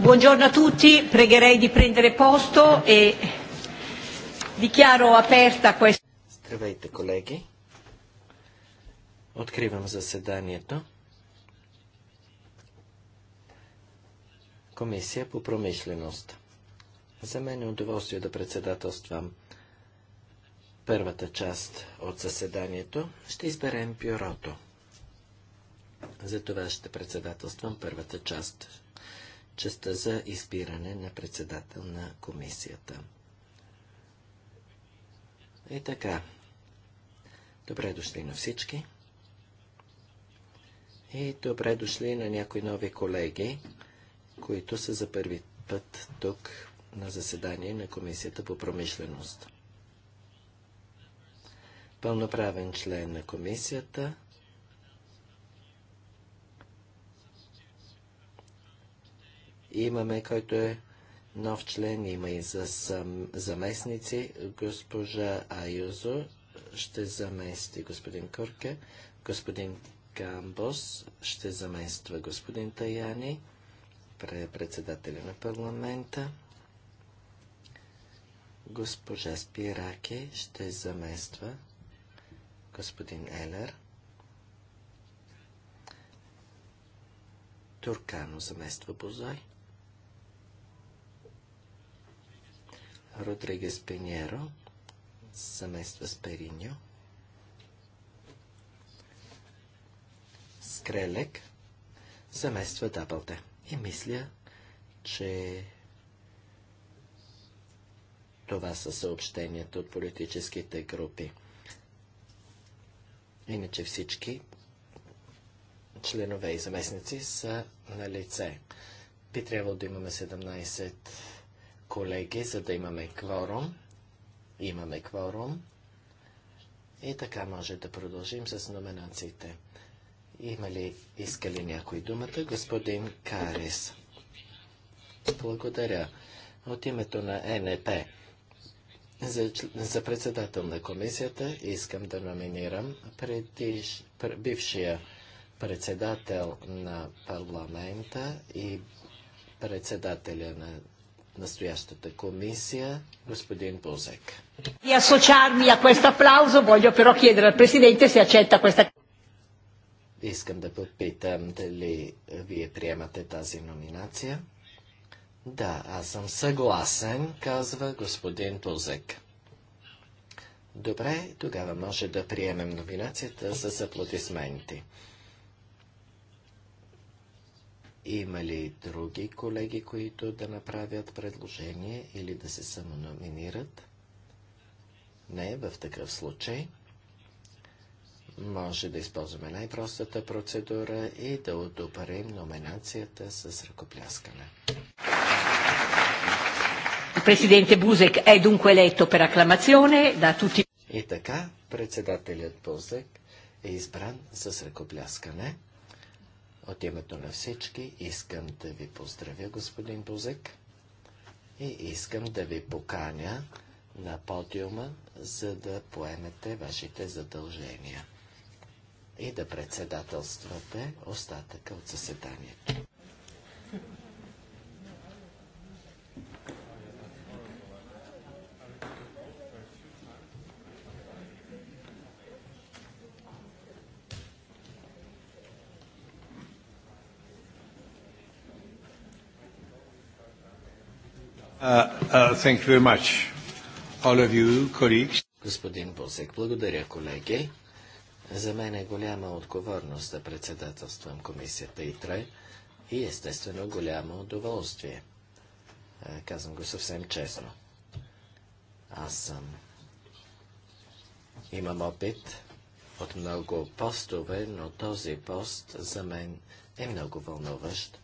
Buongiorno a tutti, pregherei di prendere posto e dichiaro aperta questa... Здравейте, колеги. Откривам заседанието. Комисия по промишленост. За мен е удоволствие да председателствам първата част от заседанието. Ще изберем бюрото. За това ще председателствам първата част частта за избиране на председател на комисията. И така. Добре дошли на всички. И добре дошли на някои нови колеги, които са за първи път тук на заседание на Комисията по промишленост. Пълноправен член на комисията имаме, който е нов член, има и за съм, заместници. Госпожа Айозо ще замести господин Корке, господин Камбос ще замества господин Таяни, председателя на парламента. Госпожа Спираки ще замества господин Елер. Туркано замества Бозой. Родригес съмества с Периньо. Скрелек замества Дабълте. И мисля, че това са съобщенията от политическите групи. Иначе всички членове и заместници са на лице. Би трябвало да имаме 17 колеги, за да имаме кворум. Имаме кворум. И така може да продължим с номинациите. Има ли искали някой думата? Господин Карис. Благодаря. От името на НП. За, за председател на комисията искам да номинирам предиш, пр, бившия председател на парламента и председателя на настоящата комисия, господин Бузек. И асочарми а questo аплаузо, voglio però chiedere al Presidente se accetta questa... Искам да попитам дали вие приемате тази номинация. Да, аз съм съгласен, казва господин Тузек. Добре, тогава може да приемем номинацията с аплодисменти. Има ли други колеги, които да направят предложение или да се самономинират? Не, в такъв случай. Може да използваме най-простата процедура и да одобрим номинацията с ръкопляскане. Президенте Бузек е дунко eletto пер акламационе да И така, председателят Бузек е избран с ръкопляскане. От името на всички искам да ви поздравя, господин Бузек, и искам да ви поканя на подиума, за да поемете вашите задължения и да председателствате остатъка от заседанието. Uh, uh, you, Господин Босек, благодаря, колеги. За мен е голяма отговорност да председателствам комисията ИТРЕ и естествено голямо удоволствие. Е, казвам го съвсем честно. Аз съм. Имам опит от много постове, но този пост за мен е много вълнуващ.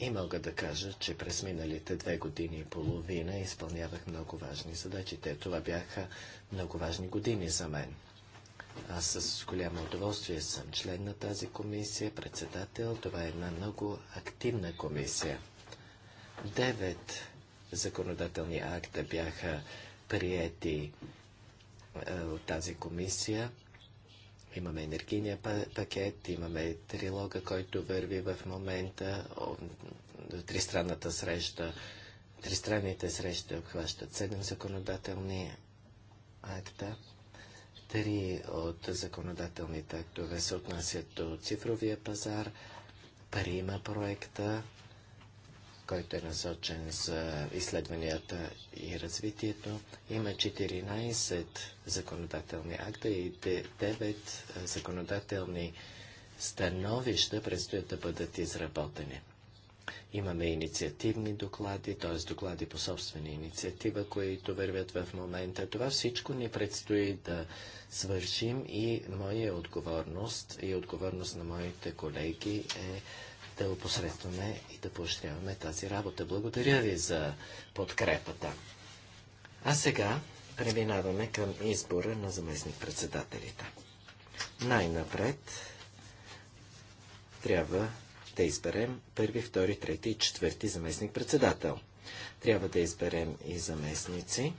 И мога да кажа, че през миналите две години и половина изпълнявах много важни задачи. Те това бяха много важни години за мен. Аз с голямо удоволствие съм член на тази комисия, председател. Това е една много активна комисия. Девет законодателни акта бяха приети е, от тази комисия. Имаме енергийния пакет, имаме трилога, който върви в момента, тристранната среща, тристранните срещи обхващат седем законодателни акта. Три от законодателните актове се отнасят до цифровия пазар, прима проекта който е насочен за изследванията и развитието. Има 14 законодателни акта и 9 законодателни становища предстоят да бъдат изработени. Имаме инициативни доклади, т.е. доклади по собствена инициатива, които вървят в момента. Това всичко ни предстои да свършим и моя отговорност и отговорност на моите колеги е да опосредваме и да поощряваме тази работа. Благодаря ви за подкрепата. А сега преминаваме към избора на заместник-председателите. Най-напред трябва да изберем първи, втори, трети и четвърти заместник-председател. Трябва да изберем и заместници.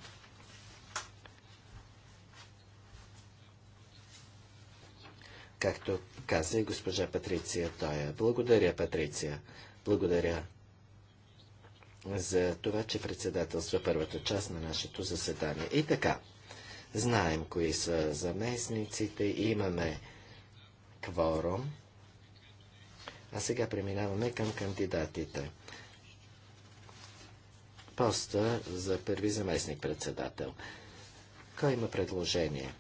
Както каза и госпожа Патриция Тоя. Благодаря, Патриция. Благодаря за това, че председателства първата част на нашето заседание. И така, знаем кои са заместниците, имаме кворум. А сега преминаваме към кандидатите. Поста за първи заместник председател. Кой има предложение?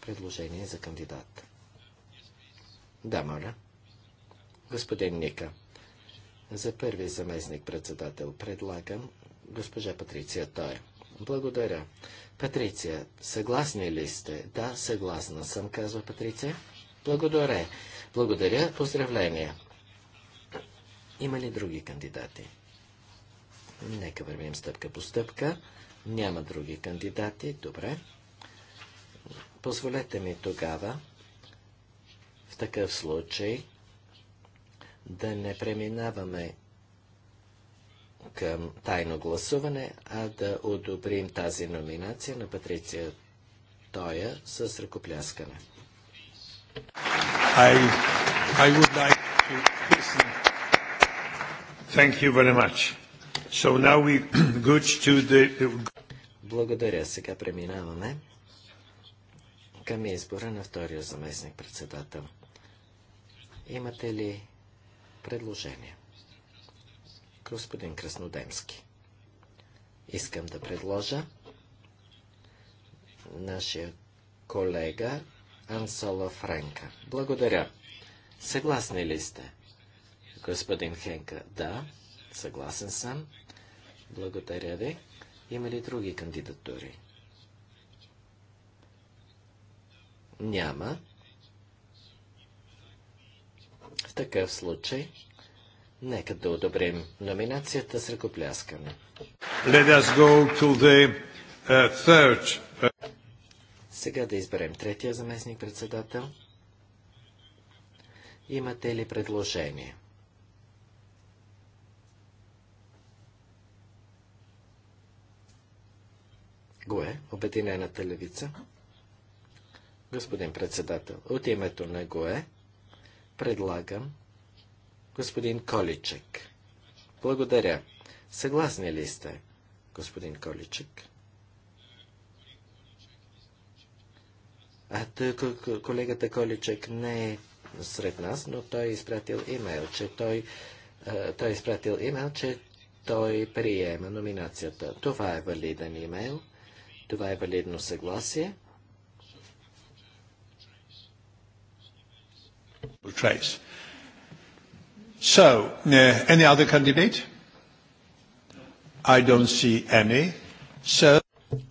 Предложение за кандидат. Да, моля. Господин Ника, за първи заместник председател предлагам госпожа Патриция Той. Благодаря. Патриция, съгласни ли сте? Да, съгласна съм, казва Патриция. Благодаря. Благодаря. Поздравления. Има ли други кандидати? Нека вървим стъпка по стъпка. Няма други кандидати. Добре. Позволете ми тогава в такъв случай да не преминаваме към тайно гласуване, а да одобрим тази номинация на Патриция Тоя с ръкопляскане. I, I would like to listen. Thank you very much. So now we go to the... Благодаря. Сега преминаваме към избора на втория заместник председател. Имате ли предложение? Господин Краснодемски, искам да предложа нашия колега Ансола Френка. Благодаря. Съгласни ли сте? Господин Хенка, да, съгласен съм. Благодаря ви. Има ли други кандидатури? Няма. В такъв случай, нека да одобрим номинацията с ръкопляскане. Let us go to the, uh, third. Uh, Сега да изберем третия заместник председател. Имате ли предложение? ГОЕ, Обединената левица. Господин председател, от името на ГОЕ предлагам господин Количек. Благодаря. Съгласни ли сте, господин Количек? А тук колегата Количек не е сред нас, но той е изпратил имейл, че той, той е изпратил имейл, че той приема номинацията. Това е валиден имейл, това е валидно съгласие. Trace. So, uh, any other candidate? I don't see any. So...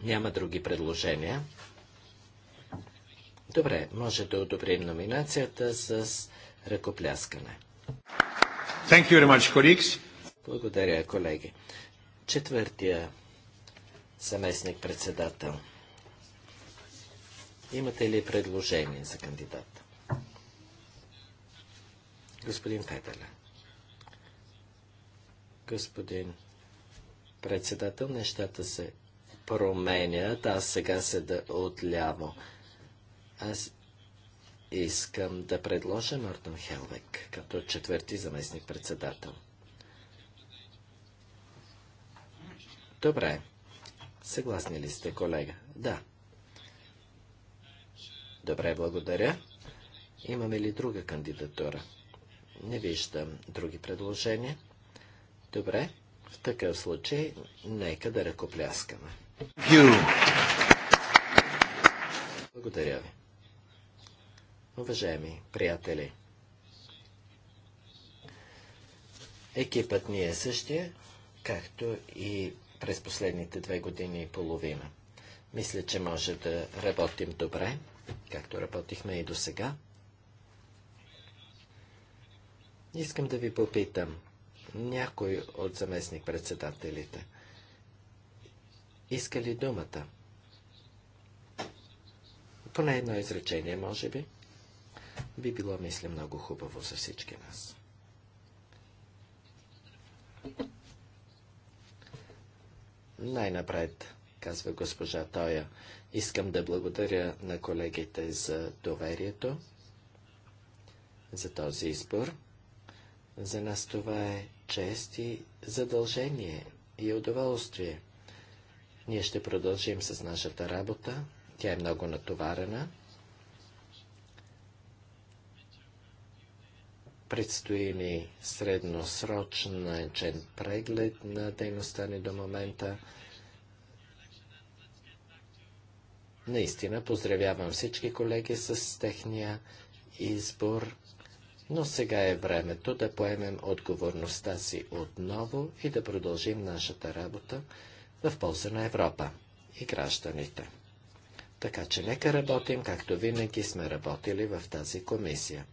Няма други предложения. Добре, може да одобрим номинацията с ръкопляскане. Thank you very much, colleagues. Благодаря, колеги. Четвъртия съместник председател. Имате ли предложение за кандидата? Господин Федерле. Господин председател, нещата се променят. Аз сега седа отляво. Аз искам да предложа Мортон Хелвек като четвърти заместник председател. Добре. Съгласни ли сте, колега? Да. Добре, благодаря. Имаме ли друга кандидатура? Не виждам други предложения. Добре, в такъв случай нека да ръкопляскаме. Благодаря ви. Уважаеми приятели, екипът ни е същия, както и през последните две години и половина. Мисля, че може да работим добре, както работихме и до сега. Искам да ви попитам някой от заместник-председателите. Иска ли думата? Поне едно изречение, може би. Би било, мисля, много хубаво за всички нас. Най-напред, казва госпожа Тоя, искам да благодаря на колегите за доверието, за този избор. За нас това е чест и задължение и удоволствие. Ние ще продължим с нашата работа. Тя е много натоварена. Предстои ни средносрочен преглед на дейността ни до момента. Наистина поздравявам всички колеги с техния избор. Но сега е времето да поемем отговорността си отново и да продължим нашата работа в полза на Европа и гражданите. Така че нека работим, както винаги сме работили в тази комисия.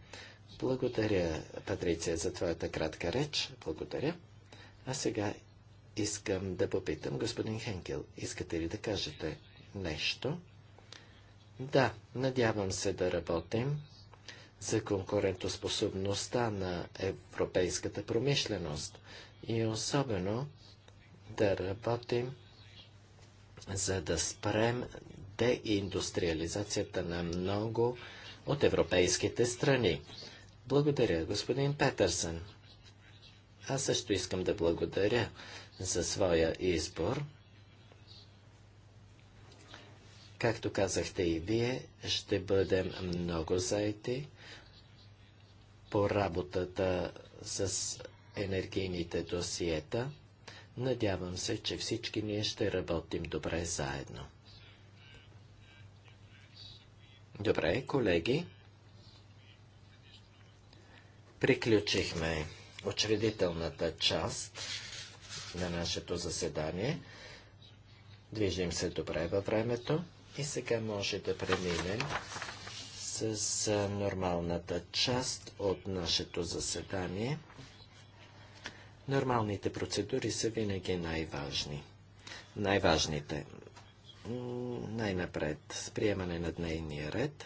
Благодаря, Патриция, за твоята кратка реч. Благодаря. А сега искам да попитам господин Хенкел, искате ли да кажете нещо? Да, надявам се да работим за конкурентоспособността на европейската промишленост и особено да работим за да спрем деиндустриализацията на много от европейските страни. Благодаря, господин Петърсън. Аз също искам да благодаря за своя избор. Както казахте и вие, ще бъдем много заети по работата с енергийните досиета. Надявам се, че всички ние ще работим добре заедно. Добре, колеги. Приключихме учредителната част на нашето заседание. Движим се добре във времето. И сега може да преминем с нормалната част от нашето заседание. Нормалните процедури са винаги най-важни. Най-важните. Най-напред, с приемане на дневния ред.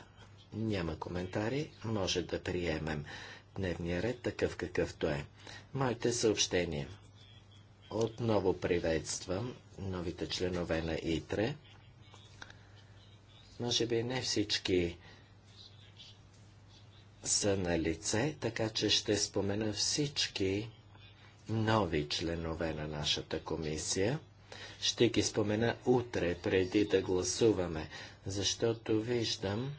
Няма коментари, може да приемем дневния ред такъв какъвто е. Моите съобщения. Отново приветствам новите членове на ИТРЕ. Може би не всички са на лице, така че ще спомена всички нови членове на нашата комисия. Ще ги спомена утре, преди да гласуваме, защото виждам,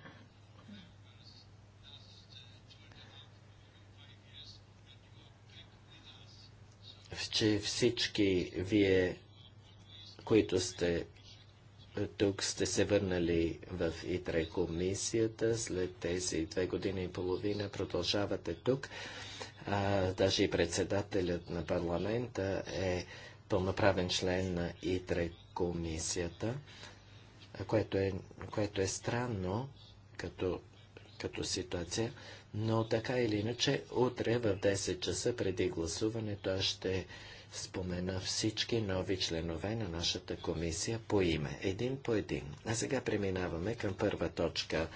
че всички вие, които сте тук сте се върнали в ИТРЕ комисията. След тези две години и половина продължавате тук. А, даже и председателят на парламента е пълноправен член на ИТРЕ комисията, което е, което е странно като, като ситуация, но така или иначе, утре в 10 часа преди гласуването аз ще спомена всички нови членове на нашата комисия по име, един по един. А сега преминаваме към първа точка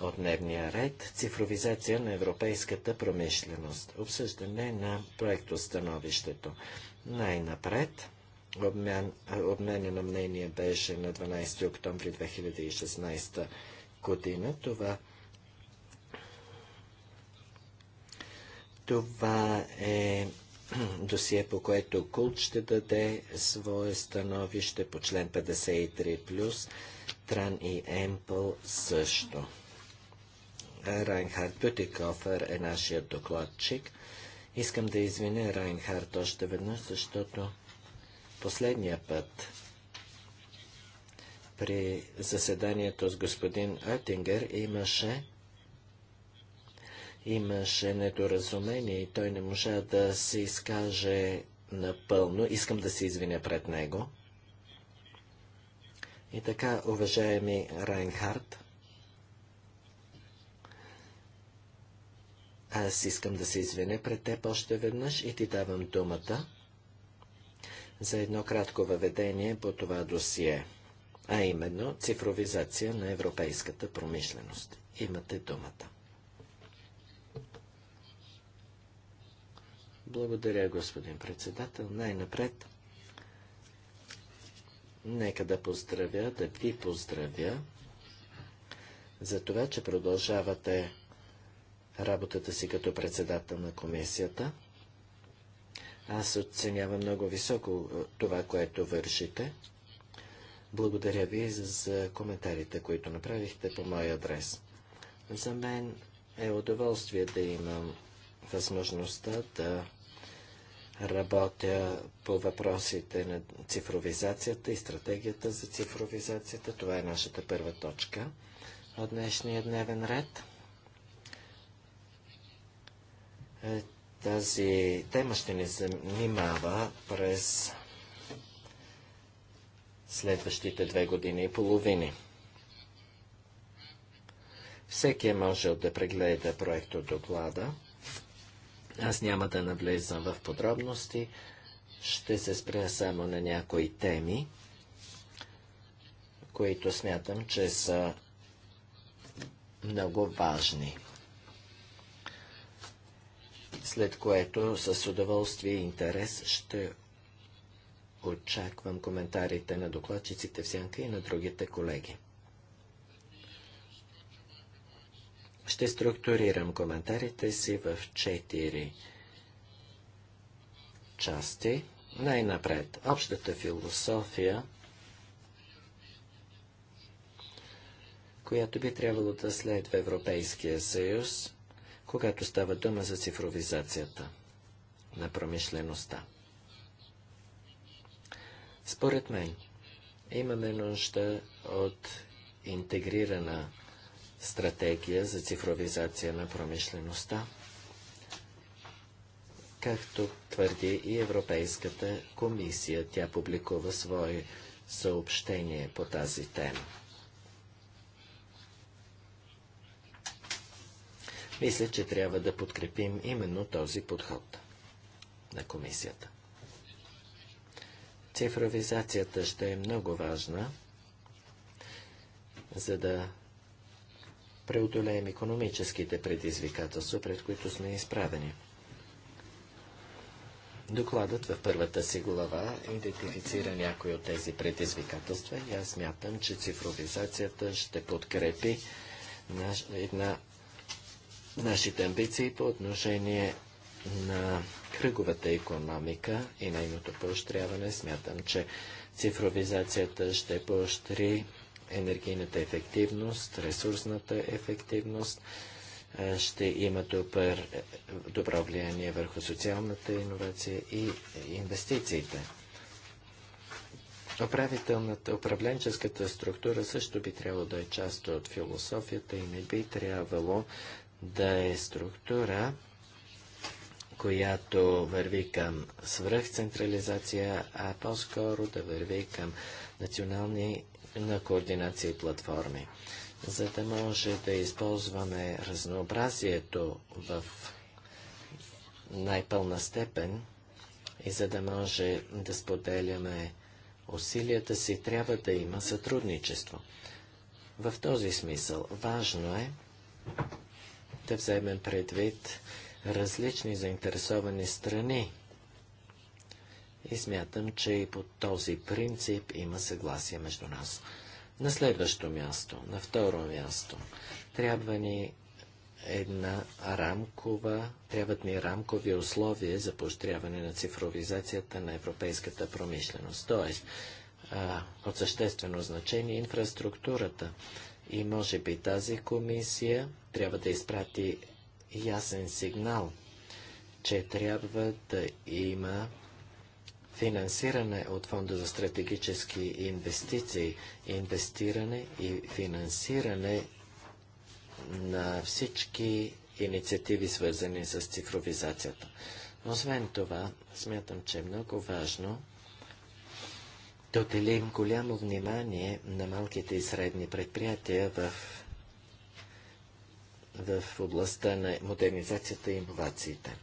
от дневния ред – цифровизация на европейската промишленост. Обсъждане на проектостановището. Най-напред обмен, на мнение беше на 12 октомври 2016 година. Това Това е досие, по което Култ ще даде свое становище по член 53+, Тран и ЕМПл също. Райнхард Бютикофер е нашия докладчик. Искам да извиня Райнхард още веднъж, защото последния път при заседанието с господин Оттингер имаше имаше недоразумение и той не можа да се изкаже напълно. Искам да се извиня пред него. И така, уважаеми Райнхард, аз искам да се извиня пред теб още веднъж и ти давам думата за едно кратко въведение по това досие, а именно цифровизация на европейската промишленост. Имате думата. Благодаря, господин председател. Най-напред, нека да поздравя, да ви поздравя за това, че продължавате работата си като председател на комисията. Аз оценявам много високо е, това, което вършите. Благодаря ви за, коментарите, които направихте по мой адрес. За мен е удоволствие да имам възможността да Работя по въпросите на цифровизацията и стратегията за цифровизацията. Това е нашата първа точка от днешния дневен ред. Е, тази тема ще ни занимава през следващите две години и половини. Всеки е можел да прегледа проекто доклада. Аз няма да навлезам в подробности, ще се спря само на някои теми, които смятам, че са много важни. След което с удоволствие и интерес ще очаквам коментарите на докладчиците в сянка и на другите колеги. Ще структурирам коментарите си в четири части. Най-напред, общата философия, която би трябвало да следва Европейския съюз, когато става дума за цифровизацията на промишлеността. Според мен, имаме нужда от интегрирана стратегия за цифровизация на промишлеността, както твърди и Европейската комисия. Тя публикува свое съобщение по тази тема. Мисля, че трябва да подкрепим именно този подход на комисията. Цифровизацията ще е много важна, за да преодолеем економическите предизвикателства, пред които сме изправени. Докладът в първата си глава идентифицира някои от тези предизвикателства и аз мятам, че цифровизацията ще подкрепи наш, една, нашите амбиции по отношение на кръговата економика и нейното поощряване. Смятам, че цифровизацията ще поощри енергийната ефективност, ресурсната ефективност, ще има добър, добро влияние върху социалната иновация и инвестициите. Управителната, управленческата структура също би трябвало да е част от философията и не би трябвало да е структура, която върви към свръхцентрализация, а по-скоро да върви към национални на координация и платформи, за да може да използваме разнообразието в най-пълна степен и за да може да споделяме усилията си, трябва да има сътрудничество. В този смисъл важно е да вземем предвид различни заинтересовани страни и смятам, че и по този принцип има съгласие между нас. На следващо място, на второ място, трябва ни една рамкова, трябват ни рамкови условия за поощряване на цифровизацията на европейската промишленост. Тоест, от съществено значение инфраструктурата. И може би тази комисия трябва да изпрати ясен сигнал, че трябва да има финансиране от Фонда за стратегически инвестиции, инвестиране и финансиране на всички инициативи, свързани с цифровизацията. Но Освен това, смятам, че е много важно да отделим голямо внимание на малките и средни предприятия в, в областта на модернизацията и инновациите.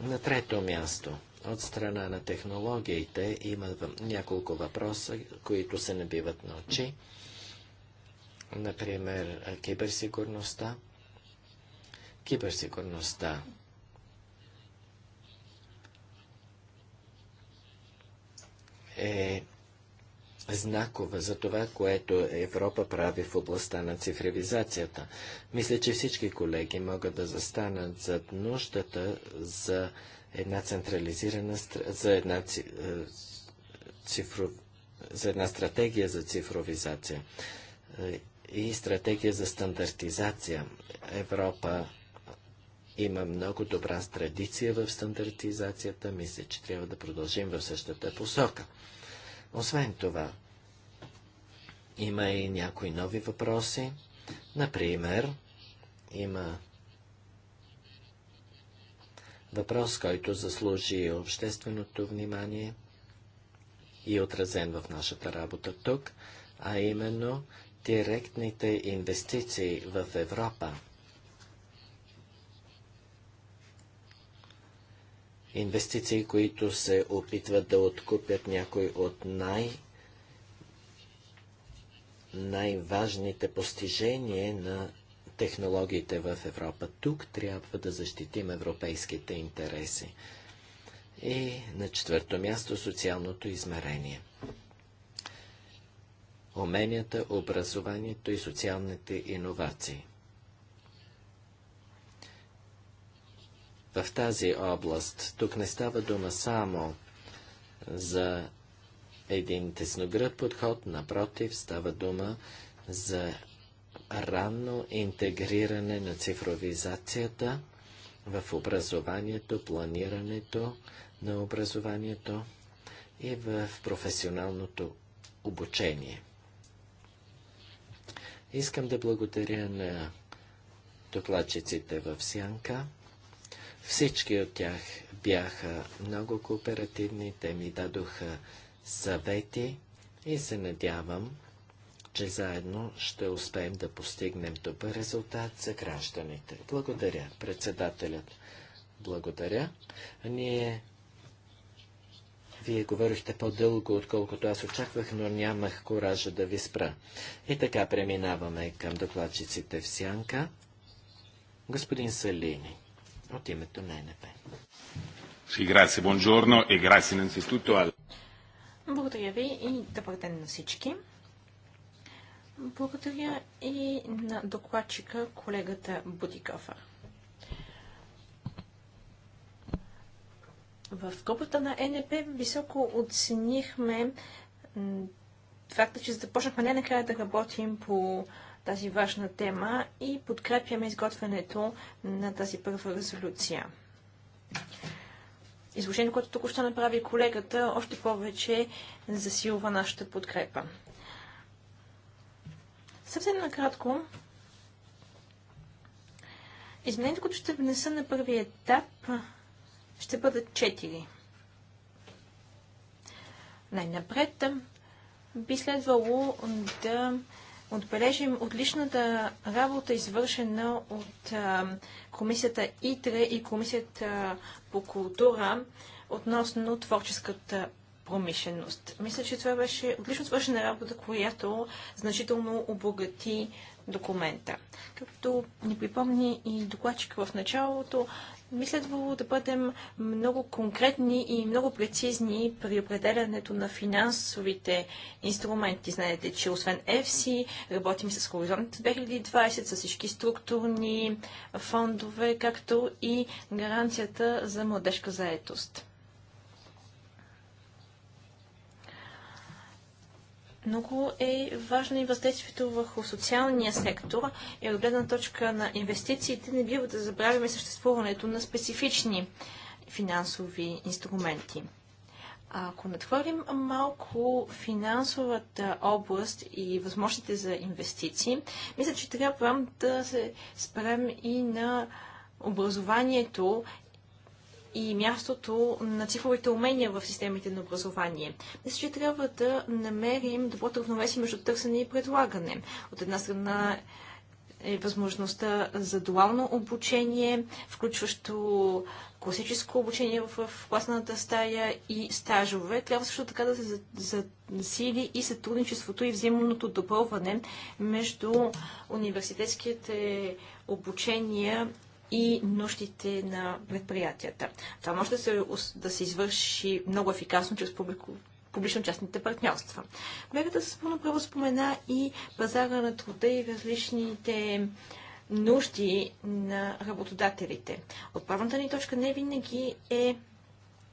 На трето място – от страна на технологиите има няколко въпроса, които се набиват на очи. Например, киберсигурността. Киберсигурността е знакова за това, което Европа прави в областта на цифровизацията. Мисля, че всички колеги могат да застанат зад нуждата за една централизирана, за една е, цифро, за една стратегия за цифровизация е, и стратегия за стандартизация. Европа има много добра традиция в стандартизацията. Мисля, че трябва да продължим в същата посока. Освен това, има и някои нови въпроси. Например, има Въпрос, който заслужи общественото внимание и е отразен в нашата работа тук, а именно директните инвестиции в Европа. Инвестиции, които се опитват да откупят някои от най- най-важните постижения на технологиите в Европа. Тук трябва да защитим европейските интереси. И на четвърто място социалното измерение. Уменията, образованието и социалните иновации. В тази област тук не става дума само за един тесногръд подход, напротив, става дума за ранно интегриране на цифровизацията в образованието, планирането на образованието и в професионалното обучение. Искам да благодаря на докладчиците в Сянка. Всички от тях бяха много кооперативни, те ми дадоха съвети и се надявам, че заедно ще успеем да постигнем добър резултат за гражданите. Благодаря, председателят. Благодаря. Ние... Вие говорихте по-дълго, отколкото аз очаквах, но нямах коража да ви спра. И така преминаваме към докладчиците в сянка. Господин Салини, от името на НП. E Благодаря ви и добър ден на всички. Благодаря и на докладчика колегата Будикофа. В групата на е НП високо оценихме факта, че започнахме не накрая да работим по тази важна тема и подкрепяме изготвянето на тази първа резолюция. Изложението, което тук ще направи колегата, още повече засилва нашата подкрепа. Съвсем накратко, измененията, които ще внеса на първи етап, ще бъдат четири. Най-напред би следвало да отбележим отличната работа, извършена от комисията ИТРЕ и комисията по култура относно творческата промишленост. Мисля, че това беше отлично свършена работа, която значително обогати документа. Както ни припомни и докладчик в началото, ми следвало да бъдем много конкретни и много прецизни при определянето на финансовите инструменти. Знаете, че освен FC работим с Хоризонт 2020, с всички структурни фондове, както и гаранцията за младежка заетост. Много е важно и въздействието върху социалния сектор и от гледна точка на инвестициите не бива да забравяме съществуването на специфични финансови инструменти. ако надхвърлим малко финансовата област и възможностите за инвестиции, мисля, че трябва да се спрем и на образованието и мястото на цифровите умения в системите на образование. Мисля, че трябва да намерим доброто равновесие между търсене и предлагане. От една страна е възможността за дуално обучение, включващо класическо обучение в, в класната стая и стажове. Трябва също така да се засили и сътрудничеството и взаимното допълване между университетските обучения и нуждите на предприятията. Това може да се, да се извърши много ефикасно чрез публику, публично-частните партньорства. се по-направо спомена и пазара на труда и различните нужди на работодателите. Отправната ни точка не винаги е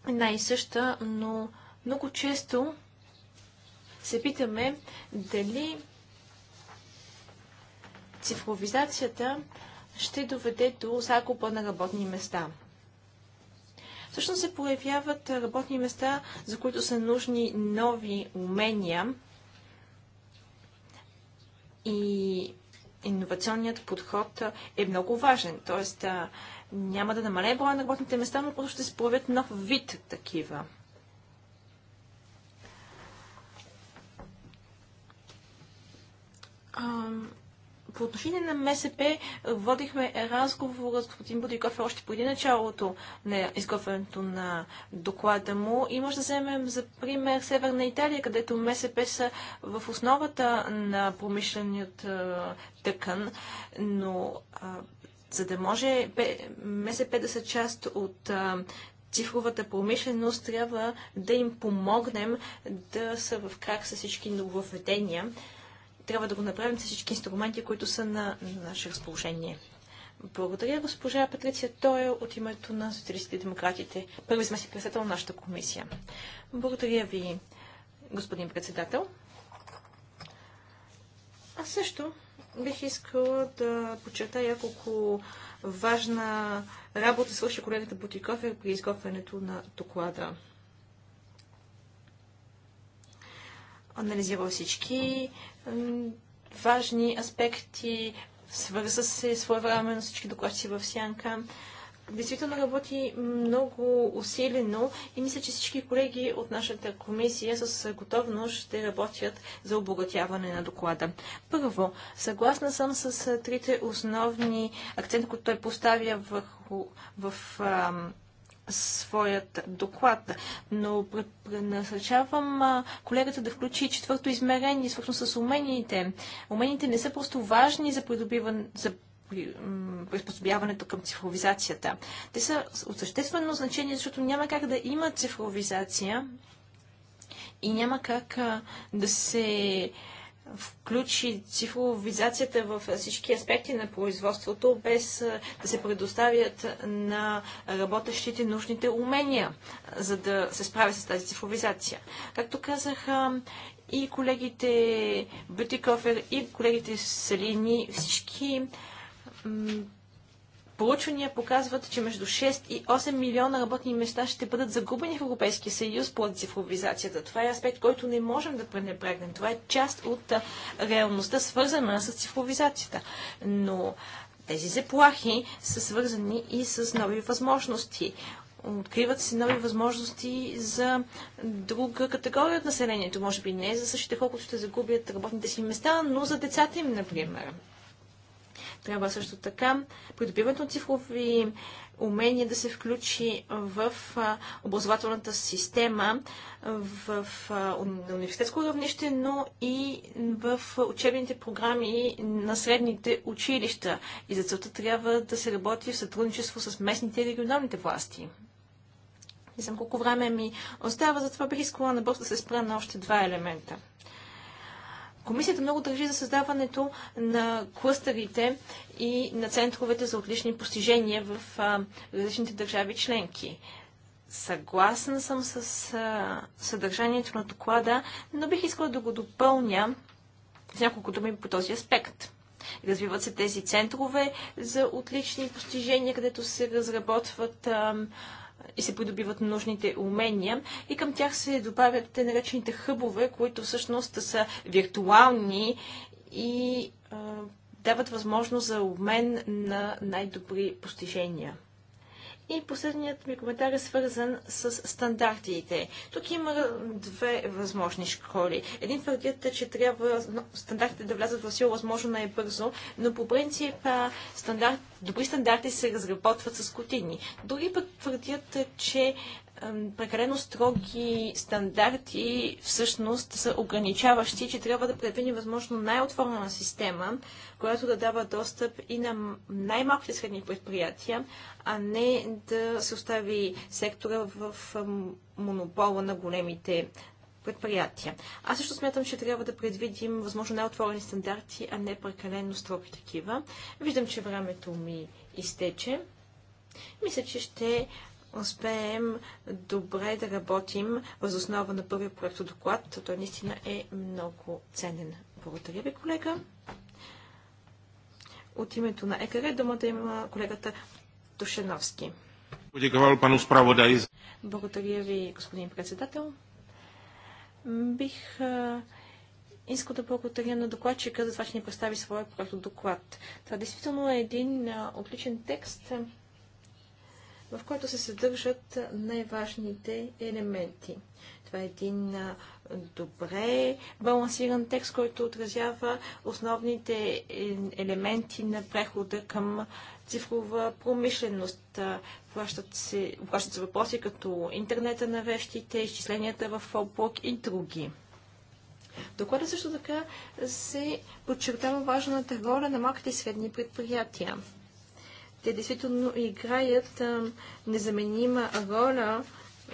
една и съща, но много често се питаме дали цифровизацията ще доведе до загуба на работни места. Всъщност се появяват работни места, за които са нужни нови умения и иновационният подход е много важен. Тоест няма да намалее броя на работните места, но просто ще се появят нов вид такива. Um... По отношение на МСП е, водихме разговор с господин Бодиков още преди началото на изготвянето на доклада му. И може да вземем за пример Северна Италия, където МСП са в основата на промишленият е, тъкън, но а, е, за да може МСП да са част от а, цифровата промишленост, трябва да им помогнем да са в крак с всички нововведения трябва да го направим с всички инструменти, които са на, наше разположение. Благодаря, госпожа Патриция Тоя, е от името на социалистите и демократите, първи си председател на нашата комисия. Благодаря ви, господин председател. Аз също бих искала да подчертая няколко важна работа свърши колегата Бутиков при изготвянето на доклада. Анализирал всички важни аспекти, свърза се своевременно всички докладчици в сянка. Действително работи много усилено и мисля, че всички колеги от нашата комисия с готовност ще работят за обогатяване на доклада. Първо, съгласна съм с трите основни акцента, които той поставя в, в, в своят доклад. Но насърчавам колегата да включи четвърто измерение, свързано с умените. Умените не са просто важни за придобиване, за приспособяването към цифровизацията. Те са от съществено значение, защото няма как да има цифровизация и няма как да се включи цифровизацията във всички аспекти на производството, без да се предоставят на работещите нужните умения, за да се справя с тази цифровизация. Както казах, и колегите Бютикофер, и колегите Салини, всички Проучвания показват, че между 6 и 8 милиона работни места ще бъдат загубени в Европейския съюз по цифровизацията. Това е аспект, който не можем да пренебрегнем. Това е част от реалността, свързана с цифровизацията. Но тези заплахи са свързани и с нови възможности. Откриват се нови възможности за друга категория от населението. Може би не за същите колкото ще загубят работните си места, но за децата им, например. Трябва също така придобиването на цифрови умения да се включи в образователната система в университетско равнище, но и в учебните програми на средните училища. И за целта трябва да се работи в сътрудничество с местните и регионалните власти. Не знам колко време ми остава, затова бих искала набързо да се спра на още два елемента. Комисията много държи за създаването на клъстерите и на центровете за отлични постижения в различните държави членки. Съгласна съм с съдържанието на доклада, но бих искала да го допълня с няколко думи по този аспект. Развиват се тези центрове за отлични постижения, където се разработват а, и се придобиват нужните умения и към тях се добавят те наречените хъбове, които всъщност са виртуални и а, дават възможност за обмен на най-добри постижения. И последният ми коментар е свързан с стандартите. Тук има две възможни школи. Един твърдят, е, че трябва стандартите да влязат в сила възможно най-бързо, но по принцип стандарт, добри стандарти се разработват с години. Други пък твърдят, е, че прекалено строги стандарти всъщност са ограничаващи, че трябва да предвидим възможно най-отворена система, която да дава достъп и на най-малките средни предприятия, а не да се остави сектора в монопола на големите предприятия. Аз също смятам, че трябва да предвидим възможно най-отворени стандарти, а не прекалено строги такива. Виждам, че времето ми изтече. Мисля, че ще успеем добре да работим въз основа на първия проект доклад. Той наистина е много ценен. Благодаря ви, колега. От името на ЕКР думата има колегата Тушеновски. Благодаря ви, господин председател. Бих искал да благодаря на докладчика за това, че ни представи своя проект доклад. Това действително е един отличен текст, в който се съдържат най-важните елементи. Това е един добре балансиран текст, който отразява основните е, елементи на прехода към цифрова промишленост. Плащат се, се въпроси като интернета на вещите, изчисленията в облак и други. Доклада също така се подчертава важната роля на малките и средни предприятия. Те действително играят незаменима роля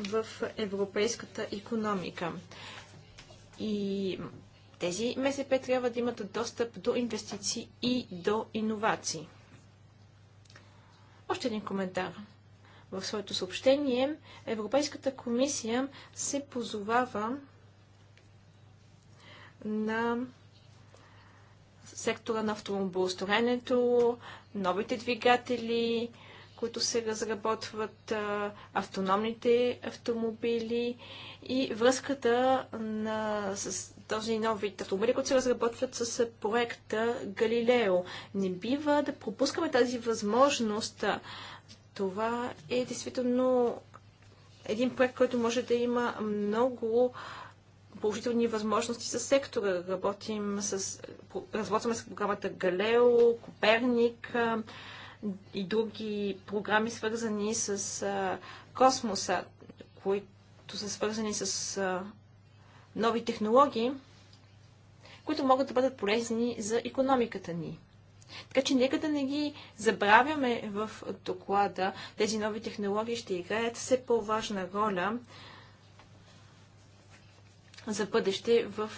в европейската економика. И тези МСП трябва да имат достъп до инвестиции и до иновации. Още един коментар. В своето съобщение Европейската комисия се позовава на сектора на автомобилостроенето, новите двигатели, които се разработват, автономните автомобили и връзката на, с този нов вид автомобили, които се разработват с проекта Галилео. Не бива да пропускаме тази възможност. Това е действително един проект, който може да има много положителни възможности за сектора. Работим с, разработваме с програмата Галео, Коперник и други програми, свързани с космоса, които са свързани с нови технологии, които могат да бъдат полезни за економиката ни. Така че нека да не ги забравяме в доклада. Тези нови технологии ще играят все по-важна роля за бъдеще в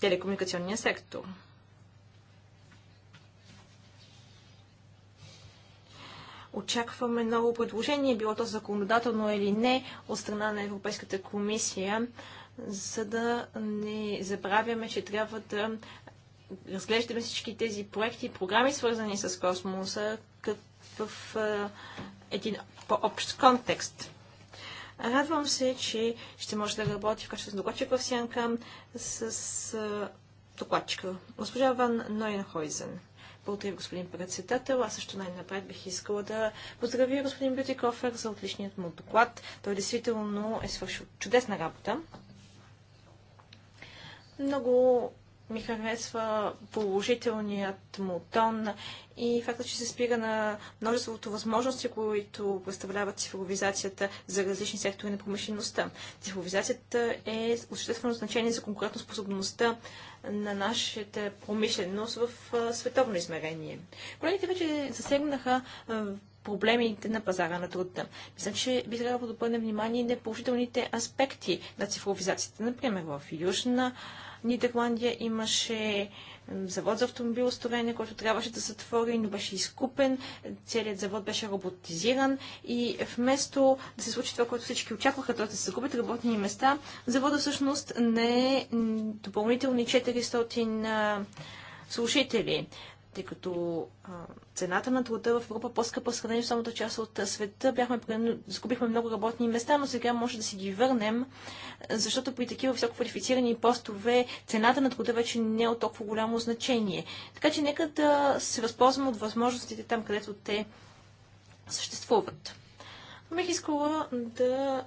телекомуникационния сектор. Очакваме ново предложение, било то законодателно или не, от страна на Европейската комисия, за да не забравяме, че трябва да разглеждаме всички тези проекти и програми, свързани с космоса, в един по-общ контекст. Радвам се, че ще може да работи в качеството на докладчик в Сянка с докладчика. Госпожа Ван Нойенхойзен. Благодаря, господин председател. Аз също най-напред бих искала да поздравя господин Бютикофер за отличният му доклад. Той действително е свършил чудесна работа. Много ми харесва положителният му тон и факта, че се спира на множеството възможности, които представляват цифровизацията за различни сектори на промишлеността. Цифровизацията е съществено значение за способността на нашата промишленост в световно измерение. Колегите вече засегнаха проблемите на пазара на труда. Мисля, че би трябвало да обърнем внимание на положителните аспекти на цифровизацията. Например, в Южна Нидерландия имаше завод за автомобилостроене, който трябваше да затвори, но беше изкупен. Целият завод беше роботизиран и вместо да се случи това, което всички очакваха, т.е. да се загубят работни места, завода всъщност не е допълнителни 400 слушатели тъй като а, цената на труда в Европа е по-скъпа в сравнение с самото част от света. Бяхме, загубихме много работни места, но сега може да си ги върнем, защото при такива висококвалифицирани постове цената на труда вече не е от толкова голямо значение. Така че нека да се възползваме от възможностите там, където те съществуват. бих искала да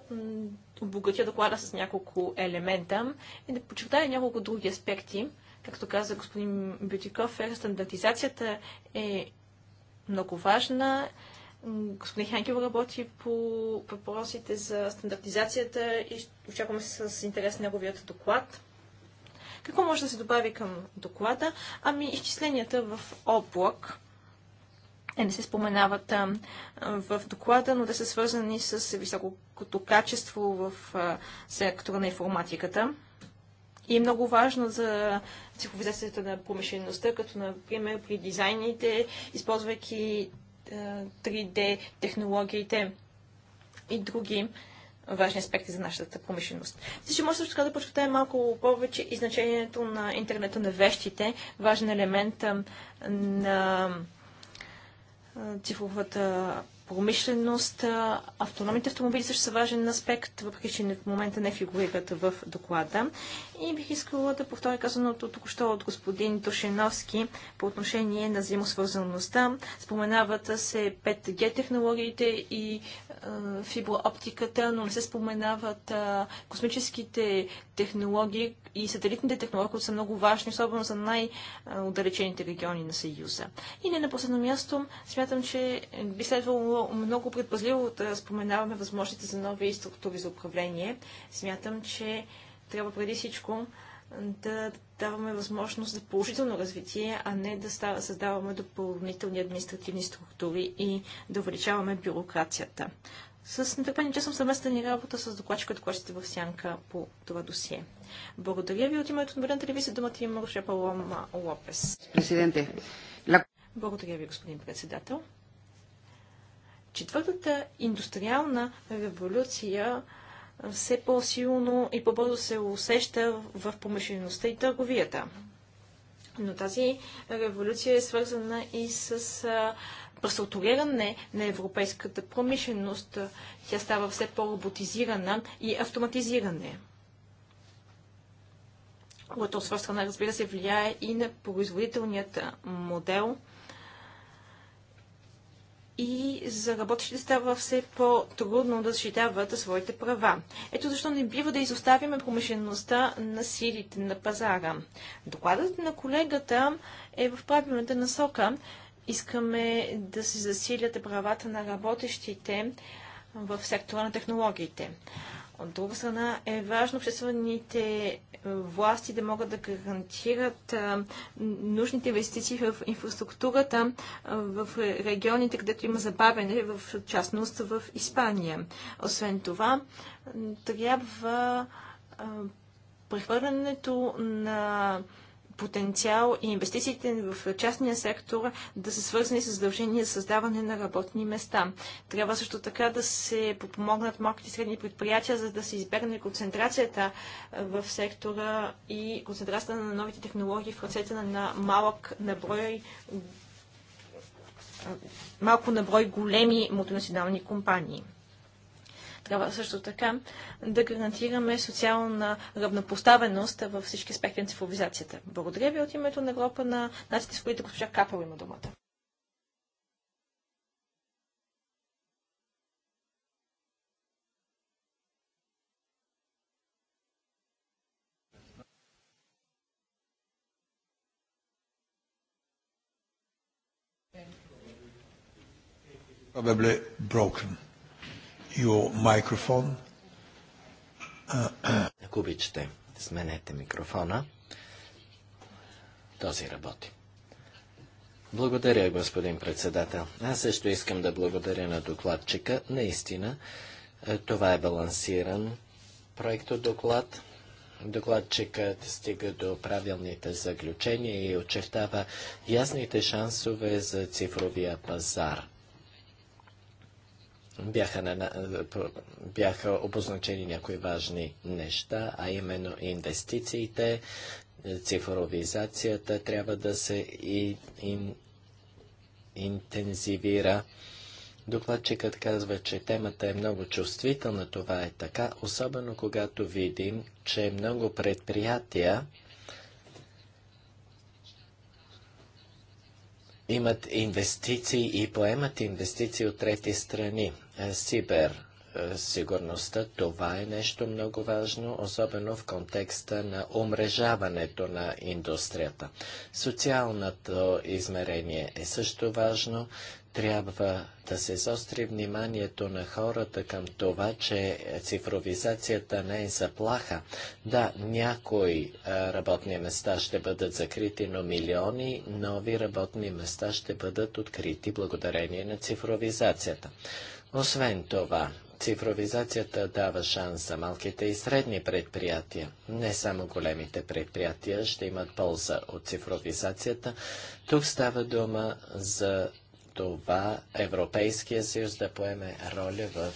обогатя доклада с няколко елемента и да подчертая няколко други аспекти, Както каза господин Бютиков, е, стандартизацията е много важна. Господин Ханкел работи по въпросите за стандартизацията и очакваме се с интерес на неговият доклад. Какво може да се добави към доклада? Ами изчисленията в облак. Е, не се споменават а, в доклада, но да са свързани с високото качество в а, сектора на информатиката и е много важно за цифровизацията на промишлеността, като например при дизайните, използвайки 3D е, технологиите и други важни аспекти за нашата промишленост. Всички може също така да подчертаем малко повече и значението на интернета на вещите, важен елемент е, на е, цифровата промишленост. Автономните автомобили също са важен аспект, въпреки че в момента не фигурират в доклада. И бих искала да повторя казаното току-що от господин Тошеновски по отношение на взаимосвързаността. Споменават се 5G технологиите и фиброоптиката, но не се споменават космическите технологии, и сателитните технологии, които са много важни, особено за най-отдалечените региони на Съюза. И не на последно място, смятам, че би следвало много предпазливо да споменаваме възможностите за нови структури за управление. Смятам, че трябва преди всичко да даваме възможност за положително развитие, а не да създаваме допълнителни административни структури и да увеличаваме бюрокрацията. С нетърпение съм съвместна ни работа с докладчика, сте в сянка по това досие. Благодаря ви от името на Бърната телевизия. Думата има Роше Палома Лопес. Президенте. Благодаря ви, господин председател. Четвъртата индустриална революция все по-силно и по-бързо се усеща в промишлеността и търговията. Но тази революция е свързана и с преструктуриране на европейската промишленост. Тя става все по-роботизирана и автоматизиране което от своя страна, разбира се, влияе и на производителният модел. И за работещите става все по-трудно да защитават своите права. Ето защо не бива да изоставяме промишлеността на силите на пазара. Докладът на колегата е в правилната насока, искаме да се засилят правата на работещите в сектора на технологиите. От друга страна е важно обществените власти да могат да гарантират нужните инвестиции в инфраструктурата в регионите, където има забавене, в частност в Испания. Освен това, трябва прехвърлянето на потенциал и инвестициите в частния сектор да са свързани с задължение за създаване на работни места. Трябва също така да се подпомогнат малките и средни предприятия, за да се избегне концентрацията в сектора и концентрацията на новите технологии в ръцете на малък наброй малко наброй големи мултинационални компании. Трябва също така да гарантираме социална равнопоставеност във всички аспекти на цифровизацията. Благодаря ви от името на Европа на нациите, с които госпожа Капел има думата. probably broken your microphone. Ако обичате, сменете микрофона. Този работи. Благодаря, господин председател. Аз също искам да благодаря на докладчика. Наистина, е, това е балансиран проектодоклад. Докладчикът стига до правилните заключения и очертава ясните шансове за цифровия пазар бяха, на, бяха обозначени някои важни неща, а именно инвестициите, цифровизацията трябва да се и, ин, интензивира. Докладчикът казва, че темата е много чувствителна, това е така, особено когато видим, че много предприятия имат инвестиции и поемат инвестиции от трети страни. Е, Сибер е, сигурността, това е нещо много важно, особено в контекста на умрежаването на индустрията. Социалното измерение е също важно. Трябва да се заостри вниманието на хората към това, че цифровизацията не е заплаха. Да, някои работни места ще бъдат закрити, но милиони нови работни места ще бъдат открити благодарение на цифровизацията. Освен това, цифровизацията дава шанс за малките и средни предприятия. Не само големите предприятия ще имат полза от цифровизацията. Тук става дума за това Европейския съюз да поеме роля в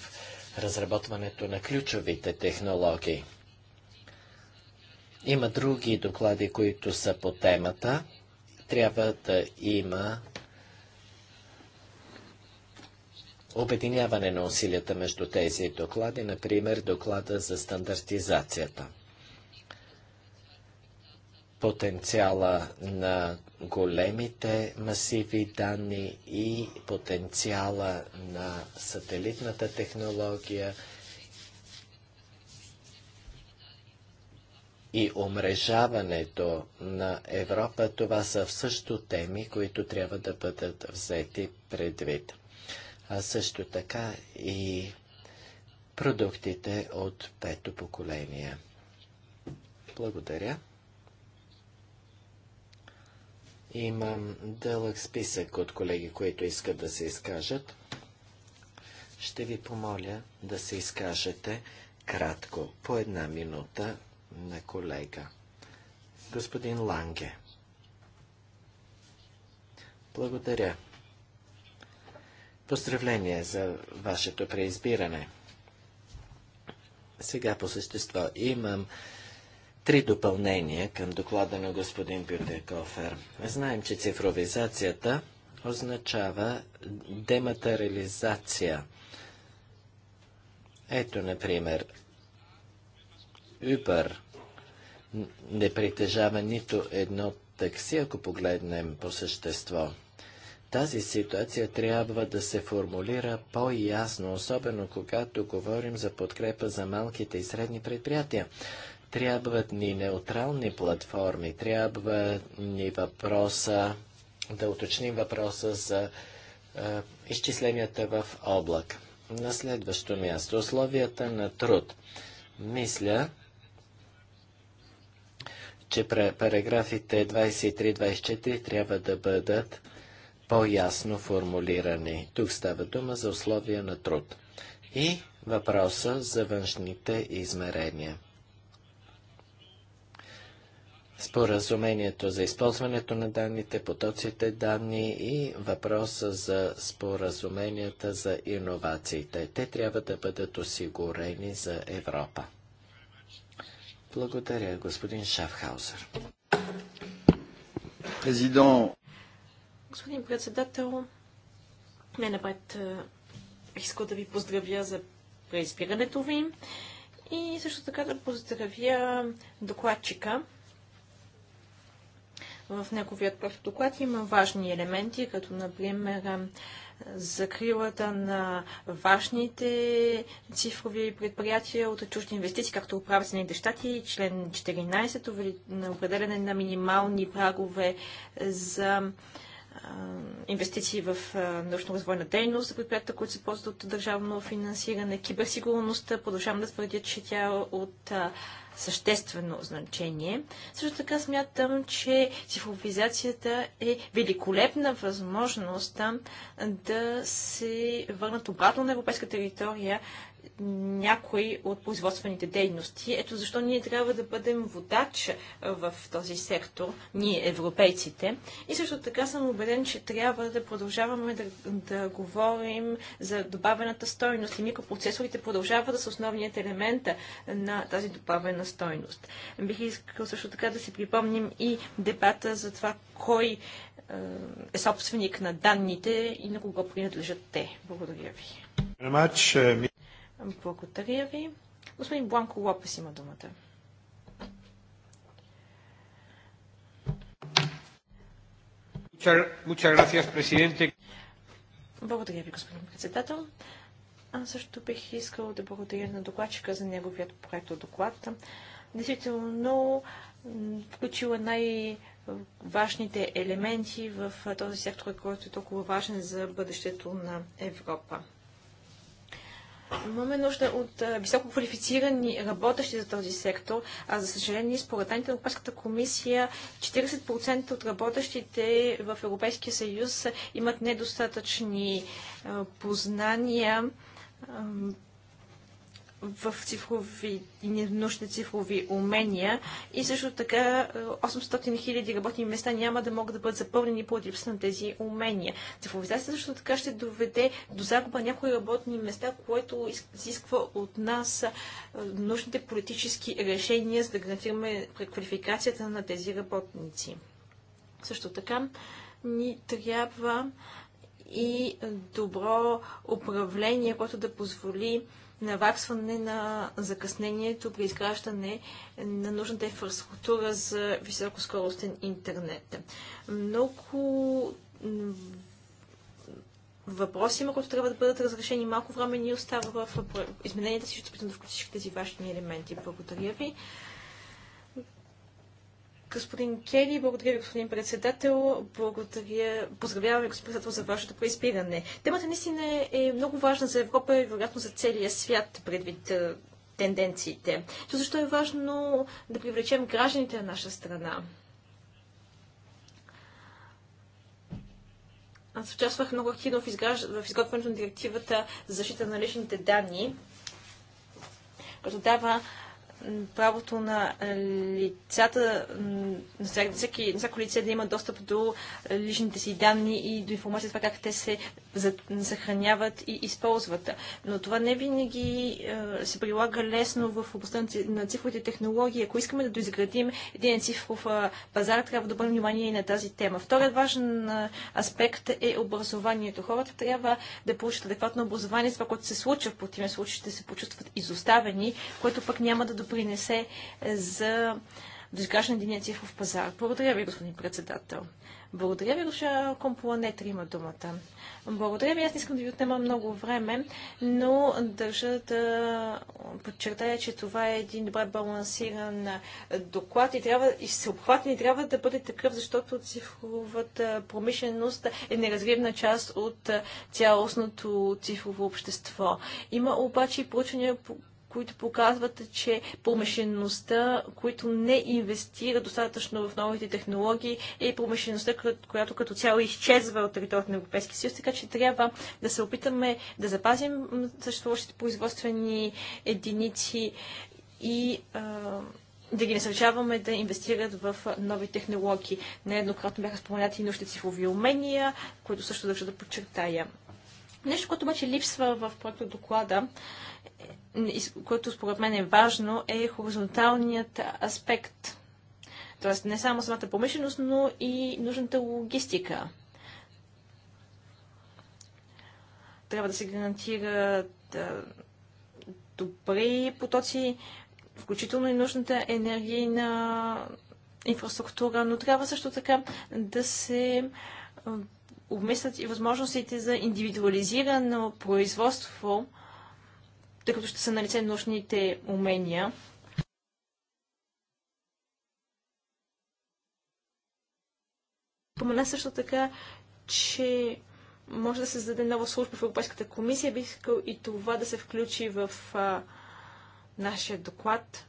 разработването на ключовите технологии. Има други доклади, които са по темата. Трябва да има обединяване на усилията между тези доклади, например доклада за стандартизацията. Потенциала на големите масиви данни и потенциала на сателитната технология и омрежаването на Европа, това са също теми, които трябва да бъдат взети предвид. А също така и продуктите от пето поколение. Благодаря. Имам дълъг списък от колеги, които искат да се изкажат. Ще ви помоля да се изкажете кратко, по една минута на колега. Господин Ланге. Благодаря. Поздравление за вашето преизбиране. Сега по същество имам три допълнения към доклада на господин Бютекофер. Знаем, че цифровизацията означава дематериализация. Ето, например, Uber не притежава нито едно такси, ако погледнем по същество. Тази ситуация трябва да се формулира по-ясно, особено когато говорим за подкрепа за малките и средни предприятия. Трябват ни неутрални платформи, трябва ни въпроса, да уточним въпроса за е, изчисленията в облак. На следващо място, условията на труд. Мисля, че параграфите 23-24 трябва да бъдат по-ясно формулирани. Тук става дума за условия на труд. И въпроса за външните измерения споразумението за използването на данните, потоците данни и въпроса за споразуменията за иновациите. Те трябва да бъдат осигурени за Европа. Благодаря, господин Шафхаузер. Президент. Господин председател, не напред е, иска да ви поздравя за преизбирането ви и също така да поздравя докладчика. В неговият проект доклад има важни елементи, като например закрилата на важните цифрови предприятия от чужди инвестиции, както правят Съединените щати, член 14, на определене на минимални прагове за инвестиции в научно-развойна дейност за предприятията, които се ползват от държавно финансиране, киберсигурността. Продължавам да твърдя, че тя е от съществено значение. Също така смятам, че цифровизацията е великолепна възможност да се върнат обратно на европейска територия някои от производствените дейности. Ето защо ние трябва да бъдем водач в този сектор, ние европейците. И също така съм убеден, че трябва да продължаваме да, да говорим за добавената стойност. И микропроцесорите продължават да са основният елемент на тази добавена стойност. Бих искал също така да си припомним и дебата за това кой е, е собственик на данните и на кого принадлежат те. Благодаря ви. Благодаря ви. Господин Бланко Лопес има думата. Благодаря ви, господин председател. Аз също бих искал да благодаря на докладчика за неговият проект от доклад. Действително, включила е най-важните елементи в този сектор, който е толкова важен за бъдещето на Европа. Имаме нужда от високо квалифицирани работещи за този сектор, а за съжаление, според данните на Европейската комисия, 40% от работещите в Европейския съюз имат недостатъчни познания в цифрови и нужните цифрови умения и също така 800 е, хиляди работни места няма да могат да бъдат запълнени по липса на тези умения. Цифровизацията също така ще доведе до загуба някои работни места, което изисква от нас е, нужните политически решения, за да гарантираме преквалификацията на тези работници. Също така ни трябва и добро управление, което да позволи наваксване на закъснението при изграждане на нужната инфраструктура за високоскоростен интернет. Много въпроси има, които трябва да бъдат разрешени. Малко време ни остава в измененията си, ще опитам да включа всички тези важни елементи. Благодаря ви. Господин Кели, благодаря ви, господин председател. Благодаря, поздравявам ви, господин председател, за вашето преизпиране. Темата наистина е много важна за Европа и вероятно за целия свят, предвид тенденциите. То защо е важно да привлечем гражданите на наша страна? Аз участвах много активно в, изграж... в изготвянето на директивата за защита на личните данни, като дава правото на лицата, на, всеки, на всяко лице да има достъп до личните си данни и до информация за това как те се съхраняват и използват. Но това не винаги е, се прилага лесно в областта на цифровите технологии. Ако искаме да доизградим един цифров е, пазар, трябва да обърнем внимание и на тази тема. Вторият важен е, аспект е образованието. Хората трябва да получат адекватно образование за това, което се случва. В противен случай ще се почувстват изоставени, което пък няма да допринесе допринесе за досегашен единия цифров пазар. Благодаря ви, господин председател. Благодаря ви, госпожа Компланетри има думата. Благодаря ви, аз не искам да ви отнема много време, но държа да подчертая, че това е един добре балансиран доклад и трябва и всеобхватен и трябва да бъде такъв, защото цифровата промишленост е неразривна част от цялостното цифрово общество. Има обаче и проучвания, които показват, че промишлеността, които не инвестира достатъчно в новите технологии, е промишлеността, която като цяло изчезва от територията на Европейския съюз, така че трябва да се опитаме да запазим съществуващите производствени единици и да ги насърчаваме да инвестират в нови технологии. Нееднократно бяха споменати и нужните цифрови умения, които също държа да подчертая. Нещо, което обаче липсва в проекта доклада което според мен е важно, е хоризонталният аспект. Тоест не само самата промишленост, но и нужната логистика. Трябва да се гарантират добри потоци, включително и нужната енергийна инфраструктура, но трябва също така да се обмислят и възможностите за индивидуализирано производство, тъй като ще са налице нощните умения. Помена също така, че може да се създаде нова служба в Европейската комисия. Бих искал и това да се включи в а, нашия доклад.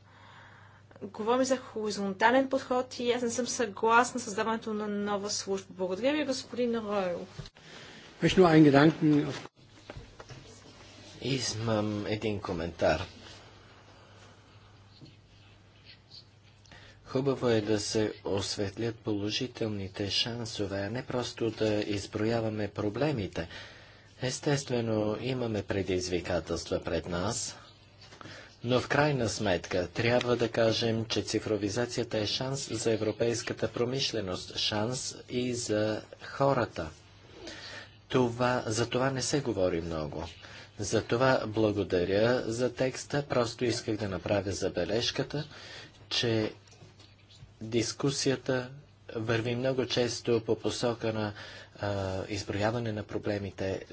Говорим за хоризонтален подход и аз не съм съгласна с създаването на нова служба. Благодаря ви, господин Ройл. Измам един коментар. Хубаво е да се осветлят положителните шансове, а не просто да изброяваме проблемите. Естествено, имаме предизвикателства пред нас, но в крайна сметка трябва да кажем, че цифровизацията е шанс за европейската промишленост, шанс и за хората. Това, за това не се говори много. Затова благодаря за текста. Просто исках да направя забележката, че дискусията върви много често по посока на а, изброяване на проблемите.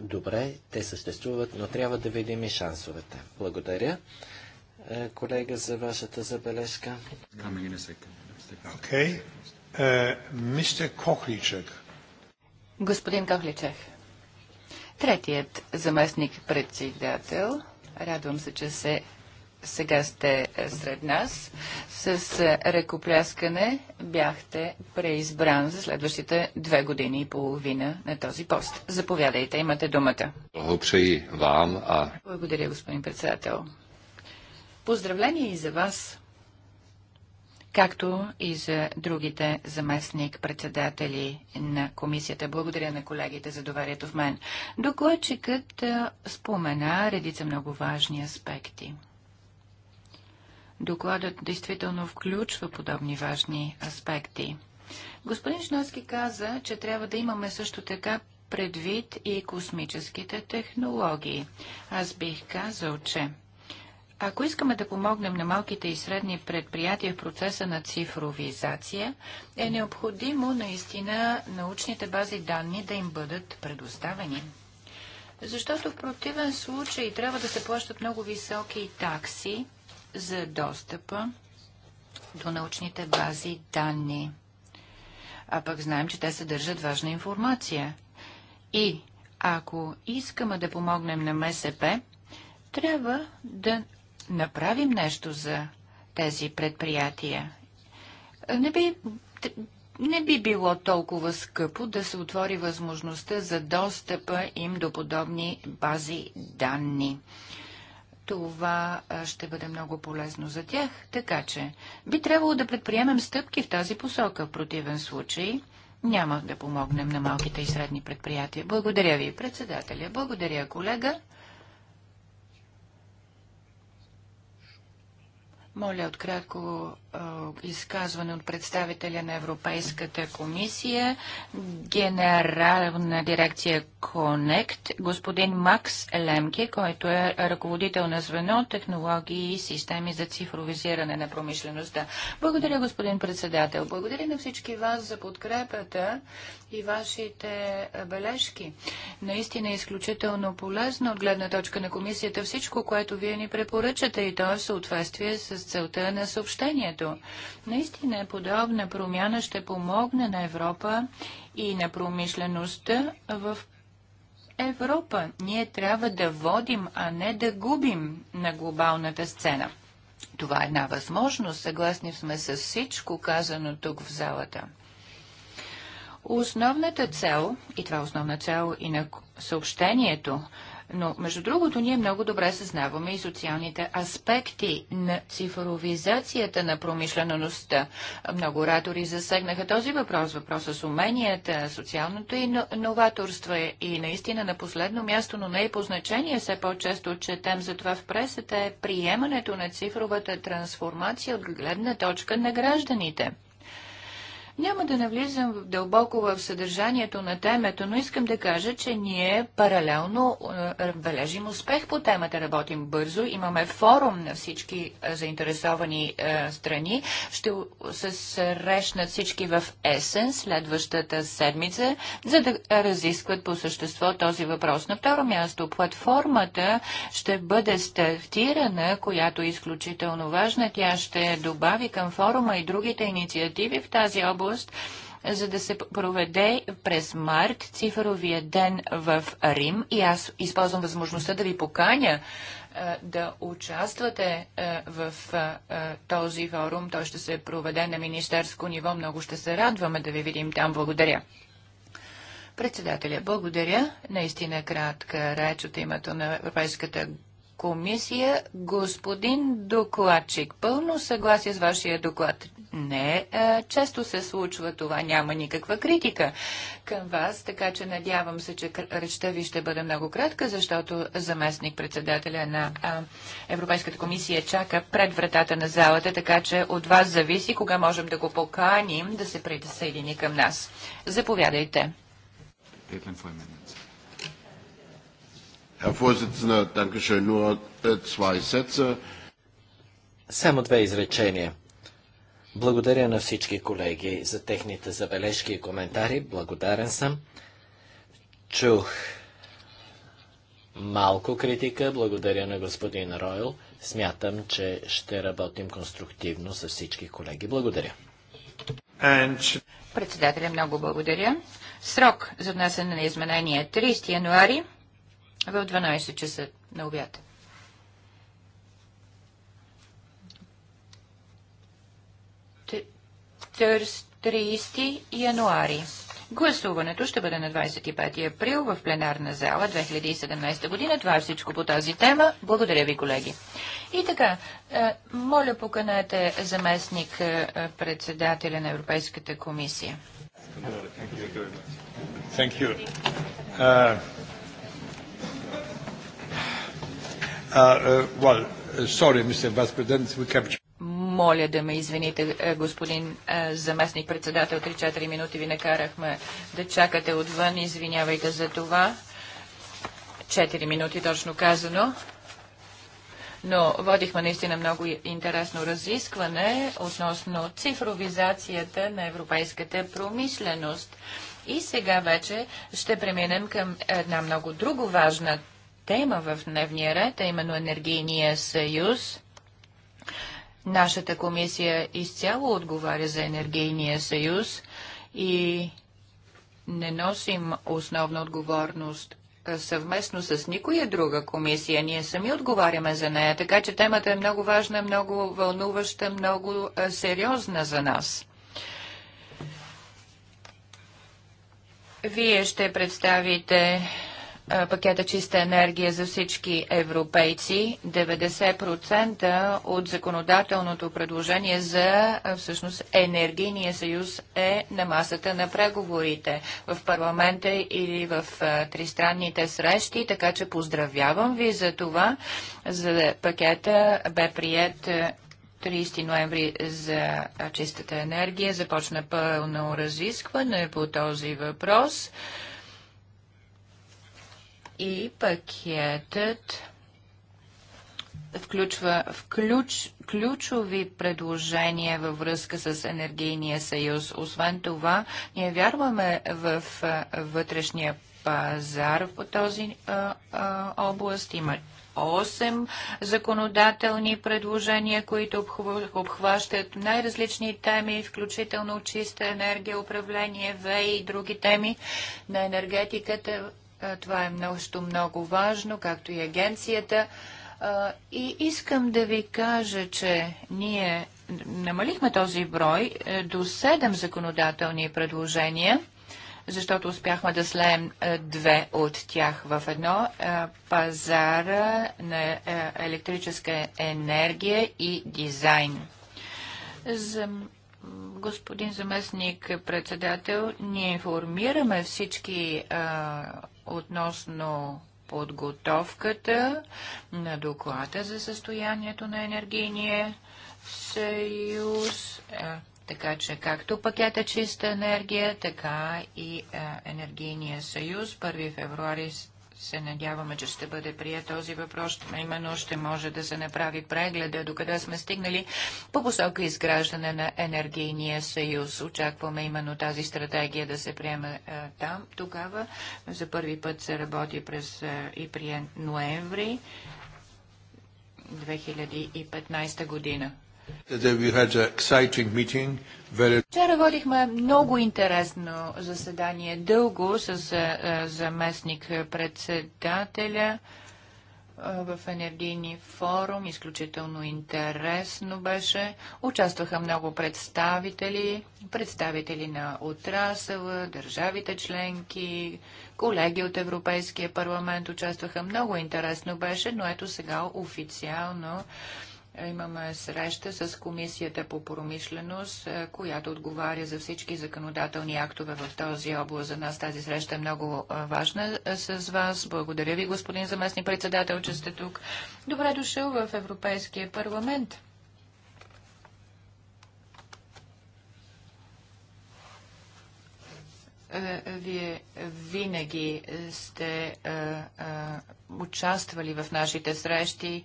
Добре, те съществуват, но трябва да видим и шансовете. Благодаря, е, колега, за вашата забележка. Okay. Uh, Господин Кохличек. Третият заместник председател, радвам се, че се сега сте е, сред нас. С е, ръкопляскане бяхте преизбран за следващите две години и половина на този пост. Заповядайте, имате думата. Благодаря, господин председател. Поздравления и за вас както и за другите заместник-председатели на комисията. Благодаря на колегите за доверието в мен. Докладчикът спомена редица много важни аспекти. Докладът действително включва подобни важни аспекти. Господин Шноски каза, че трябва да имаме също така предвид и космическите технологии. Аз бих казал, че ако искаме да помогнем на малките и средни предприятия в процеса на цифровизация, е необходимо наистина научните бази данни да им бъдат предоставени. Защото в противен случай трябва да се плащат много високи такси за достъпа до научните бази данни. А пък знаем, че те съдържат важна информация. И ако искаме да помогнем на МСП, трябва да направим нещо за тези предприятия. Не би, не би било толкова скъпо да се отвори възможността за достъпа им до подобни бази данни. Това ще бъде много полезно за тях, така че би трябвало да предприемем стъпки в тази посока. В противен случай няма да помогнем на малките и средни предприятия. Благодаря ви, председателя. Благодаря, колега. Моля от кратко изказване от представителя на Европейската комисия, генерална дирекция Connect, господин Макс Лемке, който е ръководител на звено технологии и системи за цифровизиране на промишлеността. Благодаря, господин председател. Благодаря на всички вас за подкрепата и вашите бележки. Наистина е изключително полезно от гледна точка на комисията всичко, което вие ни препоръчате и то е в съответствие с целта на съобщението. Наистина подобна промяна ще помогне на Европа и на промишлеността в Европа. Ние трябва да водим, а не да губим на глобалната сцена. Това е една възможност, съгласни сме с всичко казано тук в залата. Основната цел, и това е основна цел и на съобщението, но, между другото, ние много добре съзнаваме и социалните аспекти на цифровизацията на промишлеността. Много оратори засегнаха този въпрос, въпроса с уменията, социалното и новаторство е. и наистина на последно място, но не и по значение, все по-често четем за това в пресата, е приемането на цифровата трансформация от гледна точка на гражданите. Няма да навлизам дълбоко в съдържанието на темето, но искам да кажа, че ние паралелно е, бележим успех по темата, работим бързо, имаме форум на всички заинтересовани е, страни, ще се срещнат всички в есен, следващата седмица, за да разискват по същество този въпрос. На второ място, платформата ще бъде стартирана, която е изключително важна. Тя ще добави към форума и другите инициативи в тази област август, за да се проведе през март цифровия ден в Рим. И аз използвам възможността да ви поканя е, да участвате е, в е, този форум. Той ще се проведе на министерско ниво. Много ще се радваме да ви видим там. Благодаря. Председателя, благодаря. Наистина кратка реч от името на Европейската комисия. Господин докладчик, пълно съгласие с вашия доклад. Не, а, е, често се случва това, няма никаква критика към вас, така че надявам се, че речта ви ще бъде много кратка, защото заместник председателя на а, Европейската комисия чака пред вратата на залата, така че от вас зависи кога можем да го поканим да се присъедини към нас. Заповядайте. Äh, Само две изречения. Благодаря на всички колеги за техните забележки и коментари. Благодарен съм. Чух малко критика. Благодаря на господин Ройл. Смятам, че ще работим конструктивно с всички колеги. Благодаря. Председателя, много благодаря. Срок за внасяне на изменения 30 е януари в 12 часа на обяд. 30 януари. Гласуването ще бъде на 25 април в пленарна зала 2017 година. Това е всичко по тази тема. Благодаря ви, колеги. И така, е, моля поканете заместник е, председателя на Европейската комисия. Thank you. Uh, uh, well, sorry, Mr. Vice President, we kept моля да ме извините, е, господин е, заместник председател. 3-4 минути ви накарахме да чакате отвън. Извинявайте за това. 4 минути точно казано. Но водихме наистина много интересно разискване относно цифровизацията на европейската промишленост. И сега вече ще преминем към една много друго важна тема в дневния ред, а именно енергийния съюз. Нашата комисия изцяло отговаря за енергийния съюз и не носим основна отговорност съвместно с никоя друга комисия. Ние сами отговаряме за нея, така че темата е много важна, много вълнуваща, много е, сериозна за нас. Вие ще представите пакета чиста енергия за всички европейци. 90% от законодателното предложение за всъщност енергийния съюз е на масата на преговорите в парламента или в тристранните срещи, така че поздравявам ви за това. За пакета бе прият 30 ноември за чистата енергия започна пълно разискване по този въпрос и пакетът включва включ, ключови предложения във връзка с енергийния съюз. Освен това, ние вярваме в вътрешния пазар по този а, а, област. Има 8 законодателни предложения, които обхващат най-различни теми, включително чиста енергия, управление, ВЕИ и други теми на енергетиката това е много, много важно, както и агенцията. И искам да ви кажа, че ние намалихме този брой е, до 7 законодателни предложения защото успяхме да слеем е, две от тях в едно е, – пазара на електрическа енергия и дизайн. За господин заместник председател, ние информираме всички относно подготовката на доклада за състоянието на енергийния съюз. Е, така че както пакета чиста енергия, така и е, енергийния съюз 1 февруари се надяваме, че ще бъде прият този въпрос. Именно ще може да се направи прегледа, докъде сме стигнали по посока изграждане на енергийния съюз. Очакваме именно тази стратегия да се приеме а, е, там. Тогава за първи път се работи през а, е, и при ноември 2015 година. Вчера водихме много интересно заседание, дълго с е, е, заместник председателя е, в енергийни форум. Изключително интересно беше. Участваха много представители, представители на отрасъла, държавите членки, колеги от Европейския парламент участваха. Много интересно беше, но ето сега официално Имаме среща с Комисията по промишленост, е, която отговаря за всички законодателни актове в този област. За нас тази среща е много е, важна е, с вас. Благодаря ви, господин заместник председател, че сте тук. Добре дошъл в Европейския парламент. вие винаги сте а, а, участвали в нашите срещи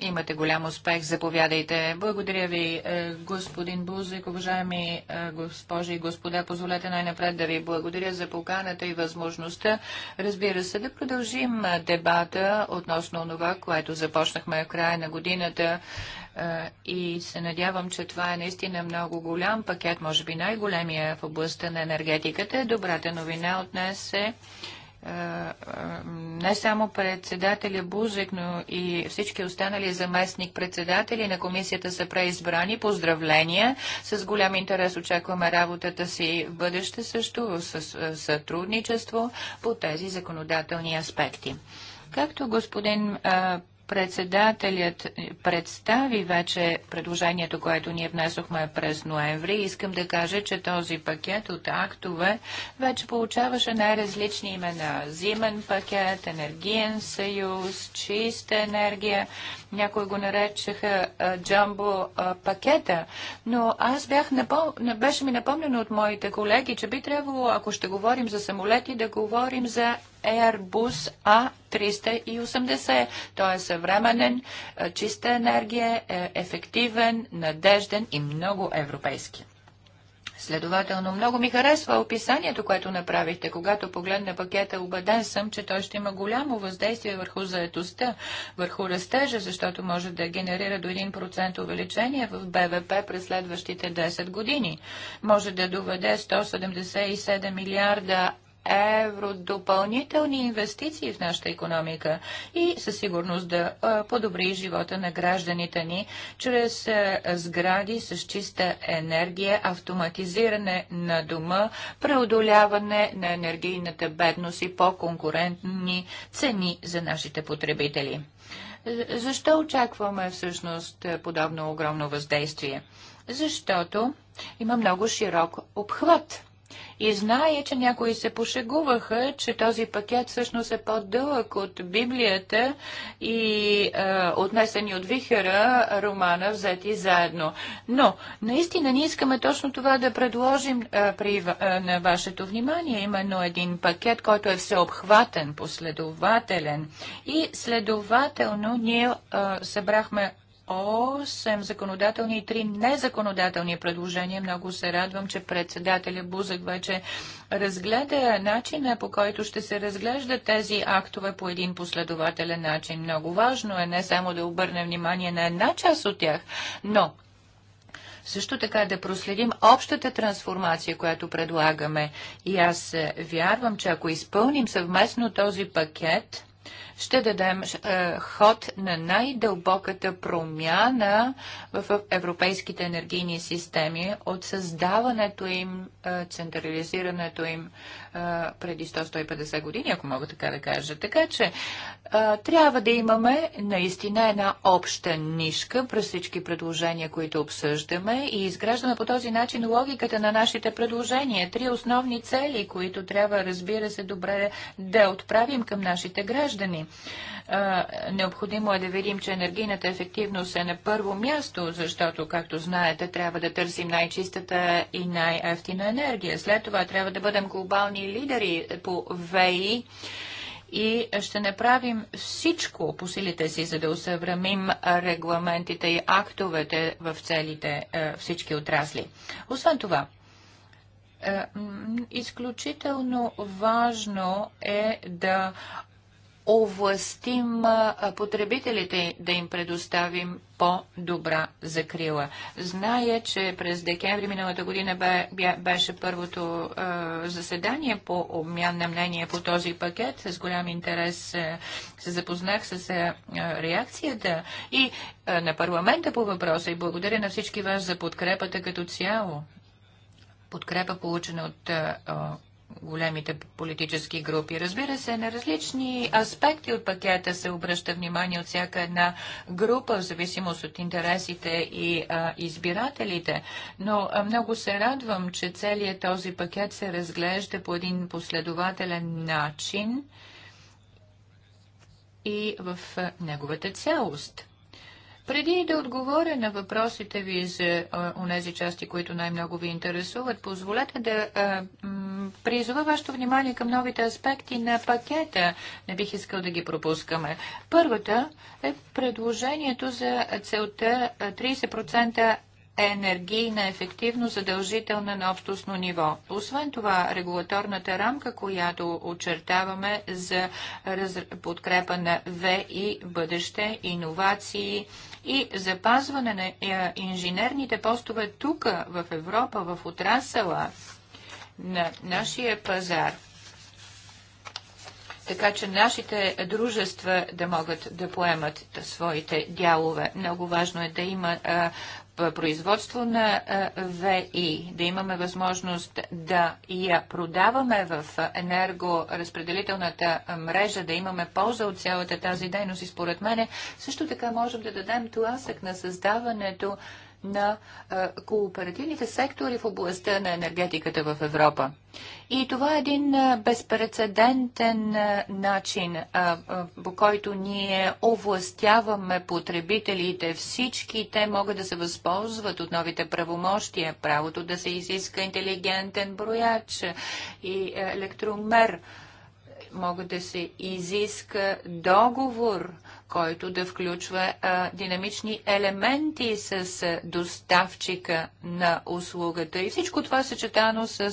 Имате голям успех, заповядайте. Благодаря ви, е, господин Бузик, уважаеми е, госпожи и господа. Позволете най-напред да ви благодаря за поканата и възможността. Разбира се, да продължим е, дебата относно това, което започнахме в края на годината и се надявам, че това е наистина много голям пакет, може би най-големия в областта на енергетиката. Добрата новина от нас е, е, е, не само председателя Бузек, но и всички останали заместник председатели на комисията са преизбрани. Поздравления! С голям интерес очакваме работата си в бъдеще също с е, сътрудничество по тези законодателни аспекти. Както господин а, Председателят представи вече предложението, което ние внесохме през ноември. Искам да кажа, че този пакет от актове вече получаваше най-различни имена. Зимен пакет, енергиен съюз, чиста енергия. Някои го наречаха джамбо пакета. Но аз бях напом... беше ми напомнено от моите колеги, че би трябвало, ако ще говорим за самолети, да говорим за Airbus А380. Той е съвременен, е, чиста енергия, е, ефективен, надежден и много европейски. Следователно, много ми харесва описанието, което направихте. Когато погледна пакета, убеден съм, че той ще има голямо въздействие върху заетостта, върху растежа, защото може да генерира до 1% увеличение в БВП през следващите 10 години. Може да доведе 177 милиарда евро допълнителни инвестиции в нашата економика и със сигурност да подобри живота на гражданите ни чрез сгради с чиста енергия, автоматизиране на дома, преодоляване на енергийната бедност и по-конкурентни цени за нашите потребители. Защо очакваме всъщност подобно огромно въздействие? Защото има много широк обхват и знае, че някои се пошегуваха, че този пакет всъщност е по-дълъг от Библията и е, отнесени от вихера романа взети заедно. Но, наистина, ние искаме точно това да предложим е, при, е, на вашето внимание, именно един пакет, който е всеобхватен, последователен. И следователно ние е, събрахме 8 законодателни и 3 незаконодателни предложения. Много се радвам, че председателя Бузък вече разгледа начина по който ще се разглежда тези актове по един последователен начин. Много важно е не само да обърнем внимание на една част от тях, но също така да проследим общата трансформация, която предлагаме. И аз вярвам, че ако изпълним съвместно този пакет, ще дадем е, ход на най-дълбоката промяна в, европейските енергийни системи от създаването им, е, централизирането им е, преди 100-150 години, ако мога така да кажа. Така че трябва да имаме наистина една обща нишка през всички предложения, които обсъждаме и изграждаме по този начин логиката на нашите предложения. Три основни цели, които трябва, разбира се, добре да отправим към нашите граждани. Необходимо е да видим, че енергийната ефективност е на първо място, защото, както знаете, трябва да търсим най-чистата и най-ефтина енергия. След това трябва да бъдем глобални лидери по ВЕИ и ще направим всичко по силите си, за да усъвремим регламентите и актовете в целите е, всички отрасли. Освен това, е, изключително важно е да овластим потребителите да им предоставим по-добра закрила. Зная, че през декември миналата година беше първото заседание по обмян на мнение по този пакет. С голям интерес се запознах с реакцията и на парламента по въпроса и благодаря на всички вас за подкрепата като цяло подкрепа, получена от големите политически групи. Разбира се, на различни аспекти от пакета се обръща внимание от всяка една група, в зависимост от интересите и а, избирателите. Но а, много се радвам, че целият този пакет се разглежда по един последователен начин и в неговата цялост. Преди да отговоря на въпросите ви за онези части, които най-много ви интересуват, позволете да призва призова вашето внимание към новите аспекти на пакета. Не бих искал да ги пропускаме. Първата е предложението за целта 30% енергийна ефективност задължителна на общностно ниво. Освен това, регулаторната рамка, която очертаваме за подкрепа на ВИ, бъдеще, иновации, и запазване на е, инженерните постове тук в Европа, в отрасъла на нашия пазар така че нашите дружества да могат да поемат своите дялове. Много важно е да има производство на ВИ, да имаме възможност да я продаваме в енергоразпределителната мрежа, да имаме полза от цялата тази дейност и според мене също така можем да дадем тласък на създаването на кооперативните сектори в областта на енергетиката в Европа. И това е един безпредседентен начин, по който ние овластяваме потребителите. Всички те могат да се възползват от новите правомощия, правото да се изиска интелигентен брояч и електромер могат да се изиска договор който да включва а, динамични елементи с а, доставчика на услугата. И всичко това съчетано с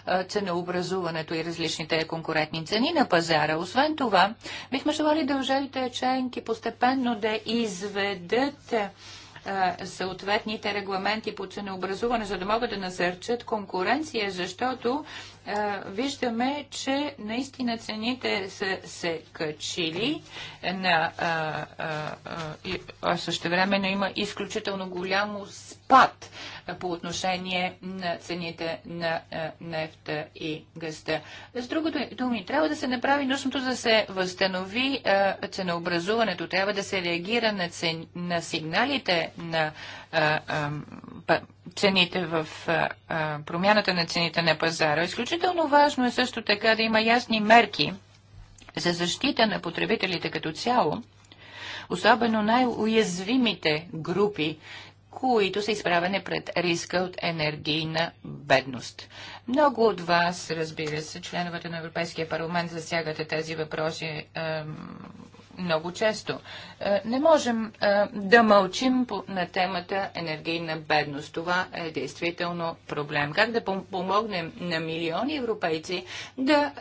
а, ценообразуването и различните конкурентни цени на пазара. Освен това, бихме желали държавите членки постепенно да изведат съответните регламенти по ценообразуване, за да могат да насърчат конкуренция, защото виждаме, че наистина цените са се качили, на, а, а, а, а има изключително голямо спад спад по отношение на цените на е, нефта и гъста. С другото думи, трябва да се направи нужното да се възстанови е, ценообразуването, трябва да се реагира на, цен... на сигналите на е, цените в промяната на цените на пазара. Изключително важно е също така да има ясни мерки за защита на потребителите като цяло, особено най-уязвимите групи които са изправени пред риска от енергийна бедност. Много от вас, разбира се, членовете на Европейския парламент засягате тези въпроси е, много често. Е, не можем е, да мълчим по, на темата енергийна бедност. Това е действително проблем. Как да помогнем на милиони европейци да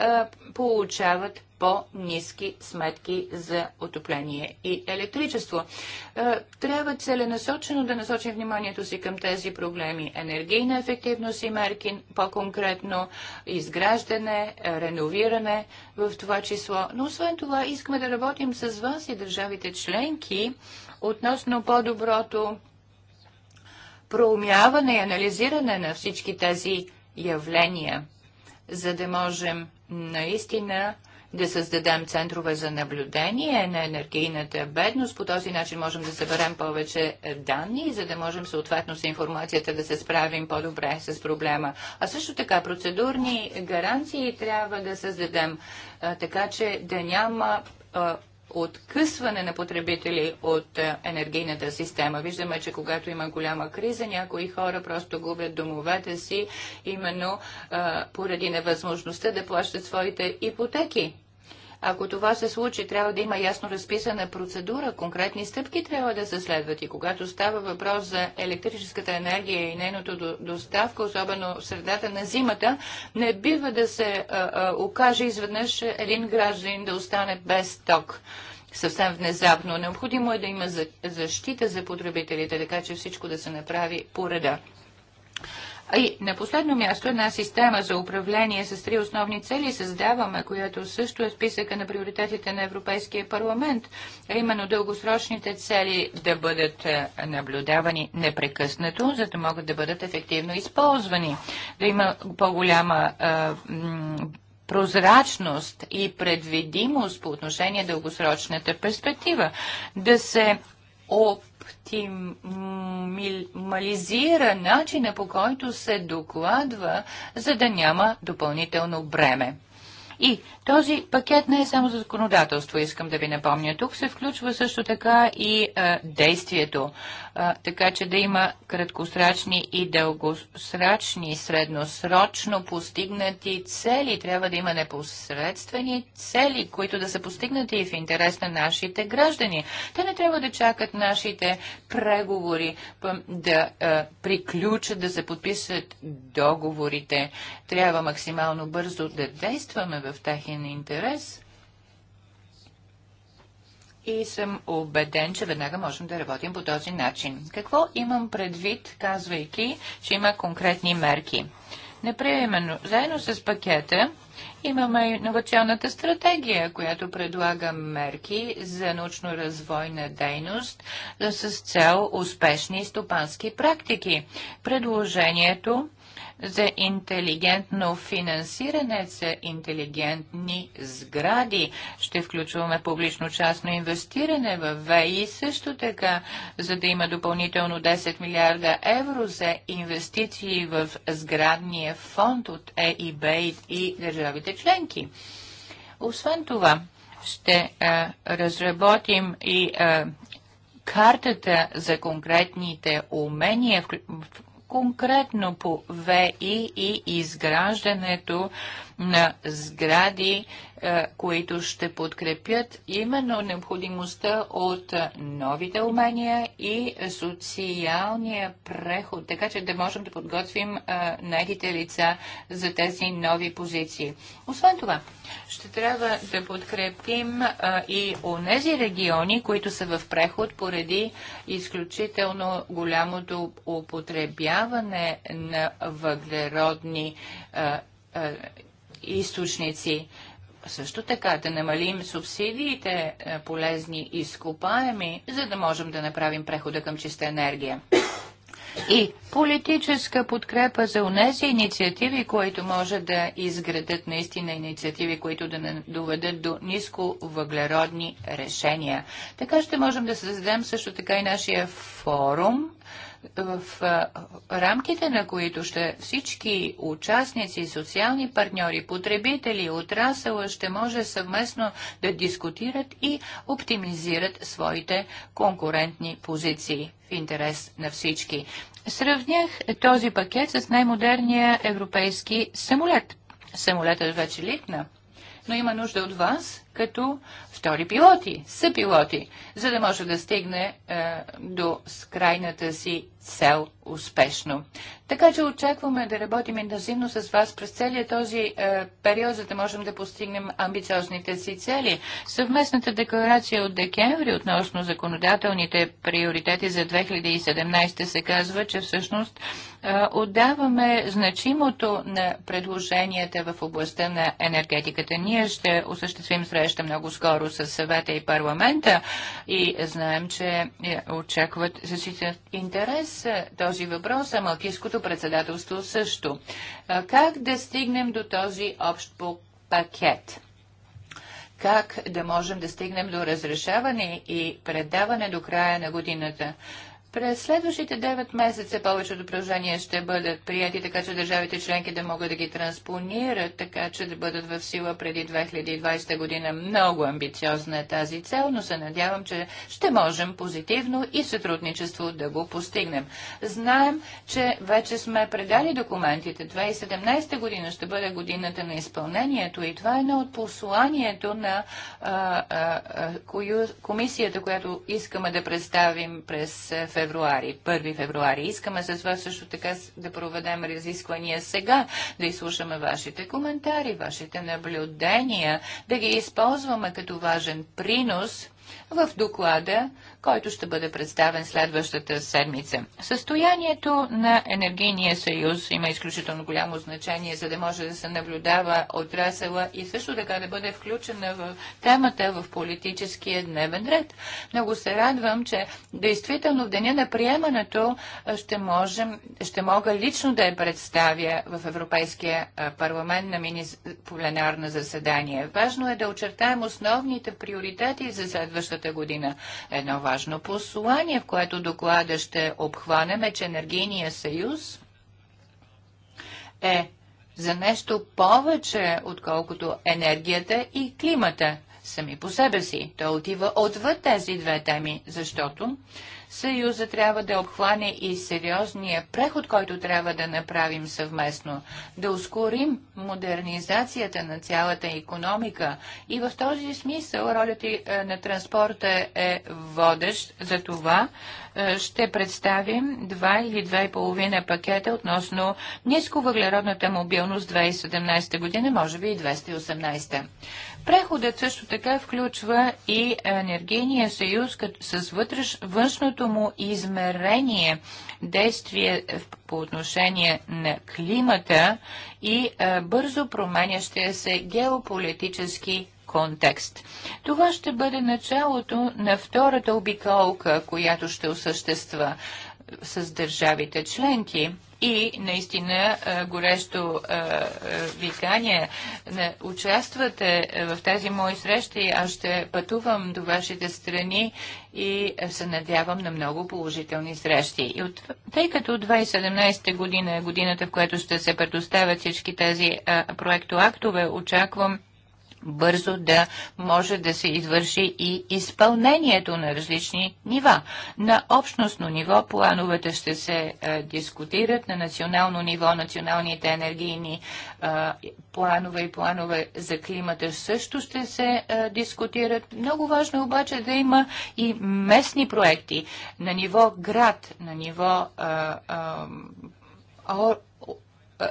получават по-низки сметки за отопление и електричество. Е, трябва целенасочено да насочим вниманието си към тези проблеми. Енергийна ефективност и мерки, по-конкретно изграждане, реновиране в това число. Но освен това искаме да работим с вас и държавите членки относно по-доброто проумяване и анализиране на всички тези явления за да можем наистина да създадем центрове за наблюдение на енергийната бедност. По този начин можем да съберем повече данни, за да можем съответно с информацията да се справим по-добре с проблема. А също така процедурни гаранции трябва да създадем, така че да няма откъсване на потребители от е, енергийната система. Виждаме, че когато има голяма криза, някои хора просто губят домовете си, именно поради невъзможността да плащат своите ипотеки. Ако това се случи, трябва да има ясно разписана процедура, конкретни стъпки трябва да се следват. И когато става въпрос за електрическата енергия и нейното доставка, особено в средата на зимата, не бива да се а, а, окаже изведнъж един гражданин да остане без ток съвсем внезапно. Необходимо е да има защита за потребителите, така че всичко да се направи по реда. И на последно място една система за управление с три основни цели създаваме, която също е списъка на приоритетите на Европейския парламент, а именно дългосрочните цели да бъдат е, наблюдавани непрекъснато, за да могат да бъдат ефективно използвани, да има по-голяма е, прозрачност и предвидимост по отношение дългосрочната перспектива, да се оптимализира начина по който се докладва, за да няма допълнително бреме. И този пакет не е само за законодателство, искам да ви напомня. Тук се включва също така и а, е, действието, а, е, така че да има краткосрачни и дългосрачни, средносрочно постигнати цели. Трябва да има непосредствени цели, които да са постигнати и в интерес на нашите граждани. Те не трябва да чакат нашите преговори да а, е, приключат, да се подписат договорите. Трябва максимално бързо да действаме в техен взаимен интерес и съм убеден, че веднага можем да работим по този начин. Какво имам предвид, казвайки, че има конкретни мерки? Непременно, заедно с пакета имаме инновационната стратегия, която предлага мерки за научно-развойна дейност с цел успешни стопански практики. Предложението за интелигентно финансиране, за интелигентни сгради. Ще включваме публично-частно инвестиране в ВАИ, също така, за да има допълнително 10 милиарда евро за инвестиции в сградния фонд от ЕИБ и държавите членки. Освен това, ще а, разработим и а, картата за конкретните умения, конкретно по ВИ и изграждането на сгради е, които ще подкрепят именно необходимостта от новите умения и социалния преход, така че да можем да подготвим е, найдите лица за тези нови позиции. Освен това, ще трябва да подкрепим е, и онези региони, които са в преход поради изключително голямото употребяване на въглеродни източници също така да намалим субсидиите е, полезни изкопаеми, за да можем да направим прехода към чиста енергия. И политическа подкрепа за унези инициативи, които може да изградат наистина инициативи, които да не доведат до ниско въглеродни решения. Така ще можем да създадем също така и нашия форум в рамките на които ще всички участници, социални партньори, потребители, отрасъла ще може съвместно да дискутират и оптимизират своите конкурентни позиции в интерес на всички. Сравнях този пакет с най-модерния европейски самолет. Самолетът вече литна, но има нужда от вас като втори пилоти, съпилоти, за да може да стигне е, до крайната си цел успешно. Така че очакваме да работим интензивно с вас през целия този е, период, за да можем да постигнем амбициозните си цели. Съвместната декларация от декември относно законодателните приоритети за 2017 се казва, че всъщност е, отдаваме значимото на предложенията в областта на енергетиката. Ние ще осъществим среща среща много скоро с съвета и парламента и знаем, че е, очакват с интерес е, този въпрос, а Малтийското председателство също. Е, как да стигнем до този общ пакет? Как да можем да стигнем до разрешаване и предаване до края на годината? През следващите 9 месеца повечето приложения ще бъдат прияти, така че държавите членки да могат да ги транспонират, така че да бъдат в сила преди 2020 година. Много амбициозна е тази цел, но се надявам, че ще можем позитивно и сътрудничество да го постигнем. Знаем, че вече сме предали документите. 2017 година ще бъде годината на изпълнението и това е едно от посланието на а, а, а, комисията, която искаме да представим през февруари, 1 февруари. Искаме с вас също така да проведем разисквания сега, да изслушаме вашите коментари, вашите наблюдения, да ги използваме като важен принос в доклада, който ще бъде представен следващата седмица. Състоянието на енергийния съюз има изключително голямо значение, за да може да се наблюдава отрасъла и също така да бъде включена в темата в политическия дневен ред. Много се радвам, че действително в деня на приемането ще, можем, ще мога лично да я представя в Европейския парламент на мини пленарна заседание. Важно е да очертаем основните приоритети за следващата година. Едно важно послание, в което доклада ще обхванеме, че енергийния съюз е за нещо повече, отколкото енергията и климата сами по себе си. Той отива отвъд тези две теми, защото Съюза трябва да обхване и сериозния преход, който трябва да направим съвместно, да ускорим модернизацията на цялата економика. И в този смисъл ролята е, на транспорта е водещ. За това е, ще представим 2 или 2,5 пакета относно нисковъглеродната мобилност 2017 година, може би и 218. Преходът също така включва и енергийния съюз с вътреш, външното му измерение, действие по отношение на климата и бързо променящия се геополитически контекст. Това ще бъде началото на втората обиколка, която ще осъществя с държавите членки и наистина горещо викание. Не участвате в тази мои срещи, аз ще пътувам до вашите страни и се надявам на много положителни срещи. И от, тъй като 2017 година е годината, в която ще се предоставят всички тези проектоактове, очаквам бързо да може да се извърши и изпълнението на различни нива. На общностно ниво плановете ще се е, дискутират, на национално ниво националните енергийни е, планове и планове за климата също ще се е, дискутират. Много важно е обаче да има и местни проекти на ниво град, на ниво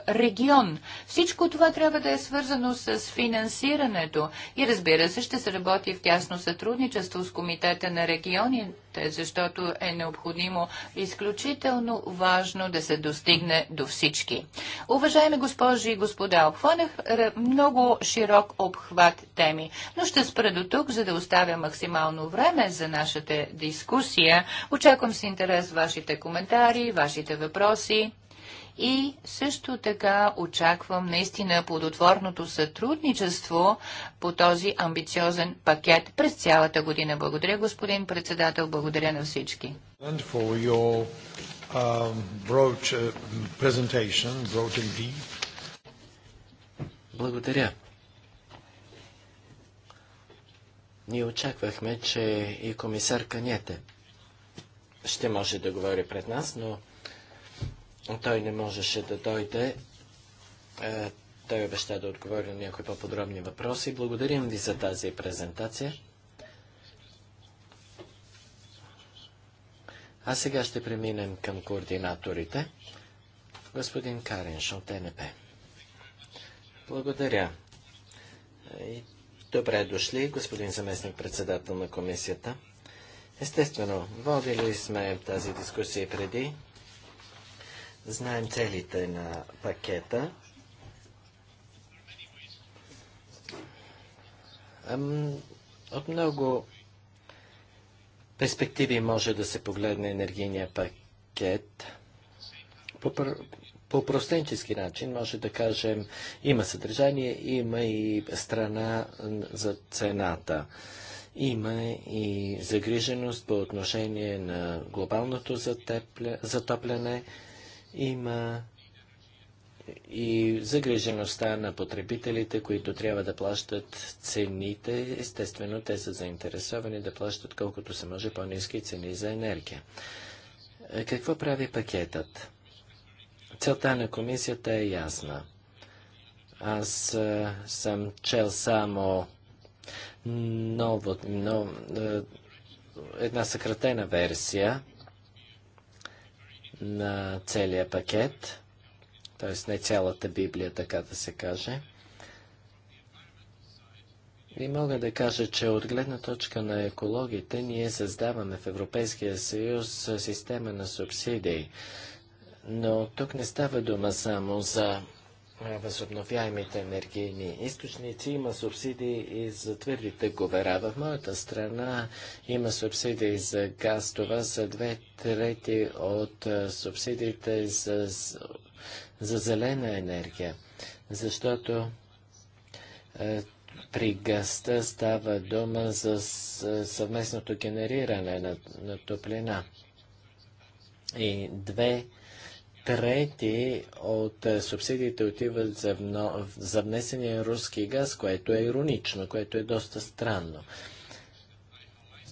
регион. Всичко това трябва да е свързано с финансирането и разбира се ще се работи в тясно сътрудничество с Комитета на регионите, защото е необходимо изключително важно да се достигне до всички. Уважаеми госпожи и господа, обхванах е, много широк обхват теми, но ще спра до тук, за да оставя максимално време за нашата дискусия. Очаквам с интерес вашите коментари, вашите въпроси. И също така очаквам наистина плодотворното сътрудничество по този амбициозен пакет през цялата година. Благодаря, господин председател. Благодаря на всички. Um, uh, Благодаря. Ние очаквахме, че и комисар Канете ще може да говори пред нас, но той не можеше да дойде. Е, той обеща да отговори на някои по-подробни въпроси. Благодарим ви за тази презентация. А сега ще преминем към координаторите. Господин Каренш от НП. Благодаря. Добре дошли, господин заместник председател на комисията. Естествено, водили сме тази дискусия преди. Знаем целите на пакета. От много перспективи може да се погледне енергийния пакет. По, по простенчески начин може да кажем, има съдържание, има и страна за цената. Има и загриженост по отношение на глобалното затепля, затопляне, има и загрижеността на потребителите, които трябва да плащат цените. Естествено, те са заинтересовани да плащат колкото се може по-низки цени за енергия. Е, какво прави пакетът? Целта на комисията е ясна. Аз е, съм чел само ново, но, е, една съкратена версия на целия пакет, т.е. не цялата Библия, така да се каже. И мога да кажа, че от гледна точка на екологите ние създаваме в Европейския съюз система на субсидии. Но тук не става дума само за възобновяемите енергийни източници. Има субсидии и за твърдите говера. В моята страна има субсидии за газ. Това са две трети от субсидиите за, за зелена енергия. Защото при гъста става дума за съвместното генериране на, на топлина. И две трети от е, субсидиите отиват за, вно, за внесения руски газ, което е иронично, което е доста странно.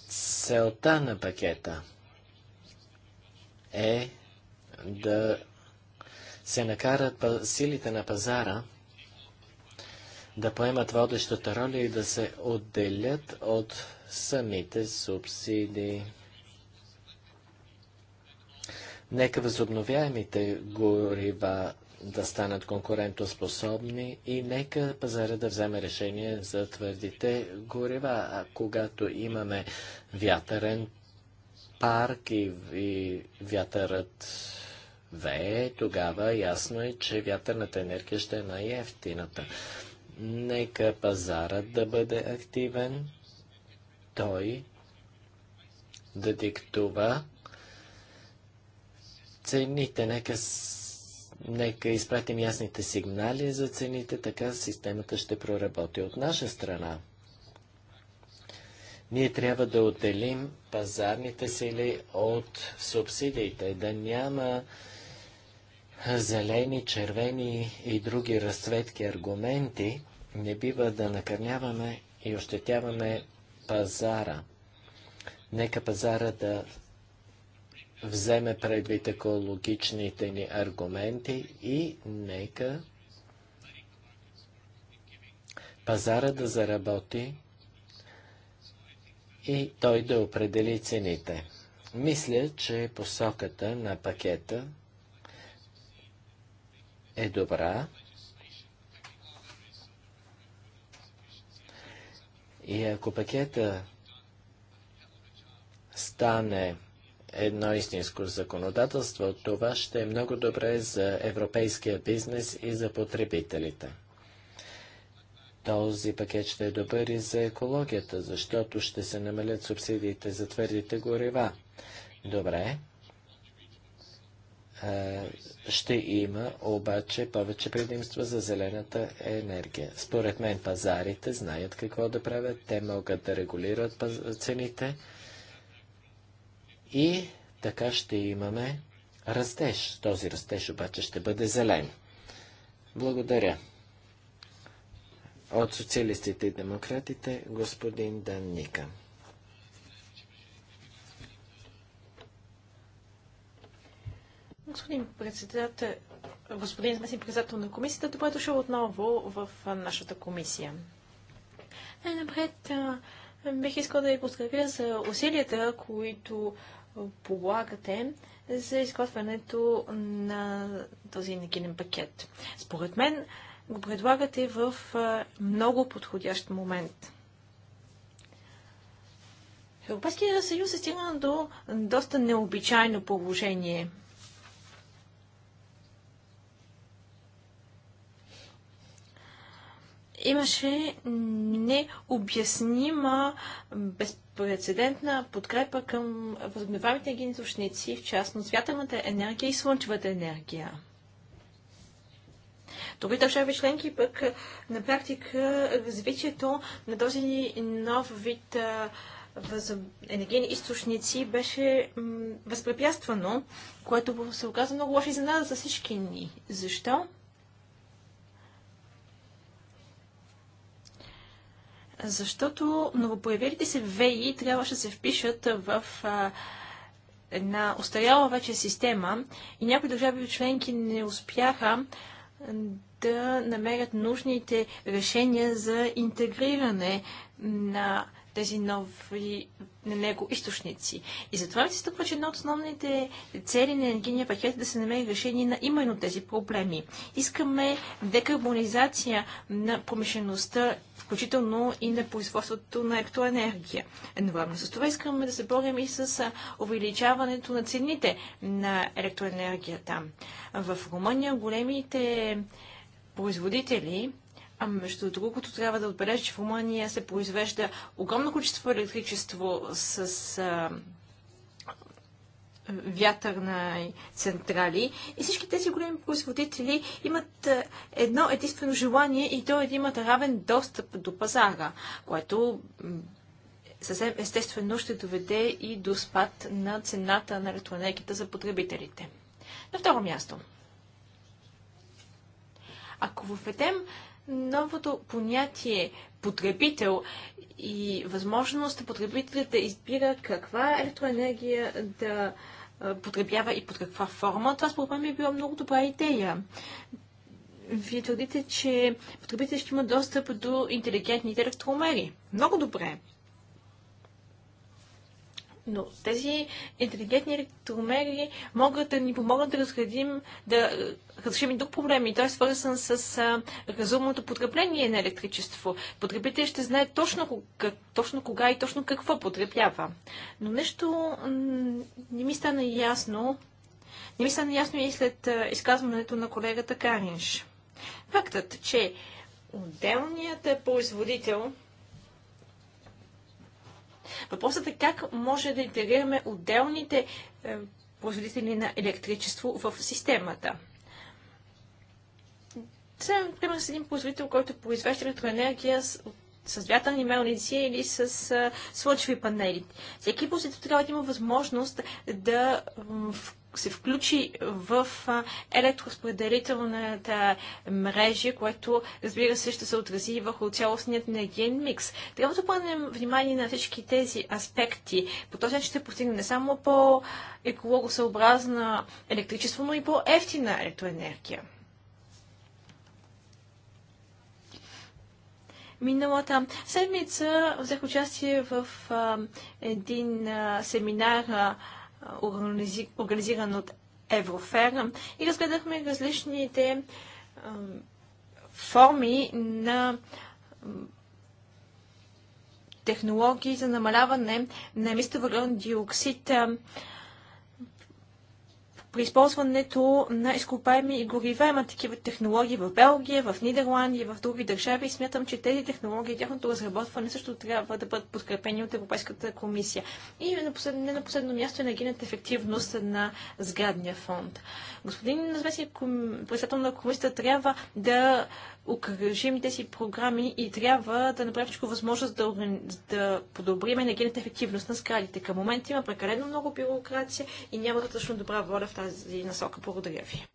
Целта на пакета е да се накарат силите на пазара да поемат водещата роля и да се отделят от самите субсидии. Нека възобновяемите горива да станат конкурентоспособни и нека пазара да вземе решение за твърдите горива. А когато имаме вятърен парк и, и вятърът вее, тогава ясно е, че вятърната енергия ще е най-ефтината. Нека пазарът да бъде активен, той да диктува цените. Нека, нека изпратим ясните сигнали за цените, така системата ще проработи от наша страна. Ние трябва да отделим пазарните сили от субсидиите, да няма зелени, червени и други разцветки аргументи. Не бива да накърняваме и ощетяваме пазара. Нека пазара да вземе предвид екологичните ни аргументи и нека пазара да заработи и той да определи цените. Мисля, че посоката на пакета е добра. И ако пакета стане едно истинско законодателство, това ще е много добре за европейския бизнес и за потребителите. Този пакет ще е добър и за екологията, защото ще се намалят субсидиите за твърдите горива. Добре. Е, ще има обаче повече предимства за зелената енергия. Според мен пазарите знаят какво да правят, те могат да регулират цените и така ще имаме растеж. Този растеж обаче ще бъде зелен. Благодаря. От социалистите и демократите, господин Данника. Господин председател, господин заместник председател на комисията, добре дошъл отново в нашата комисия. Е, напред, бих искал да ви поздравя за усилията, които полагате за изготвянето на този енергиен пакет. Според мен го предлагате в много подходящ момент. Европейския съюз е стигна до доста необичайно положение. Имаше необяснима безпредседентна прецедентна подкрепа към възгневавите енергийни източници, в частност вятърната енергия и слънчевата енергия. Други държави членки пък е, на практика развитието на този нов вид е, енергийни източници беше възпрепятствано, което се оказа много за нас за всички ни. Защо? защото новопоявилите се ВЕИ трябваше да се впишат в а, една устаряла вече система и някои държави членки не успяха да намерят нужните решения за интегриране на тези нови на него източници. И затова ми се стъпва, че една от основните цели на енергийния пакет е да се намери решение на именно тези проблеми. Искаме декарбонизация на промишлеността, включително и на производството на електроенергия. Едновременно с това искаме да се борим и с увеличаването на цените на електроенергията. В Румъния големите производители а между другото, трябва да отбележа, че в Румъния се произвежда огромно количество електричество с а, вятърна централи. И всички тези големи производители имат едно единствено желание и то е да имат равен достъп до пазара, което съвсем естествено ще доведе и до спад на цената на електроенергията за потребителите. На второ място. Ако въведем новото понятие потребител и възможност потребителят да избира каква електроенергия да потребява и под каква форма, това според мен би е била много добра идея. Вие твърдите, че потребителите ще имат достъп до интелигентните електромери. Много добре но тези интелигентни електромери могат да ни помогнат да разградим, да разрешим и друг проблем и той е свързан с а, разумното потребление на електричество. Потребителят ще знае точно, как, точно кога и точно какво потребява. Но нещо не ми стана ясно, не ми стана ясно и след а, изказването на колегата Каринш. Фактът, че отделният производител Въпросът е как може да интегрираме отделните е, производители на електричество в системата. Сега, например, с един производител, който произвежда електроенергия с, с вятърни мелници или с а, е, слънчеви панели. Всеки производител трябва да има възможност да се включи в електроразпределителната мрежа, което разбира се ще се отрази и върху цялостният енергиен микс. Трябва да обърнем внимание на всички тези аспекти. По този начин ще постигнем не само по-екологосъобразна електричество, но и по-ефтина електроенергия. Миналата седмица взех участие в а, един а, семинар а, организиран от Еврофер и разгледахме различните форми на технологии за намаляване на емисията въглероден диоксид при използването на изкопаеми и горива. Има такива технологии в Белгия, в Нидерландия, в други държави и смятам, че тези технологии и тяхното разработване също трябва да бъдат подкрепени от Европейската комисия. И на последно, не на последно място е енергийната ефективност на сградния фонд. Господин заместник председател на комисията трябва да окръжимите си програми и трябва да направим всичко възможност да, да подобрим енергийната ефективност на сградите. Към момента има прекалено много бюрокрация и няма достатъчно добра воля в тази насока. Благодаря ви.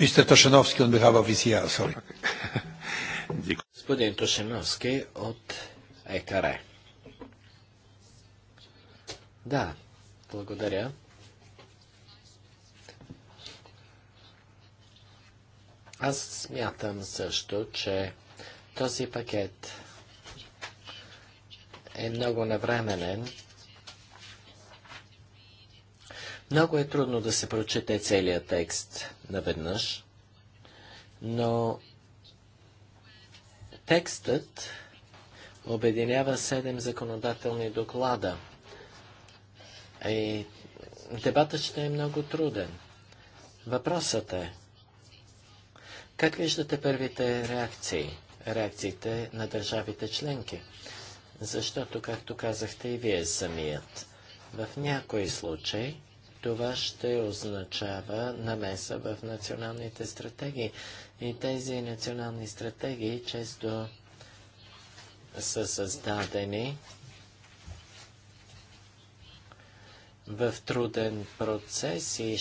Мистер Тошановски, on behalf of сори. Господин Тошановски от ЕКАРЕ. Да, благодаря. Аз смятам също, че този пакет е много навременен. Много е трудно да се прочете целият текст наведнъж, но текстът обединява седем законодателни доклада. И е, дебатът ще е много труден. Въпросът е, как виждате първите реакции, реакциите на държавите членки? Защото, както казахте и вие самият, в някой случай това ще означава намеса в националните стратегии. И тези национални стратегии често са създадени в труден процес и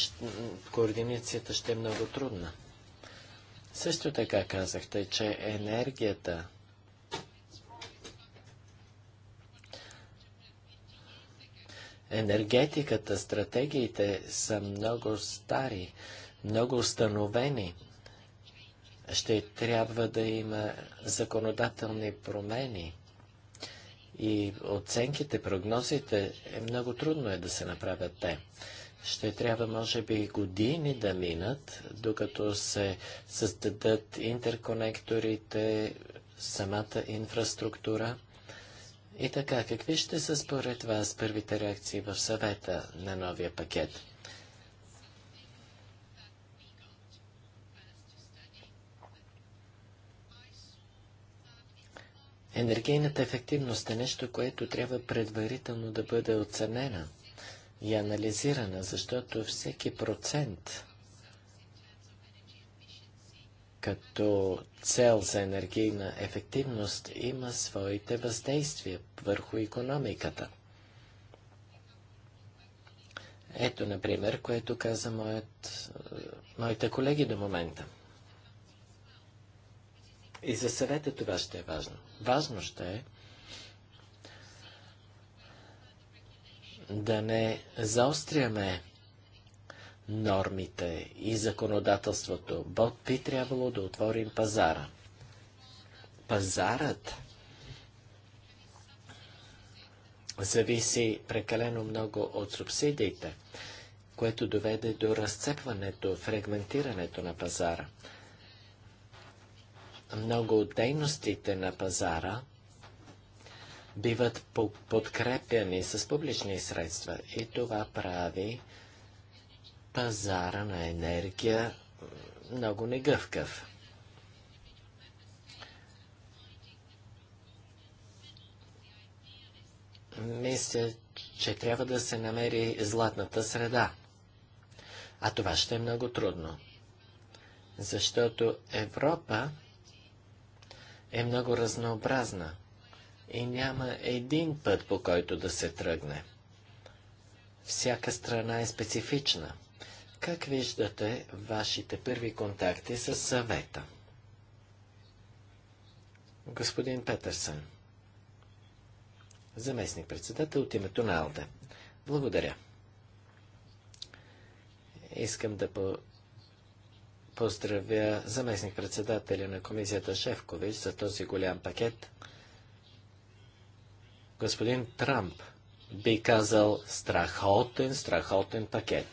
координацията ще е много трудна. Също така казахте, че енергията енергетиката, стратегиите са много стари, много установени. Ще трябва да има законодателни промени. И оценките, прогнозите, е много трудно е да се направят те ще трябва може би години да минат, докато се създадат интерконекторите, самата инфраструктура. И така, какви ще са според вас първите реакции в съвета на новия пакет? Енергийната ефективност е нещо, което трябва предварително да бъде оценена и анализирана, защото всеки процент като цел за енергийна ефективност има своите въздействия върху економиката. Ето, например, което каза моят, е, моите колеги до момента. И за съвета това ще е важно. Важно ще е да не заостряме нормите и законодателството. Бог би трябвало да отворим пазара. Пазарът зависи прекалено много от субсидиите, което доведе до разцепването, фрагментирането на пазара. Много от дейностите на пазара – биват подкрепяни с публични средства и това прави пазара на енергия много негъвкав. Мисля, че трябва да се намери златната среда. А това ще е много трудно, защото Европа е много разнообразна и няма един път, по който да се тръгне. Всяка страна е специфична. Как виждате вашите първи контакти с съвета? Господин Петърсън, заместник председател от името на АЛДЕ. Благодаря. Искам да по поздравя заместник председателя на комисията Шефкович за този голям пакет – господин Трамп би казал страхотен, страхотен пакет.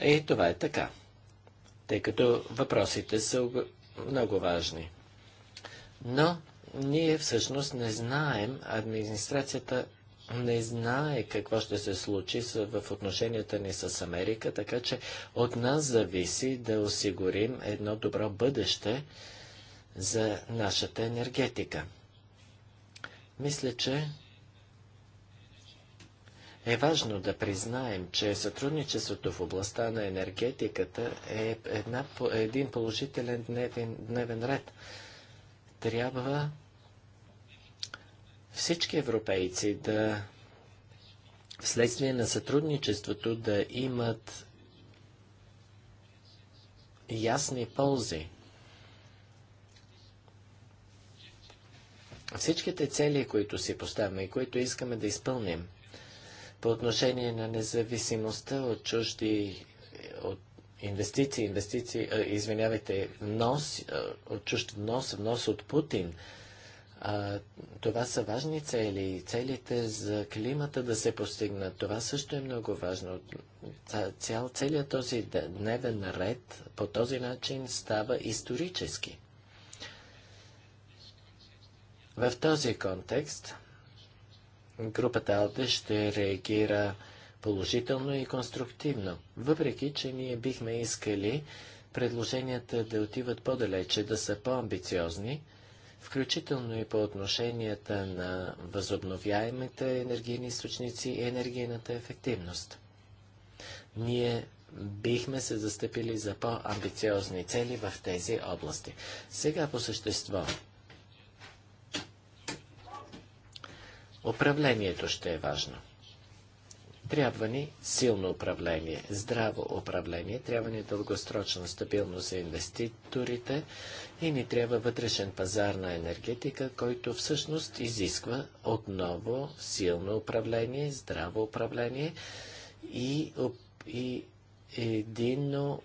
И това е така, тъй като въпросите са много важни. Но ние всъщност не знаем, администрацията не знае какво ще се случи в отношенията ни с Америка, така че от нас зависи да осигурим едно добро бъдеще за нашата енергетика. Мисля, че е важно да признаем, че сътрудничеството в областта на енергетиката е една, един положителен дневен, дневен ред. Трябва всички европейци да вследствие на сътрудничеството да имат ясни ползи. Всичките цели, които си поставяме и които искаме да изпълним по отношение на независимостта от чужди от инвестиции, инвестиции, а, извинявайте, внос, а, от чужд внос, внос от Путин, а, това са важни цели. Целите за климата да се постигнат, това също е много важно. Цял, целият този дневен ред по този начин става исторически. В този контекст групата АЛДЕ ще реагира положително и конструктивно, въпреки че ние бихме искали предложенията да отиват по-далече, да са по-амбициозни, включително и по отношенията на възобновяемите енергийни източници и енергийната ефективност. Ние бихме се застъпили за по-амбициозни цели в тези области. Сега по същество. Управлението ще е важно. Трябва ни силно управление, здраво управление, трябва ни дългосрочна стабилност за инвеститорите и ни трябва вътрешен пазар на енергетика, който всъщност изисква отново силно управление, здраво управление и, и едино,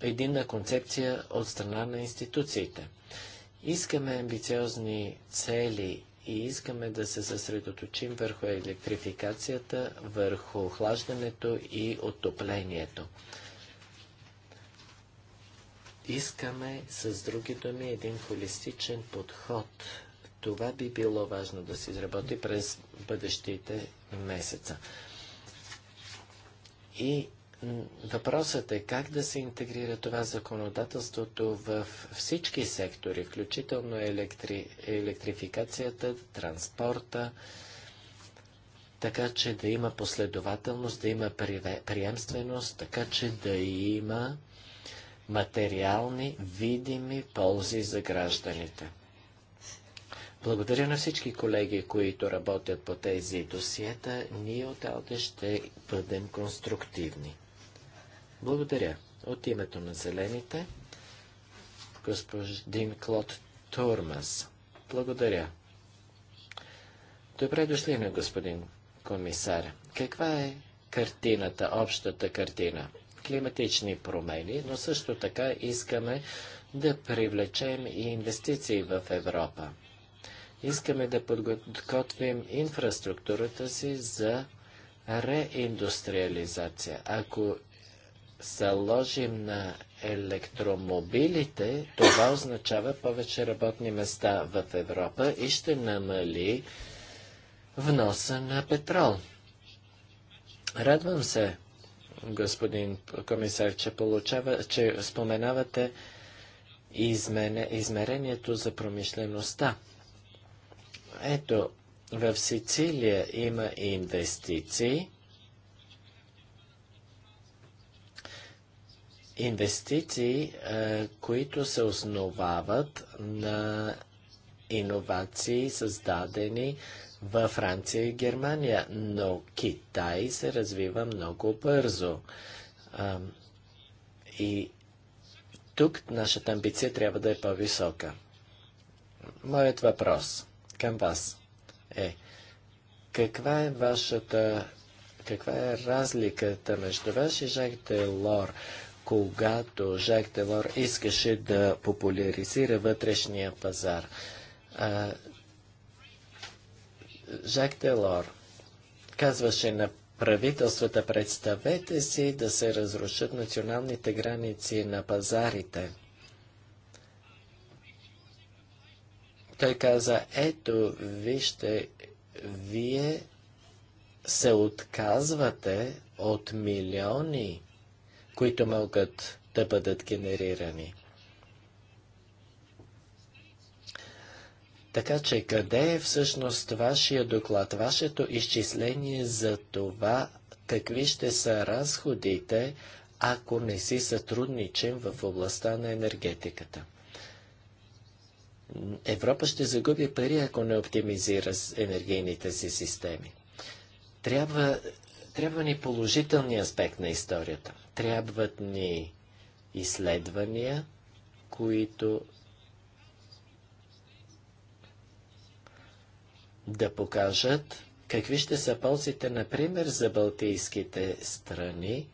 единна концепция от страна на институциите. Искаме амбициозни цели и искаме да се съсредоточим върху електрификацията, върху охлаждането и отоплението. Искаме, с други думи, един холистичен подход. Това би било важно да се изработи през бъдещите месеца. И Въпросът е как да се интегрира това законодателството в всички сектори, включително електри... електрификацията, транспорта, така че да има последователност, да има приемственост, така че да има материални, видими ползи за гражданите. Благодаря на всички колеги, които работят по тези досиета. Ние от ще бъдем конструктивни. Благодаря. От името на зелените, господин Клод Турмас. Благодаря. Добре дошли на господин комисар. Каква е картината, общата картина? Климатични промени, но също така искаме да привлечем и инвестиции в Европа. Искаме да подготвим инфраструктурата си за реиндустриализация. Ако заложим на електромобилите, това означава повече работни места в Европа и ще намали вноса на петрол. Радвам се, господин комисар, че, получава, че споменавате измене, измерението за промишлеността. Ето, в Сицилия има инвестиции, инвестиции, е, които се основават на иновации, създадени във Франция и Германия, но Китай се развива много бързо. Е, и тук нашата амбиция трябва да е по-висока. Моят въпрос към вас е каква е вашата каква е разликата между вас и Жак Делор когато Жак Делор искаше да популяризира вътрешния пазар. Жак Делор казваше на правителствата, представете си да се разрушат националните граници на пазарите. Той каза, ето, вижте, вие се отказвате от милиони които могат да бъдат генерирани. Така че къде е всъщност вашия доклад, вашето изчисление за това, какви ще са разходите, ако не си сътрудничим в областта на енергетиката? Европа ще загуби пари, ако не оптимизира енергийните си системи. Трябва, трябва ни положителния аспект на историята. Трябват ни изследвания, които да покажат какви ще са ползите, например, за балтийските страни,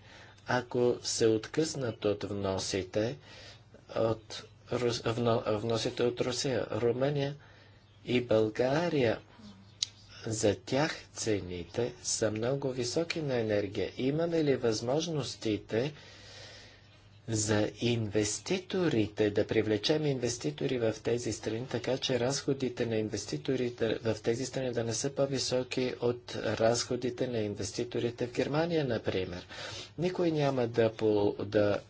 ако се откъснат от вносите от, вносите от Русия. Румъния и България за тях цените са много високи на енергия. Имаме ли възможностите за инвеститорите, да привлечем инвеститори в тези страни, така че разходите на инвеститорите в тези страни да не са по-високи от разходите на инвеститорите в Германия, например. Никой няма да, по, да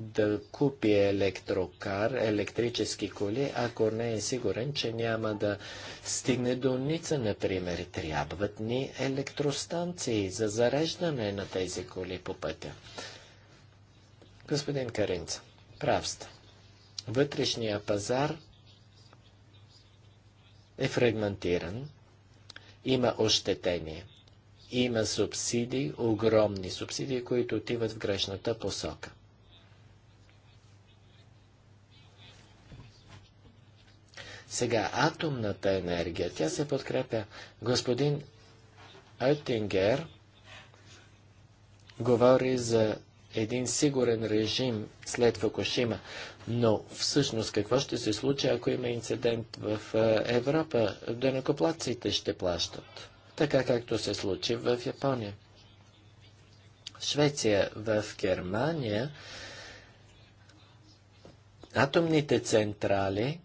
да купи електрокар, електрически коли, ако не е сигурен, че няма да стигне до Ница, например. Трябват ни електростанции за зареждане на тези коли по пътя. Господин Каринца, прав сте. Вътрешния пазар е фрагментиран, има ощетение, има субсидии, огромни субсидии, които отиват в грешната посока. Сега, атомната енергия, тя се подкрепя. Господин Оттингер говори за един сигурен режим след Фукушима. Но всъщност какво ще се случи, ако има инцидент в е, Европа? Денокоплаците ще плащат. Така както се случи в Япония. Швеция, в Германия, атомните централи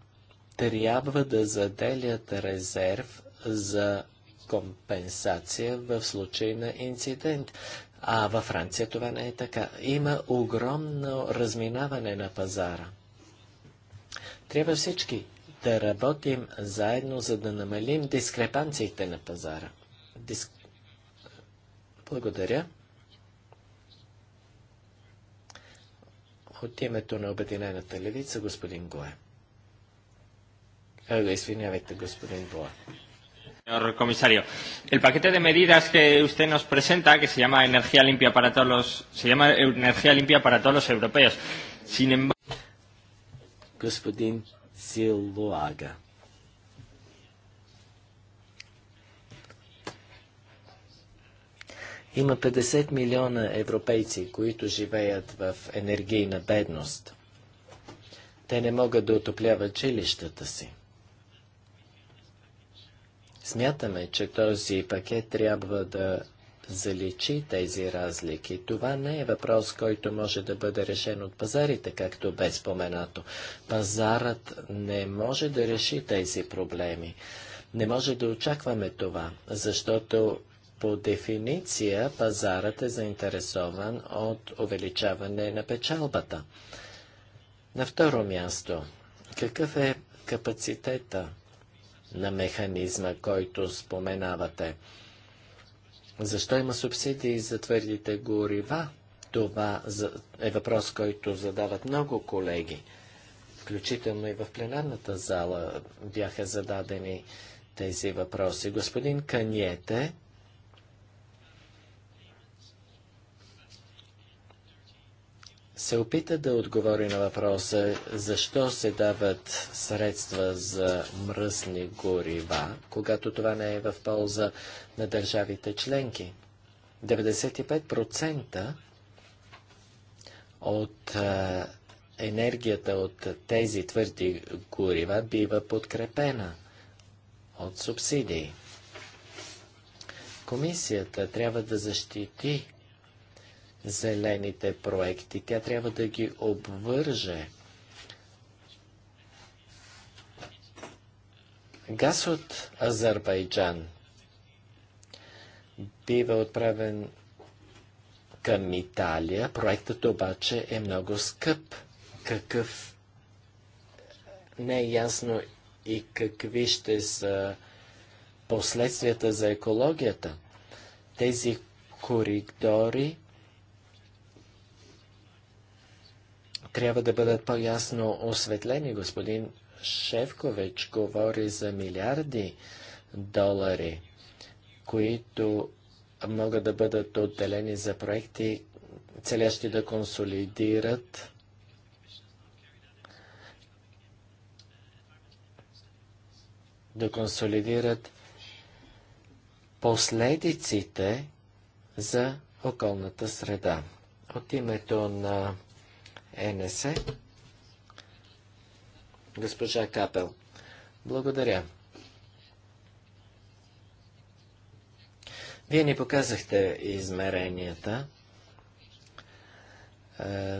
трябва да заделят резерв за компенсация в случай на инцидент. А във Франция това не е така. Има огромно разминаване на пазара. Трябва всички да работим заедно, за да намалим дискрепанциите на пазара. Диск... Благодаря. От името на Обединената левица, господин Гоем. Извинявайте, господин Боа. Señor comisario, el paquete de medidas que usted nos presenta, que se llama energía limpia para todos los, se llama energía limpia para todos los europeos. Sin embargo, господин Силуага. Има 50 милиона европейци, които живеят в енергийна бедност. Те не могат да отопляват жилищата си. Смятаме, че този пакет трябва да заличи тези разлики. Това не е въпрос, който може да бъде решен от пазарите, както бе споменато. Пазарът не може да реши тези проблеми. Не може да очакваме това, защото по дефиниция пазарът е заинтересован от увеличаване на печалбата. На второ място, какъв е капацитета на механизма, който споменавате. Защо има субсидии за твърдите горива? Това е въпрос, който задават много колеги. Включително и в пленарната зала бяха зададени тези въпроси. Господин Каньете се опита да отговори на въпроса защо се дават средства за мръсни горива, когато това не е в полза на държавите членки. 95% от енергията от тези твърди горива бива подкрепена от субсидии. Комисията трябва да защити зелените проекти. Тя трябва да ги обвърже. Газ от Азербайджан бива отправен към Италия. Проектът обаче е много скъп. Какъв не е ясно и какви ще са последствията за екологията. Тези коридори трябва да бъдат по-ясно осветлени. Господин Шевкович говори за милиарди долари, които могат да бъдат отделени за проекти, целящи да консолидират да консолидират последиците за околната среда. От името на ЕНС. Госпожа Капел. Благодаря. Вие ни показахте измеренията,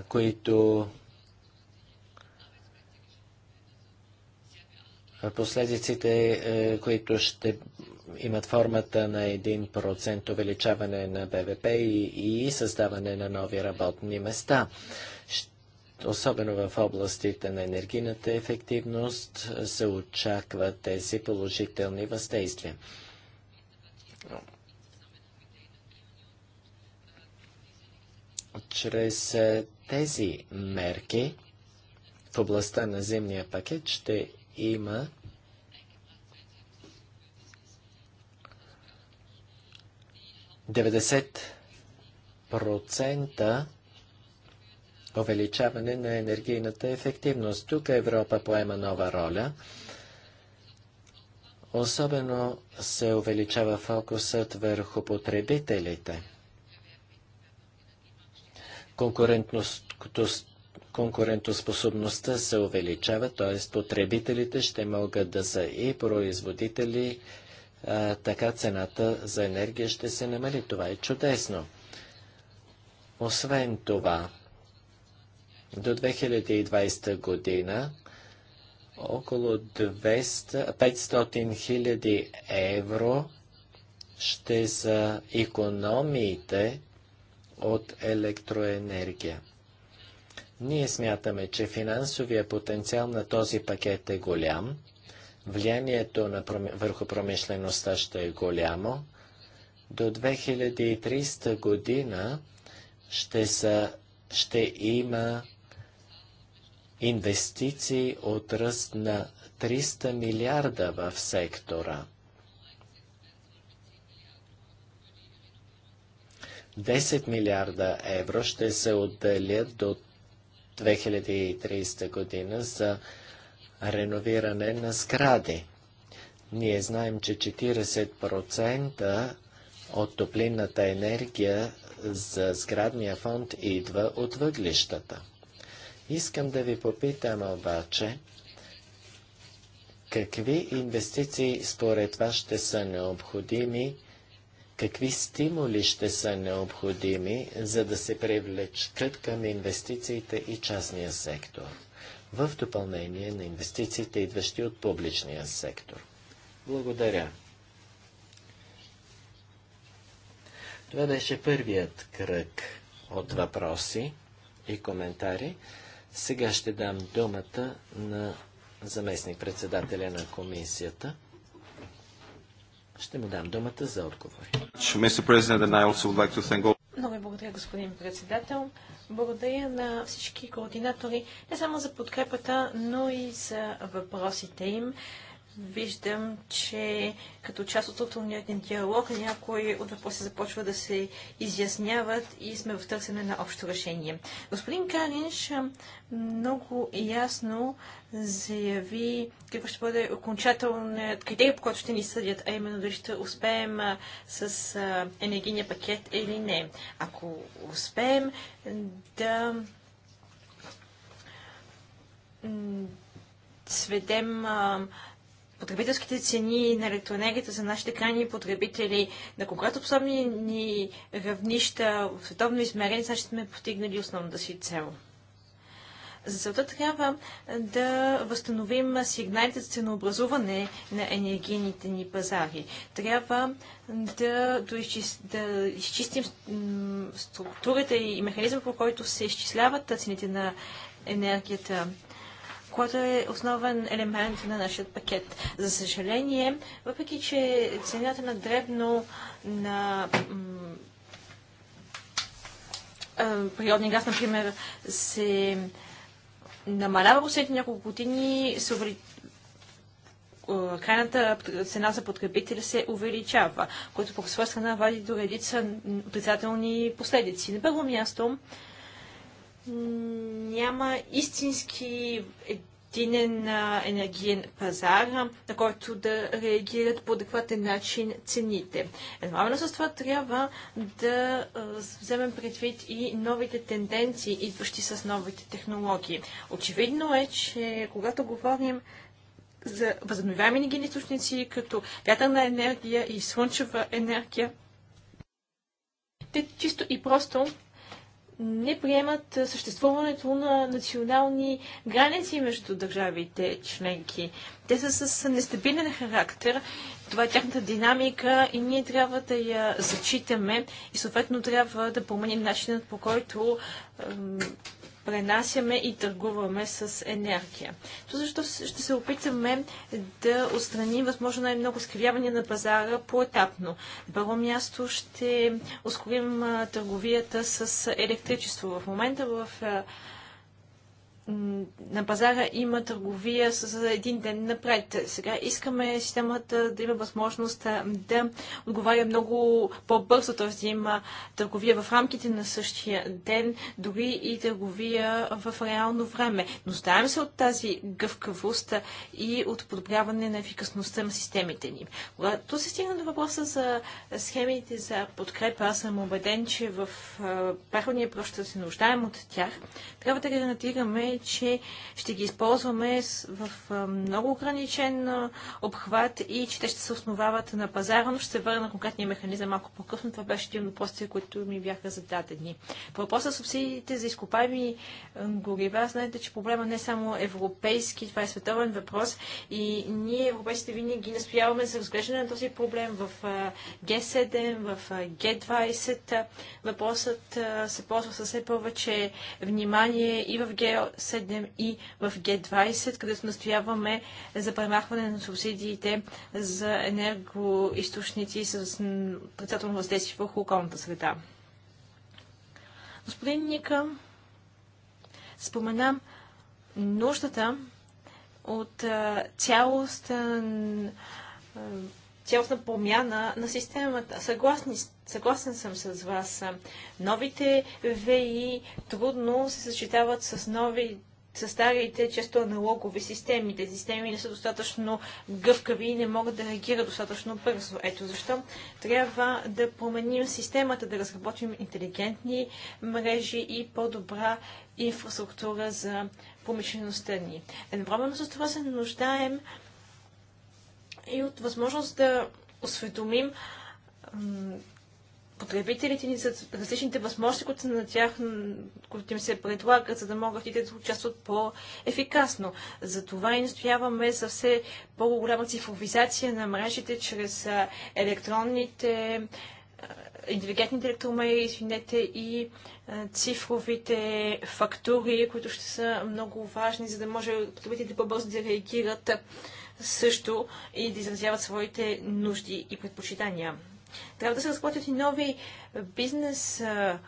които последиците, които ще имат формата на 1% увеличаване на БВП и, и създаване на нови работни места особено в областите на енергийната ефективност, се очакват тези положителни въздействия. Чрез е, тези мерки в областта на земния пакет ще има Деветдесет процента увеличаване на енергийната ефективност. Тук Европа поема нова роля. Особено се увеличава фокусът върху потребителите. Конкурентоспособността се увеличава, т.е. потребителите ще могат да са и производители, а, така цената за енергия ще се намали. Това е чудесно. Освен това, до 2020 година около 200, 500 хиляди евро ще са економиите от електроенергия. Ние смятаме, че финансовия потенциал на този пакет е голям, влиянието на пром... върху промишлеността ще е голямо. До 2300 година ще, са... ще има инвестиции от ръст на 300 милиарда в сектора. 10 милиарда евро ще се отделят до 2030 година за реновиране на сгради. Ние знаем, че 40% от топлинната енергия за сградния фонд идва от въглищата. Искам да ви попитам обаче, какви инвестиции според вас ще са необходими, какви стимули ще са необходими, за да се привлечат към инвестициите и частния сектор, в допълнение на инвестициите, идващи от публичния сектор. Благодаря. Това беше първият кръг от въпроси и коментари. Сега ще дам думата на заместник-председателя на комисията. Ще му дам думата за отговори. Много ви благодаря, господин председател. Благодаря на всички координатори, не само за подкрепата, но и за въпросите им виждам, че като част от трудният диалог някои от въпроси започва да се изясняват и сме в търсене на общо решение. Господин Каринш много ясно заяви какво ще бъде окончателният критерий, по който ще ни съдят, а именно дали ще успеем с енергийния пакет или не. Ако успеем да сведем а, потребителските цени на електроенергията за нашите крайни потребители на конкурентоспособни ни равнища в световно измерение, значи сме постигнали основната си цел. За целта трябва да възстановим сигналите за ценообразуване на енергийните ни пазари. Трябва да, да изчистим структурата и механизма, по който се изчисляват цените на енергията което е основен елемент на нашия пакет. За съжаление, въпреки че цената на дребно на природния газ, например, се намалява последните няколко години, се крайната цена за потребителя се увеличава, което по своя страна вади до редица отрицателни последици. На първо място, няма истински единен енергиен пазар, на който да реагират по адекватен начин цените. Едновременно с това трябва да вземем предвид и новите тенденции, идващи с новите технологии. Очевидно е, че когато говорим за възобновяеми енергийни източници, като вятърна енергия и слънчева енергия, те чисто и просто не приемат съществуването на национални граници между държавите членки. Те са с нестабилен характер. Това е тяхната динамика и ние трябва да я зачитаме и съответно трябва да променим начинът по който пренасяме и търгуваме с енергия. То защо ще се опитаме да устраним възможно най-много скривявания на пазара поетапно. На първо място ще ускорим търговията с електричество. В момента в на пазара има търговия за един ден напред. Сега искаме системата да има възможност да отговаря много по-бързо, т.е. да има търговия в рамките на същия ден, дори и търговия в реално време. Но ставим се от тази гъвкавост и от подобряване на ефикасността на системите ни. Когато се стигна до въпроса за схемите за подкрепа, аз съм убеден, че в правилния проще да се нуждаем от тях, трябва да гарантираме, че ще ги използваме в много ограничен обхват и че те ще се основават на пазара, но ще се върна на конкретния механизъм малко по-късно. Това беше един от които ми бяха зададени. По въпроса субсидиите за изкопаеми горива, знаете, че проблема не е само европейски, това е световен въпрос и ние, европейците, винаги настояваме за разглеждане на този проблем в G7, в G20. Въпросът се ползва със все повече внимание и в G7 7 и в г 20 където настояваме за премахване на субсидиите за енергоисточници с отрицателно въздействие върху околната среда. Господин Ника спомена нуждата от цялостен цялостна промяна на системата. Съгласни, Съгласен съм с вас. Новите ВИ трудно се съчетават с нови с старите, често аналогови системи. Тези системи не са достатъчно гъвкави и не могат да реагират достатъчно бързо. Ето защо трябва да променим системата, да разработим интелигентни мрежи и по-добра инфраструктура за помишлеността ни. Едновременно с това се нуждаем и от възможност да осведомим потребителите ни за различните възможности, които на тях, които им се предлагат, за да могат и те да участват по-ефикасно. Затова и настояваме за все по-голяма цифровизация на мрежите чрез електронните интелигентните електромери, извинете, и цифровите фактури, които ще са много важни, за да може потребителите по-бързо да реагират също и да изразяват своите нужди и предпочитания. Трябва да се разплатят и нови бизнес а,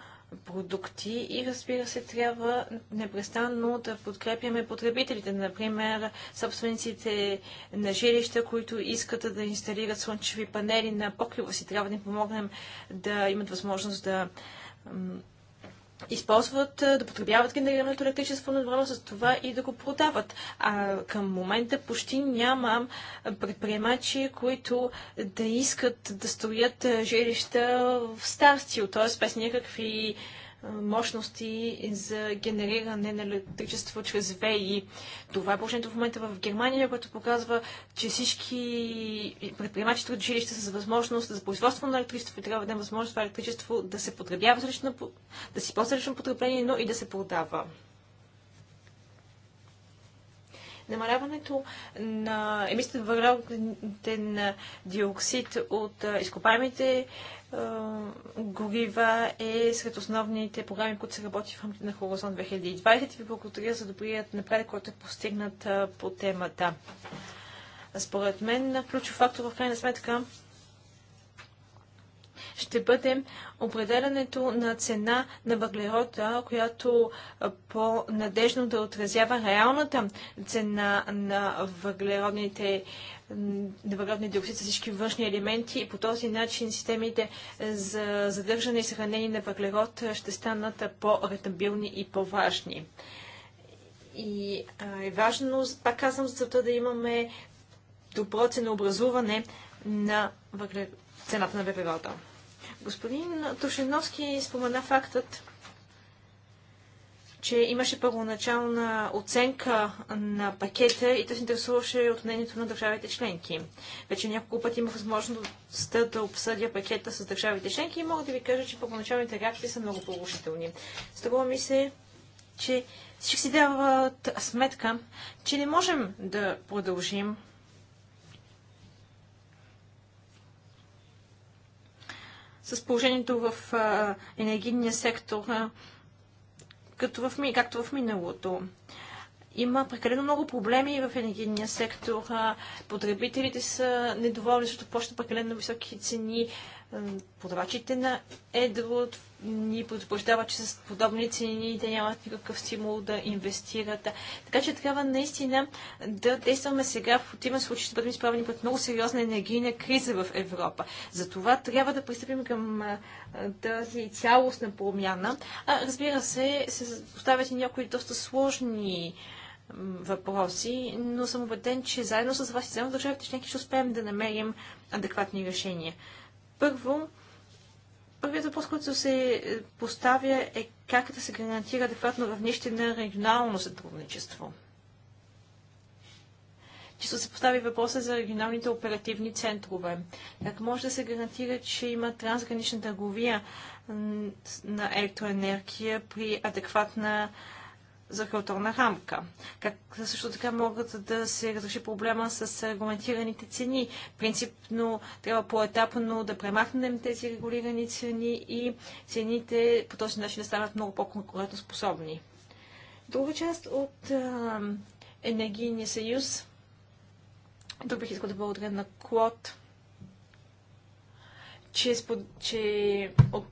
продукти и разбира се трябва непрестанно да подкрепяме потребителите, например собствениците на жилища, които искат да инсталират слънчеви панели на покрива си. Трябва да им помогнем да имат възможност да използват, да потребяват генерирането електричество, на едновременно с това и да го продават. А към момента почти няма предприемачи, които да искат да строят жилища в стар стил, т.е. без някакви мощности за генериране на електричество чрез ВИ. Това е положението в момента в Германия, което показва, че всички предприемачи от училища са за възможност за производство на електричество и трябва да има възможност това електричество да се потребява, лично, да си ползва лично потребление, но и да се продава. Намаляването на емисията въглероден диоксид от изкопаемите е, горива е сред основните програми, които се работи в рамките на Хорозон 2020. Ви благодаря за добрият напредък, който е постигнат е, по темата. Според мен, ключов фактор в крайна сметка ще бъде определянето на цена на въглерода, която по-надежно да отразява реалната цена на въглеродните на въглеродни диоксид за всички външни елементи и по този начин системите за задържане и съхранение на въглерод ще станат по-ретабилни и по-важни. И е важно, пак казвам, за това да имаме добро ценообразуване на въглер... цената на въглерода. Господин Тушеновски спомена фактът, че имаше първоначална оценка на пакета и той се интересуваше от мнението на държавите членки. Вече няколко пъти има възможността да обсъдя пакета с държавите членки и мога да ви кажа, че първоначалните реакции са много положителни. Струва ми се, че всички си дават сметка, че не можем да продължим с положението в енергийния сектор, като в, както в миналото. Има прекалено много проблеми в енергийния сектор. Потребителите са недоволни, защото плащат прекалено високи цени. Продавачите на едро ни предупреждава, че с подобни цени те нямат никакъв стимул да инвестират. Така че трябва наистина да действаме сега. В противен случай ще бъдем изправени под много сериозна енергийна криза в Европа. Затова трябва да пристъпим към тази цялостна промяна. А, разбира се, се поставят и някои доста сложни въпроси, но съм убеден, че заедно с вас и заедно държавите ще успеем да намерим адекватни решения. Първо, Първият въпрос, който се поставя е как да се гарантира адекватно равнище на регионално сътрудничество. Чисто се постави въпроса за регионалните оперативни центрове. Как може да се гарантира, че има трансгранична търговия на електроенергия при адекватна законодателна рамка. Как също така могат да се разреши проблема с регламентираните цени. Принципно трябва поетапно да премахнем тези регулирани цени и цените по този начин да станат много по-конкурентно способни. Друга част от а, енергийния съюз. Тук бих искал да благодаря на Клод, че, че от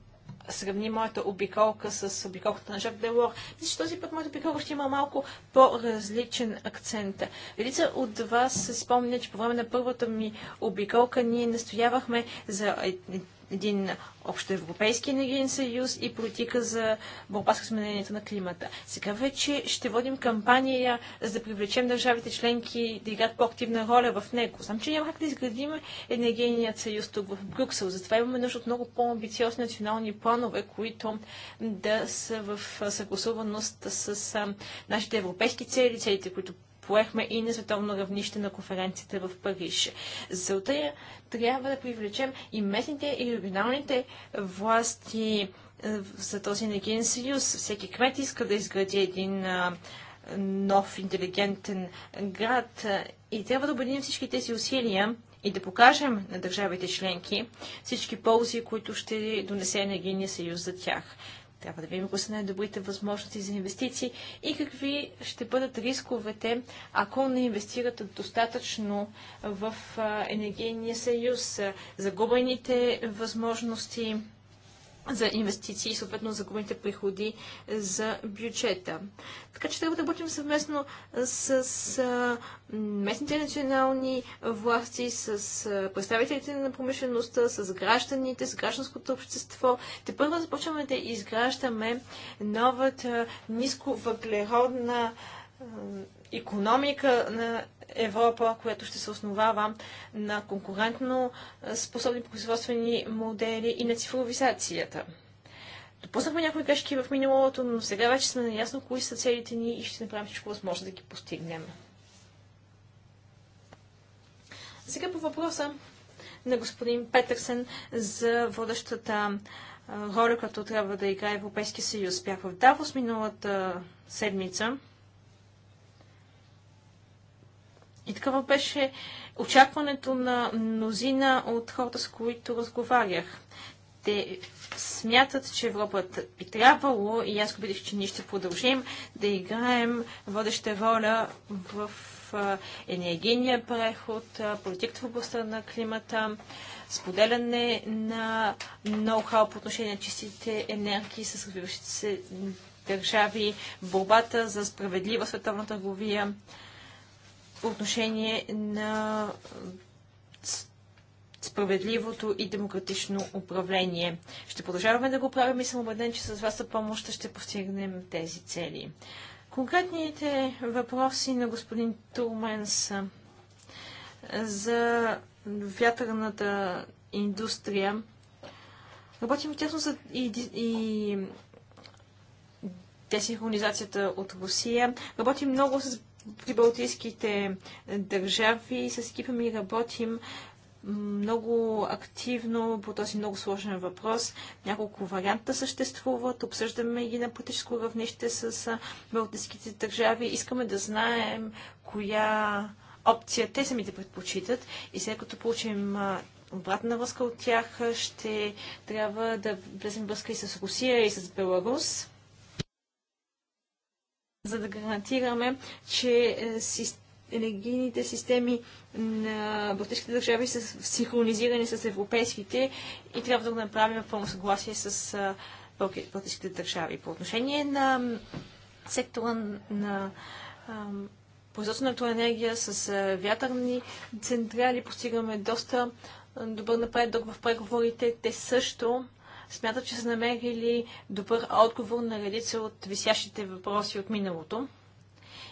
сравни моята обиколка с обиколката на Жак Делор. Мисля, че този път моята обиколка ще има малко по-различен акцент. Редица от вас се спомня, че по време на първата ми обиколка ние настоявахме за един общоевропейски енергиен съюз и политика за борба с изменението на климата. Сега вече ще водим кампания за да привлечем държавите членки да играят по-активна роля в него. Знам, че няма как да изградим енергийният съюз тук в Брюксел. Затова имаме нужда от много по-амбициозни национални планове, които да са в съгласуваност с нашите европейски цели, целите, които поехме и на световно равнище на конференцията в Париж. За целта трябва да привлечем и местните и регионалните власти е, за този енергиен съюз. Всеки кмет иска да изгради един е, нов интелигентен град и трябва да обединим всички тези усилия и да покажем на държавите членки всички ползи, които ще донесе енергийния съюз за тях. Трябва да видим кои са най-добрите възможности за инвестиции и какви ще бъдат рисковете, ако не инвестират достатъчно в енергийния съюз, загубените възможности, за инвестиции и съответно загубените приходи за бюджета. Така че трябва да работим съвместно с, с местните национални власти, с, с представителите на промишлеността, с гражданите, с гражданското общество. Те първо започваме да изграждаме новата нисковъглеродна економика на Европа, която ще се основава на конкурентно способни производствени модели и на цифровизацията. Допуснахме някои грешки в миналото, но сега вече сме наясно кои са целите ни и ще направим всичко възможно да ги постигнем. Сега по въпроса на господин Петърсен за водещата роля, която трябва да играе Европейския съюз. Бях в Давос миналата седмица. И такова беше очакването на мнозина от хората, с които разговарях. Те смятат, че Европа би трябвало, и аз убедих, че ние ще продължим да играем водеща роля в енергийния преход, политиката в областта на климата, споделяне на ноу-хау по отношение на чистите енергии с развиващите се държави, борбата за справедлива световна търговия по отношение на справедливото и демократично управление. Ще продължаваме да го правим и съм убеден, че с вас за помощ ще постигнем тези цели. Конкретните въпроси на господин Турменс за вятърната индустрия. Работим тясно за и, и десинхронизацията от Русия. Работим много с прибалтийските държави. С екипа ми работим много активно по този много сложен въпрос. Няколко варианта съществуват, обсъждаме ги на политическо равнище с балтийските държави. Искаме да знаем коя опция те самите предпочитат и след като получим обратна връзка от тях, ще трябва да влезем връзка и с Русия и с Беларус за да гарантираме, че е, енергийните системи на балтийските държави са синхронизирани с европейските и трябва да го направим в пълно съгласие с балтийските държави. По отношение на сектора на производство на електроенергия с вятърни централи постигаме доста добър напредък в преговорите. Те също Смятат, че са намерили добър отговор на редица от висящите въпроси от миналото.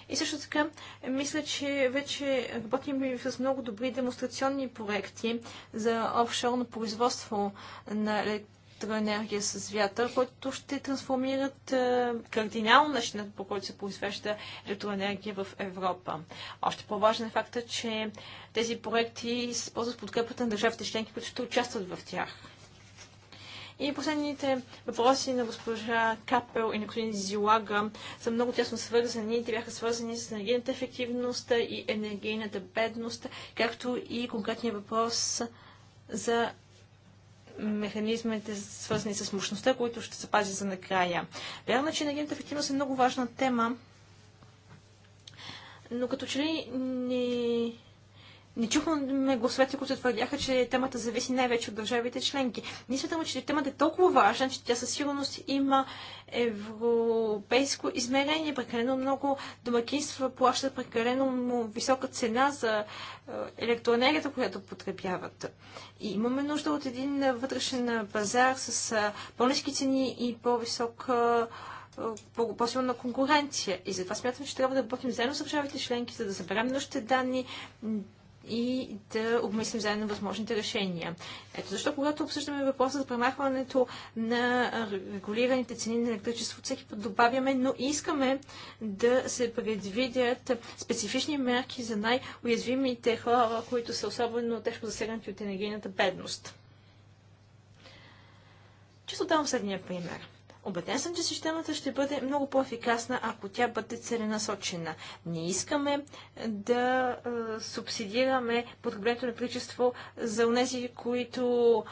И също така, мисля, че вече работим и с много добри демонстрационни проекти за офшорно производство на електроенергия с вятър, които ще трансформират е, кардинално начинът по който се произвежда електроенергия в Европа. Още по-важен е факта, че тези проекти се използват подкрепата на държавите членки, които ще участват в тях. И последните въпроси на госпожа Капел и на господин Зилага са много тясно свързани. Те бяха свързани с енергийната ефективност и енергийната бедност, както и конкретния въпрос за механизмите, свързани с мощността, които ще се пази за накрая. Вярно, е, че енергийната ефективност е много важна тема, но като че ли не не чухме гласовете, които твърдяха, че темата зависи най-вече от държавите членки. Ние че темата е толкова важна, че тя със сигурност има европейско измерение. Прекалено много домакинства плащат прекалено висока цена за е, електроенергията, която потребяват. И имаме нужда от един вътрешен пазар с е, по-низки цени и по-висока е, по-силна конкуренция. И затова смятам, че трябва да работим заедно с държавите членки, за да съберем нужните данни, и да обмислим заедно възможните решения. Ето защо, когато обсъждаме въпроса за премахването на регулираните цени на електричество, всеки път добавяме, но искаме да се предвидят специфични мерки за най-уязвимите хора, които са особено тежко засегнати от енергийната бедност. Чисто давам следния пример. Обеден съм, че системата ще бъде много по-ефикасна, ако тя бъде целенасочена. Не искаме да е, субсидираме подкреплението на количество за тези, които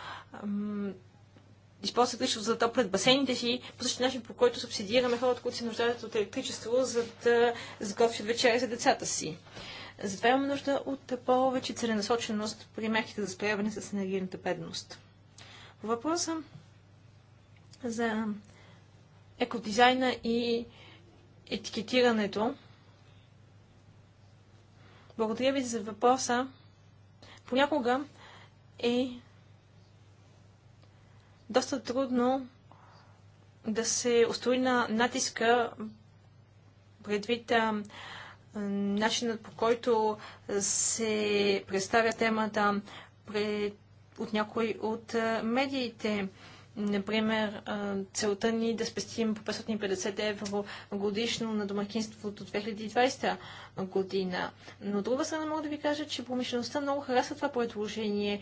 използват лично за топ топлят басейните си, по същия начин, по който субсидираме хората, които се нуждаят от електричество, за да сготвят вечеря за децата си. Затова имаме нужда от повече целенасоченост при мерките за справяне с енергийната бедност. По въпроса за екодизайна и етикетирането. Благодаря ви за въпроса. Понякога е доста трудно да се устои на натиска предвид начинът по който се представя темата пред, от някой от медиите. Например, целта ни е да спестим по 550 евро годишно на домакинството до 2020 година. Но от друга страна мога да ви кажа, че промишлеността много харесва това предложение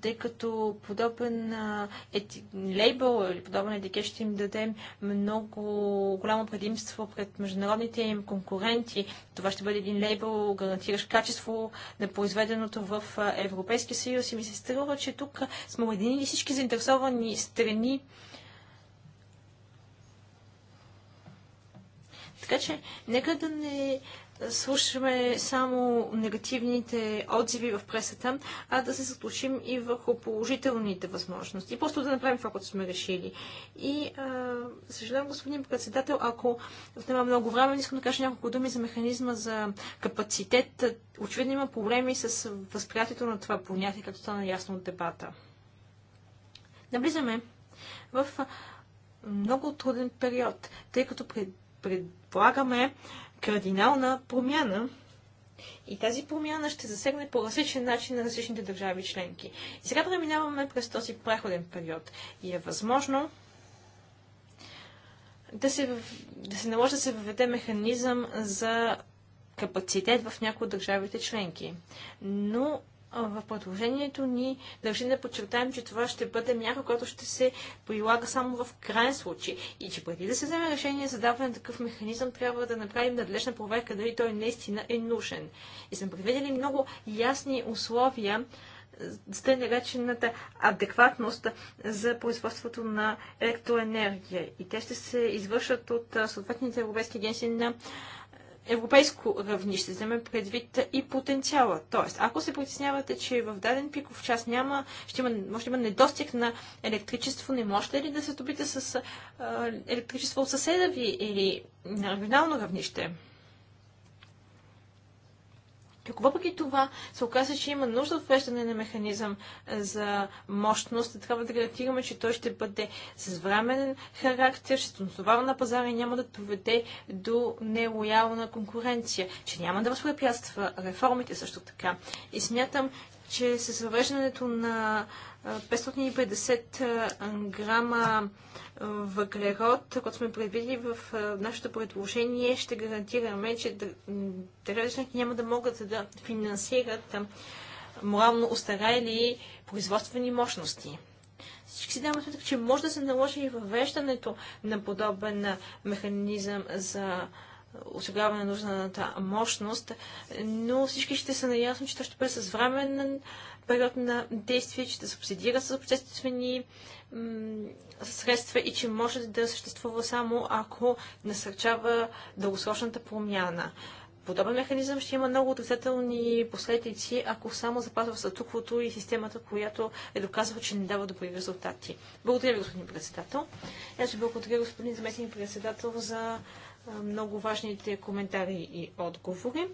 тъй като подобен ети... лейбъл или подобен етикет ще им даде много голямо предимство пред международните им конкуренти. Това ще бъде един лейбъл, гарантиращ качество на произведеното в Европейския съюз и ми се струва, че тук сме обединили всички заинтересовани страни. Така че, нека да не слушаме само негативните отзиви в пресата, а да се заключим и върху положителните възможности. Просто да направим това, което сме решили. И а, съжалявам, господин председател, ако няма много време, искам да кажа няколко думи за механизма за капацитет. Очевидно има проблеми с възприятието на това понятие, като стана ясно от дебата. Наблизаме в много труден период, тъй като пред, предполагаме кардинална промяна. И тази промяна ще засегне по различен начин на различните държави членки. И сега преминаваме през този преходен период. И е възможно да се, да се наложи да се въведе механизъм за капацитет в някои от държавите членки. Но в предложението ни държим да подчертаем, че това ще бъде мярка, която ще се прилага само в крайен случай. И че преди да се вземе решение за даване на такъв механизъм, трябва да направим надлежна проверка дали той наистина е нужен. И сме предвидели много ясни условия за тъй наречената адекватност за производството на електроенергия. И те ще се извършат от съответните европейски агенции на европейско равнище, вземе предвид и потенциала. Тоест, ако се притеснявате, че в даден пиков час няма, ще има, може да има недостиг на електричество, не можете ли да се добите с а, електричество от съседа ви или на регионално равнище? Тук въпреки това се оказа, че има нужда от вреждане на механизъм за мощност. Трябва да гарантираме, че той ще бъде с временен характер, ще тонсовава на пазара и няма да доведе до нелоялна конкуренция, че няма да възпрепятства реформите също така. И смятам, че с въвеждането на 550 грама въглерод, който сме предвидили в нашето предложение, ще гарантираме, че държавите няма да могат да финансират морално устарели производствени мощности. Всички си даваме сметка, че може да се наложи и въвеждането на подобен механизъм за осигуряване на нужната мощност, но всички ще са наясно, че то ще бъде с времен период на действие, че ще субсидира с обществени средства и че може да съществува само ако насърчава дългосрочната промяна. Подобен механизъм ще има много отрицателни последици, ако само запазва статуквото и системата, която е доказала, че не дава добри резултати. Благодаря ви, господин председател. Аз ви благодаря, господин заместник председател, за много важните коментари и отговори.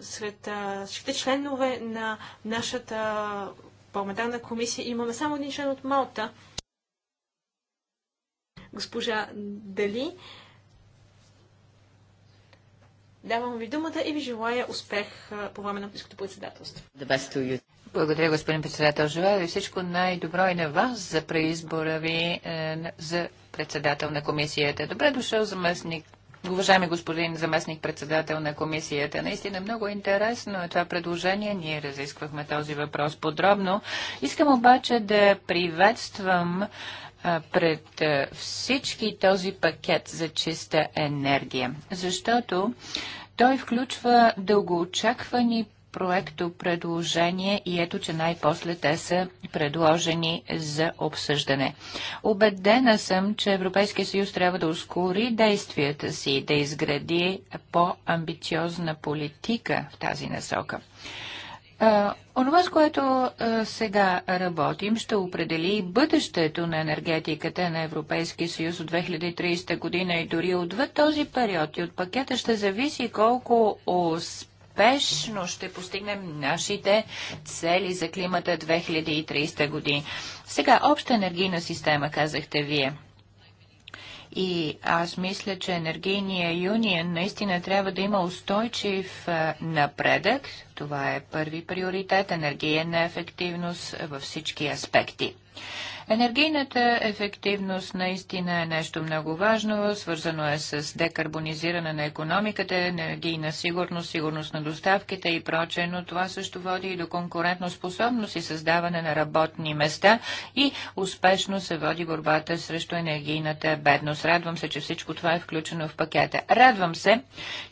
Сред всичките членове на нашата парламентарна комисия имаме само един член от Малта, госпожа Дали. Давам ви думата и ви желая успех по време на близкото председателство. Благодаря, господин председател. Желая ви всичко най-добро и на вас за преизбора ви е, за председател на комисията. Добре дошъл заместник Уважаеми господин заместник председател на комисията, наистина много интересно е това предложение. Ние разисквахме този въпрос подробно. Искам обаче да приветствам е, пред е, всички този пакет за чиста енергия, защото той включва дългоочаквани проекто предложение и ето, че най-после те са предложени за обсъждане. Обедена съм, че Европейския съюз трябва да ускори действията си, да изгради по-амбициозна политика в тази насока. Онова, с което сега работим, ще определи и бъдещето на енергетиката на Европейския съюз от 2030 година и дори отвъд този период. И от пакета ще зависи колко успешно успешно ще постигнем нашите цели за климата 2030 години. Сега, обща енергийна система, казахте вие. И аз мисля, че енергийния юнион наистина трябва да има устойчив напредък. Това е първи приоритет – енергийна ефективност във всички аспекти. Енергийната ефективност наистина е нещо много важно, свързано е с декарбонизиране на економиката, енергийна сигурност, сигурност на доставките и прочее, но това също води и до конкурентно способност и създаване на работни места и успешно се води борбата срещу енергийната бедност. Радвам се, че всичко това е включено в пакета. Радвам се,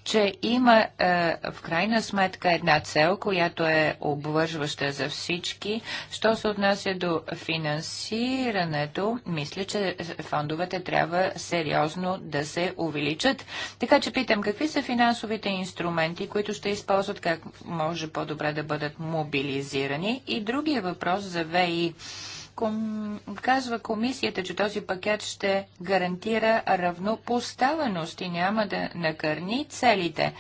че има е, в крайна сметка една цел, която е обвържваща за всички, що се отнася до финансиране финансирането, мисля, че фондовете трябва сериозно да се увеличат. Така че питам, какви са финансовите инструменти, които ще използват, как може по-добре да бъдат мобилизирани? И другия въпрос за ВИ ком... казва комисията, че този пакет ще гарантира равнопоставеност и няма да накърни целите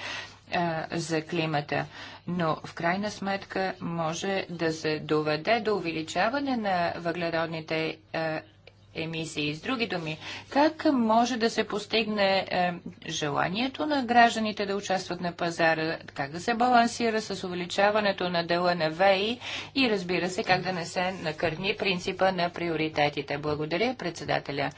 за климата. Но в крайна сметка може да се доведе до увеличаване на въглеродните емисии. С други думи, как може да се постигне желанието на гражданите да участват на пазара, как да се балансира с увеличаването на дела на ВЕИ и разбира се, как да не се накърни принципа на приоритетите. Благодаря, председателя.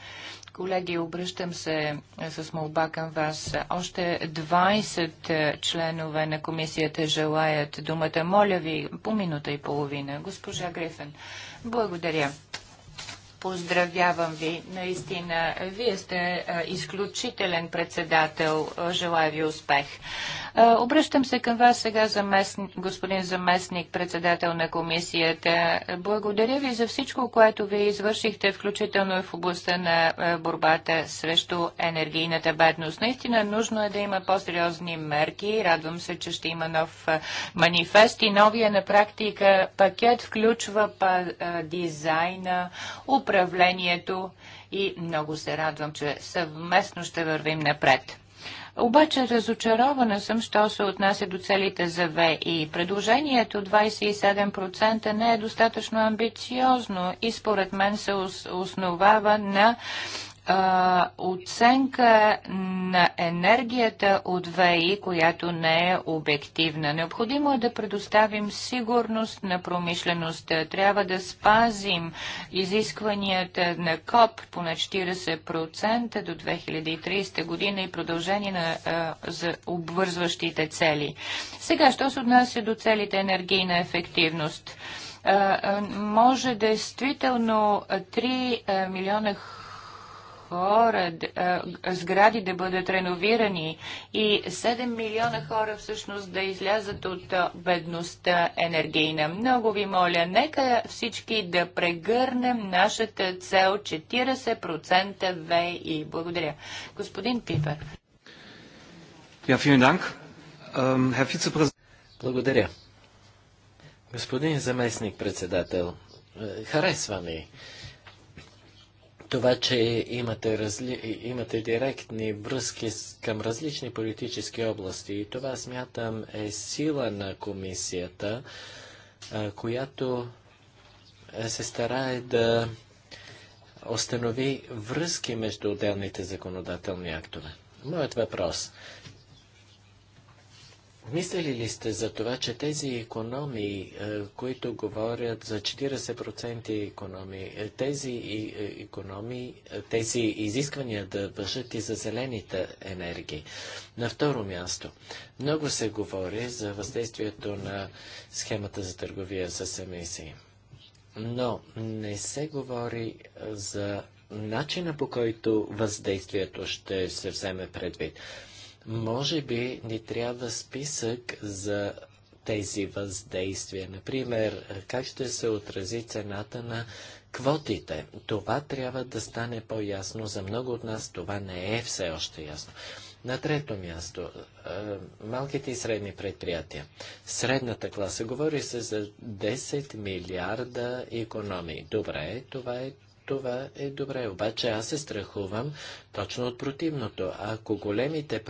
Колеги, обръщам се е, с молба към вас. Още 20 е, членове на комисията желаят думата. Моля ви, по минута и половина. Госпожа Грифен, благодаря. Поздравявам ви, наистина. Вие сте изключителен председател. Желая ви успех. Обръщам се към вас сега, господин заместник, председател на комисията. Благодаря ви за всичко, което вие извършихте, включително и в областта на борбата срещу енергийната бедност. Наистина нужно е да има по-сериозни мерки. Радвам се, че ще има нов манифест и новия на практика пакет включва дизайна, управлението и много се радвам, че съвместно ще вървим напред. Обаче разочарована съм, що се отнася до целите за И Предложението 27% не е достатъчно амбициозно и според мен се основава на а, оценка на енергията от ВИ, която не е обективна. Необходимо е да предоставим сигурност на промишлеността. Трябва да спазим изискванията на КОП по на 40% до 2030 година и продължение на а, за обвързващите цели. Сега, що се отнася до целите енергийна ефективност? А, може действително 3 милиона хора хора, сгради да бъдат реновирани и 7 милиона хора всъщност да излязат от бедността енергийна. Много ви моля, нека всички да прегърнем нашата цел 40% ВИ. Благодаря. Господин Пипер. Ja, vielen Dank. Ähm, Herr Vizepräsident. Благодаря. Господин заместник председател, харесва ми това, че имате, разли... имате директни връзки с... към различни политически области и това смятам е сила на комисията, а, която се старае да установи връзки между отделните законодателни актове. Моят въпрос – Мислили ли сте за това, че тези економии, е, които говорят за 40% економии, е, тези е, економии, тези изисквания да въжат и за зелените енергии? На второ място, много се говори за въздействието на схемата за търговия с емисии. Но не се говори за начина по който въздействието ще се вземе предвид. Може би ни трябва списък за тези въздействия. Например, как ще се отрази цената на квотите. Това трябва да стане по-ясно. За много от нас това не е все още ясно. На трето място, е, малките и средни предприятия. Средната класа говори се за 10 милиарда економии. Добре, това е това е добре, обаче аз се страхувам точно от противното. Ако големите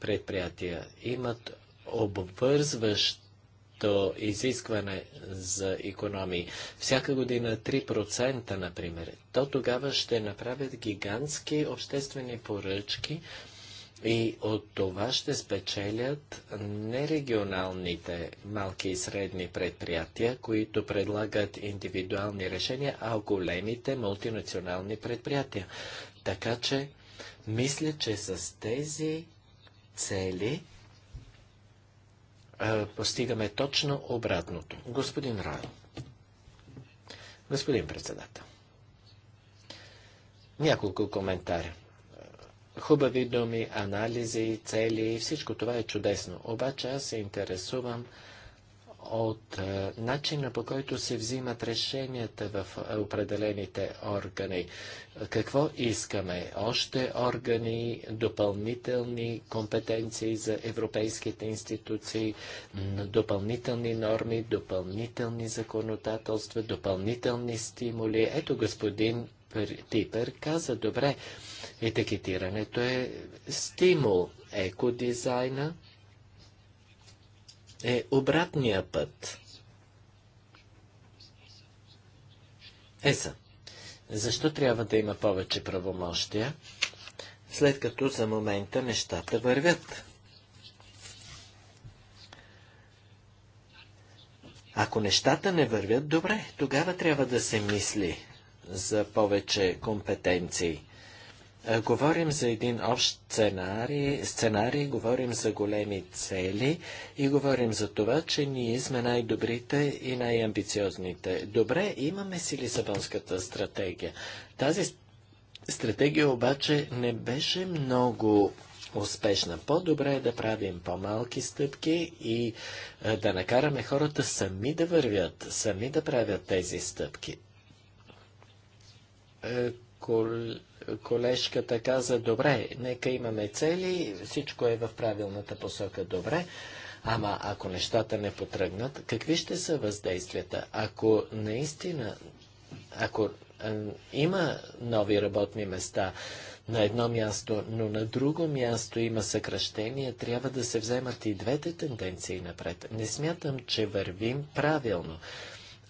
предприятия имат обвързващо изискване за економии, всяка година 3%, например, то тогава ще направят гигантски обществени поръчки, и от това ще спечелят нерегионалните малки и средни предприятия, които предлагат индивидуални решения, а големите мултинационални предприятия. Така че, мисля, че с тези цели а, постигаме точно обратното. Господин Райл. Господин председател. Няколко коментаря хубави думи, анализи, цели, всичко това е чудесно. Обаче аз се интересувам от е, начина по който се взимат решенията в е, определените органи. Какво искаме? Още органи, допълнителни компетенции за европейските институции, допълнителни норми, допълнителни законодателства, допълнителни стимули. Ето господин Пипер каза, добре, Етикетирането е стимул. Екодизайна е обратния път. Еса, защо трябва да има повече правомощия, след като за момента нещата вървят? Ако нещата не вървят добре, тогава трябва да се мисли за повече компетенции. Е, говорим за един общ сценарий, сценарий, говорим за големи цели и говорим за това, че ние сме най-добрите и най-амбициозните. Добре, имаме си Лисабонската стратегия. Тази стратегия обаче не беше много успешна. По-добре е да правим по-малки стъпки и е, да накараме хората сами да вървят, сами да правят тези стъпки. Е, кол колежката каза, добре, нека имаме цели, всичко е в правилната посока, добре. Ама ако нещата не потръгнат, какви ще са въздействията? Ако наистина, ако а, има нови работни места на едно място, но на друго място има съкръщение, трябва да се вземат и двете тенденции напред. Не смятам, че вървим правилно.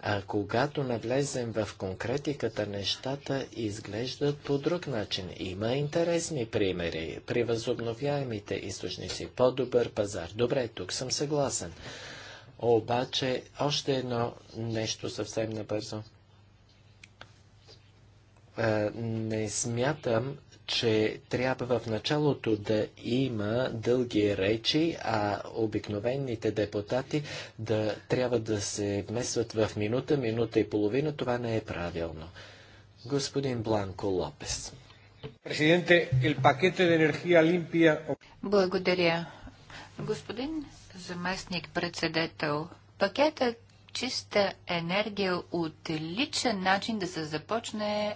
А когато навлезем в конкретиката, нещата изглеждат по друг начин. Има интересни примери. При възобновяемите източници по-добър пазар. Добре, тук съм съгласен. Обаче, още едно нещо съвсем набързо. Е, не смятам, че трябва в началото да има дълги речи, а обикновените депутати да трябва да се вмесват в минута, минута и половина. Това не е правилно. Господин Бланко Лопес. Благодаря. Господин заместник председател, пакетът чиста енергия отличен начин да се започне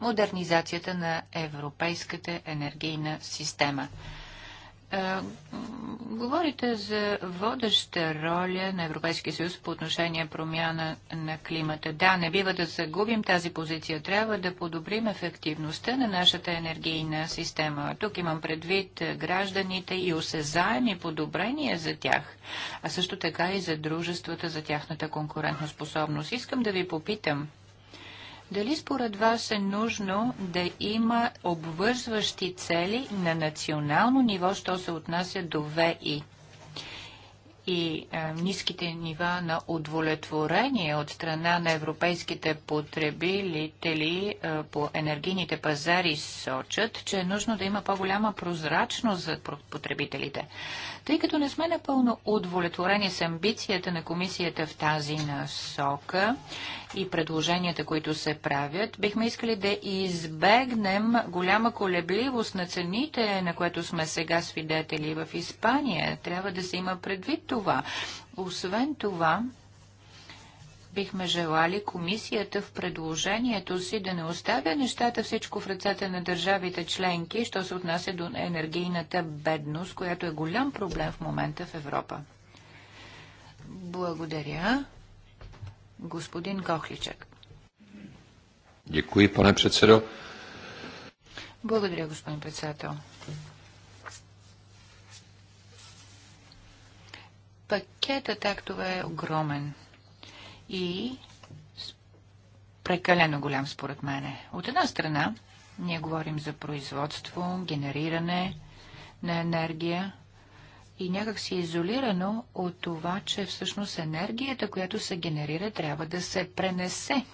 модернизацията на европейската енергийна система. Е, говорите за водеща роля на Европейския съюз по отношение промяна на климата. Да, не бива да загубим тази позиция. Трябва да подобрим ефективността на нашата енергийна система. Тук имам предвид гражданите и осезаеми подобрения за тях, а също така и за дружествата, за тяхната конкурентоспособност. Искам да ви попитам. Дали според вас е нужно да има обвързващи цели на национално ниво, що се отнася до ВИ? и е, ниските нива на удовлетворение от страна на европейските потребители е, по енергийните пазари сочат, че е нужно да има по-голяма прозрачност за потребителите. Тъй като не сме напълно удовлетворени с амбицията на комисията в тази насока и предложенията, които се правят, бихме искали да избегнем голяма колебливост на цените, на което сме сега свидетели в Испания. Трябва да се има предвид това. Освен това, бихме желали комисията в предложението си да не оставя нещата всичко в ръцете на държавите членки, що се отнася до енергийната бедност, която е голям проблем в момента в Европа. Благодаря. Господин Кохличек. Děkuji, pane předsedo. Благодаря, господин председател. Пакетът актове е огромен и прекалено голям според мене. От една страна, ние говорим за производство, генериране на енергия и някак си е изолирано от това, че всъщност енергията, която се генерира, трябва да се пренесе.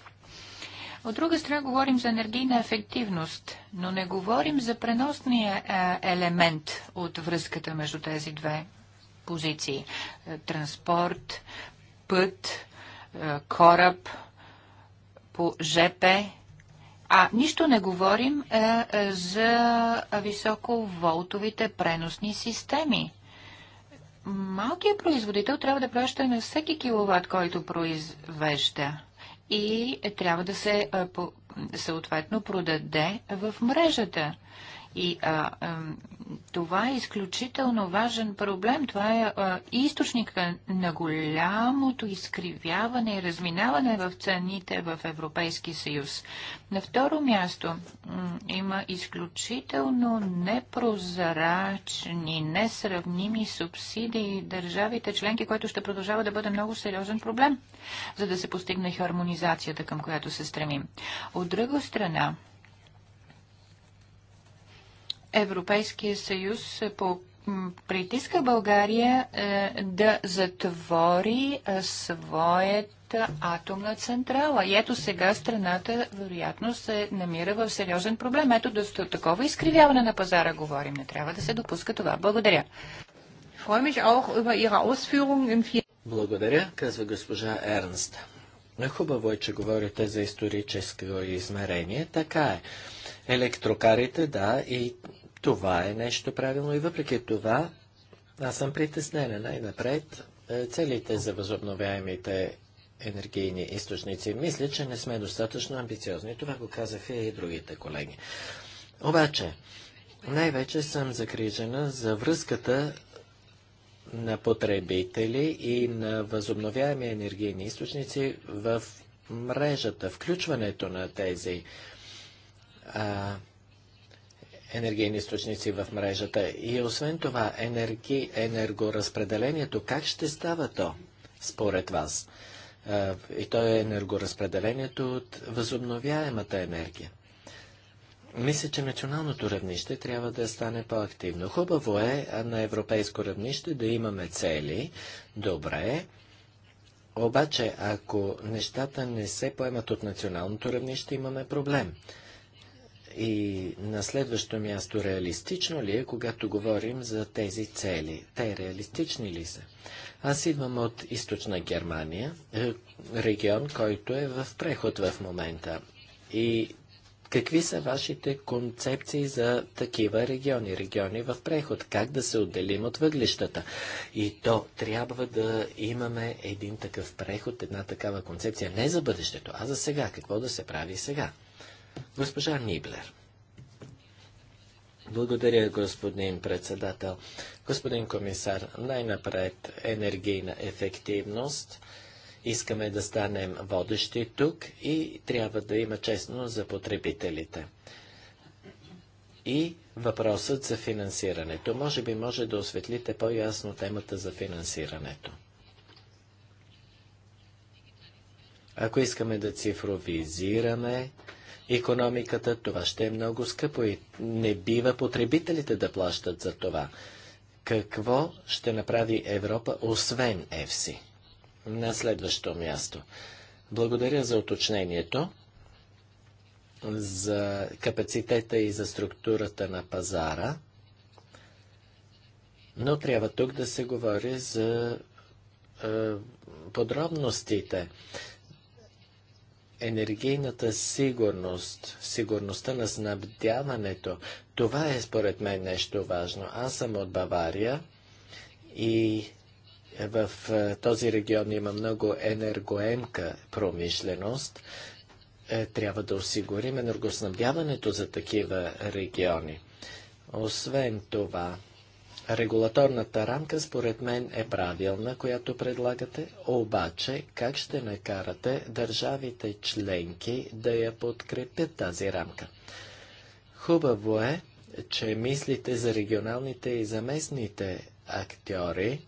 От друга страна говорим за енергийна ефективност, но не говорим за преносния елемент от връзката между тези две позиции. Е, транспорт, път, е, кораб, по ЖП, а нищо не говорим е, е, за високоволтовите преносни системи. Малкият производител трябва да плаща на всеки киловатт, който произвежда и трябва да се е, по, съответно продаде в мрежата. И а, а, това е изключително важен проблем. Това е източник източника на голямото изкривяване и разминаване в цените в Европейски съюз. На второ място има изключително непрозрачни, несравними субсидии държавите членки, което ще продължава да бъде много сериозен проблем, за да се постигне хармонизацията, към която се стремим. От друга страна, Европейския съюз е по притиска България е, да затвори е, своята атомна централа. И ето сега страната, вероятно, се намира в сериозен проблем. Ето до да такова изкривяване на пазара говорим. Не трябва да се допуска това. Благодаря. Благодаря, казва госпожа Ернст. Хубаво е, че говорите за историческо измерение. Така е. Електрокарите, да, и това е нещо правилно и въпреки това аз съм притеснена най-напред е, целите за възобновяемите енергийни източници. Мисля, че не сме достатъчно амбициозни. Това го казаха и другите колеги. Обаче, най-вече съм загрижена за връзката на потребители и на възобновяеми енергийни източници в мрежата, включването на тези а, енергийни източници в мрежата. И освен това, енерги, енергоразпределението, как ще става то, според вас? И то е енергоразпределението от възобновяемата енергия. Мисля, че националното равнище трябва да стане по-активно. Хубаво е на европейско равнище да имаме цели. Добре. Обаче, ако нещата не се поемат от националното равнище, имаме проблем. И на следващо място, реалистично ли е, когато говорим за тези цели? Те реалистични ли са? Аз идвам от източна Германия, е, регион, който е в преход в момента. И какви са вашите концепции за такива региони, региони в преход? Как да се отделим от въглищата? И то трябва да имаме един такъв преход, една такава концепция не за бъдещето, а за сега. Какво да се прави сега? Госпожа Ниблер. Благодаря, господин председател. Господин комисар, най-напред енергийна ефективност. Искаме да станем водещи тук и трябва да има честно за потребителите. И въпросът за финансирането. Може би може да осветлите по-ясно темата за финансирането. Ако искаме да цифровизираме економиката, това ще е много скъпо и не бива потребителите да плащат за това. Какво ще направи Европа, освен ЕФСИ? На следващо място. Благодаря за уточнението за капацитета и за структурата на пазара, но трябва тук да се говори за е, подробностите енергийната сигурност, сигурността на снабдяването, това е според мен нещо важно. Аз съм от Бавария и в е, този регион има много енергоемка промишленост. Е, трябва да осигурим енергоснабдяването за такива региони. Освен това, Регулаторната рамка според мен е правилна, която предлагате, обаче как ще накарате държавите членки да я подкрепят тази рамка? Хубаво е, че мислите за регионалните и за местните актьори,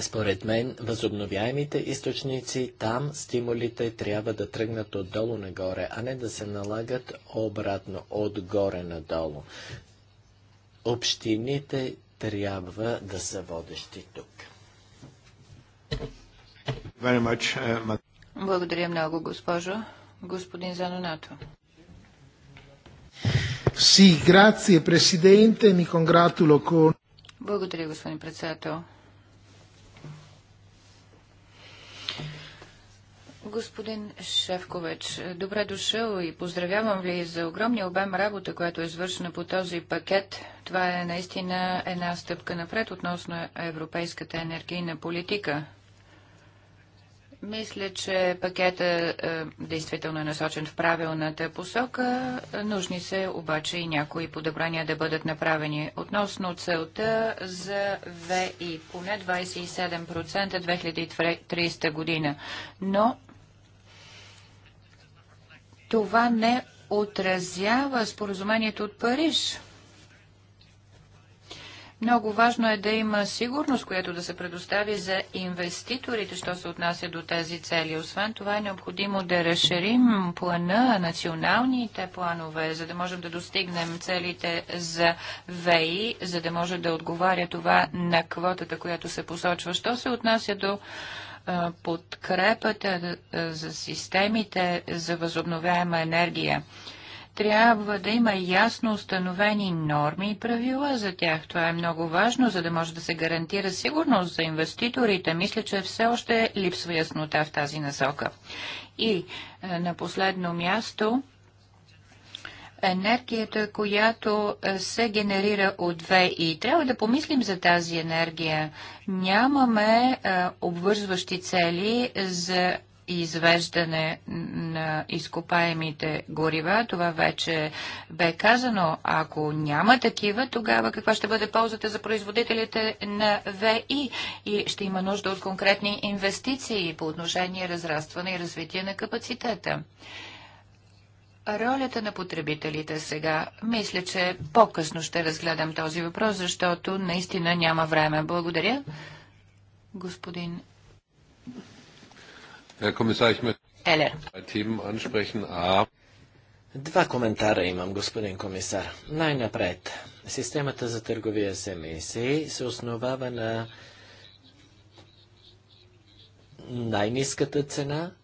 Според мен, възобновяемите източници, там стимулите трябва да тръгнат отдолу нагоре, а не да се налагат обратно, отгоре надолу. Общините трябва да са водещи тук. Uh, Благодаря много, госпожо. Господин Занонато. Sì, grazie Presidente, mi congratulo con... Благодаря, господин председател. Господин Шефкович, добре дошъл и поздравявам ви за огромния обем работа, която е извършена по този пакет. Това е наистина една стъпка напред относно европейската енергийна политика. Мисля, че пакета е, действително е насочен в правилната посока. Нужни са обаче и някои подобрания да бъдат направени. Относно целта за ВИ, поне 27% 2030 година. Но това не отразява споразумението от Париж. Много важно е да има сигурност, която да се предостави за инвеститорите, що се отнася до тези цели. Освен това е необходимо да разширим плана, националните планове, за да можем да достигнем целите за ВЕИ, за да може да отговаря това на квотата, която се посочва. Що се отнася до подкрепата за системите за възобновяема енергия. Трябва да има ясно установени норми и правила за тях. Това е много важно, за да може да се гарантира сигурност за инвеститорите. Мисля, че все още липсва яснота в тази насока. И на последно място енергията, която е, се генерира от ВИ. Трябва да помислим за тази енергия. Нямаме е, обвързващи цели за извеждане на изкопаемите горива. Това вече бе казано. Ако няма такива, тогава каква ще бъде ползата за производителите на ВИ? И ще има нужда от конкретни инвестиции по отношение разрастване и развитие на капацитета ролята на потребителите сега. Мисля, че по-късно ще разгледам този въпрос, защото наистина няма време. Благодаря. Господин Елер. Два коментара имам, господин комисар. Най-напред, системата за търговия с емисии се основава на най-низката цена –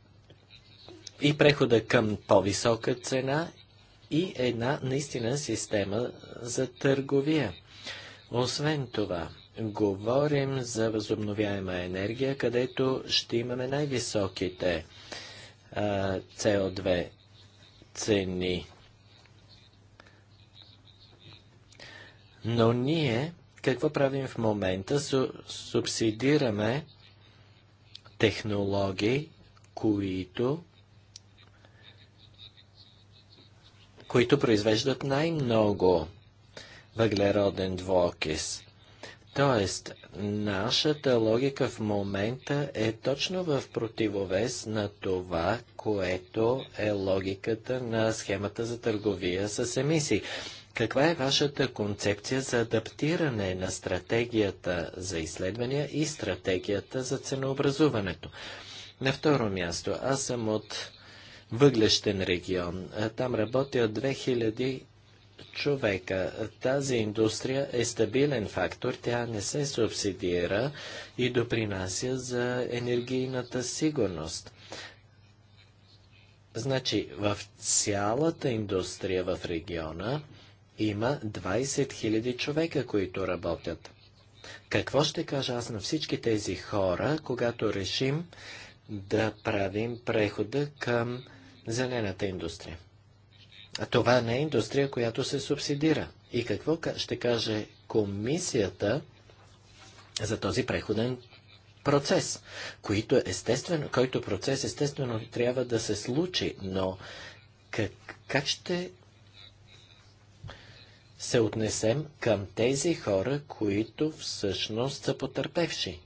и прехода към по-висока цена и една наистина система за търговия. Освен това, говорим за възобновяема енергия, където ще имаме най-високите CO2 цени. Но ние какво правим в момента? Су субсидираме технологии, които които произвеждат най-много въглероден двуокис. Тоест, нашата логика в момента е точно в противовес на това, което е логиката на схемата за търговия с емисии. Каква е вашата концепция за адаптиране на стратегията за изследвания и стратегията за ценообразуването? На второ място, аз съм от въглещен регион. Там работят 2000 човека. Тази индустрия е стабилен фактор, тя не се субсидира и допринася за енергийната сигурност. Значи, в цялата индустрия в региона има 20 000 човека, които работят. Какво ще кажа аз на всички тези хора, когато решим да правим прехода към зелената индустрия. А това не е индустрия, която се субсидира. И какво ще каже комисията за този преходен процес, който естествено, който процес естествено трябва да се случи, но как, как ще се отнесем към тези хора, които всъщност са потърпевши?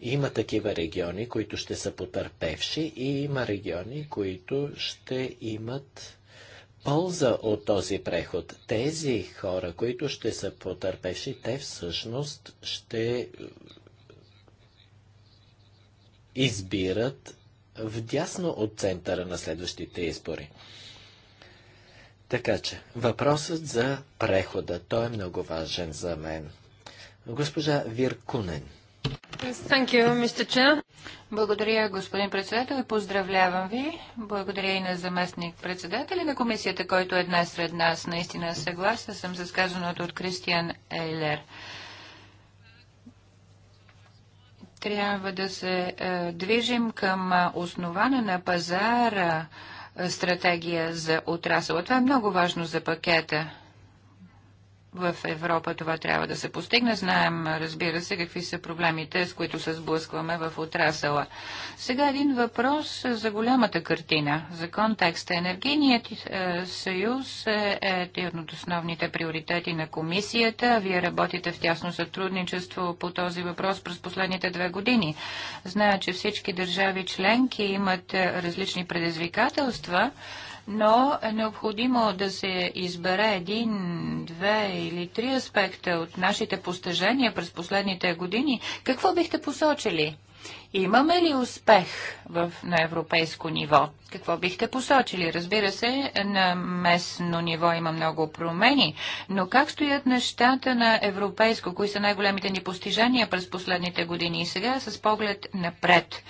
Има такива региони, които ще са потърпевши и има региони, които ще имат полза от този преход. Тези хора, които ще са потърпевши, те всъщност ще е, избират вдясно от центъра на следващите избори. Така че, въпросът за прехода, той е много важен за мен. Госпожа Виркунен. You, Благодаря, господин председател, и поздравлявам ви. Благодаря и на заместник председателя на комисията, който е днес сред нас. Наистина съгласна съм с казаното от Кристиан Ейлер. Трябва да се е, движим към е, основана на пазара е, стратегия за отрасъл. Това е много важно за пакета в Европа това трябва да се постигне. Знаем, разбира се, какви са проблемите, с които се сблъскваме в отрасъла. Сега един въпрос за голямата картина, за контекста. Енергийният е, съюз е, е един от основните приоритети на комисията. Вие работите в тясно сътрудничество по този въпрос през последните две години. Зная, че всички държави членки имат е, различни предизвикателства но е необходимо да се избере един, две или три аспекта от нашите постижения през последните години. Какво бихте посочили? Имаме ли успех в, на европейско ниво? Какво бихте посочили? Разбира се, на местно ниво има много промени, но как стоят нещата на европейско? Кои са най-големите ни постижения през последните години и сега с поглед напред?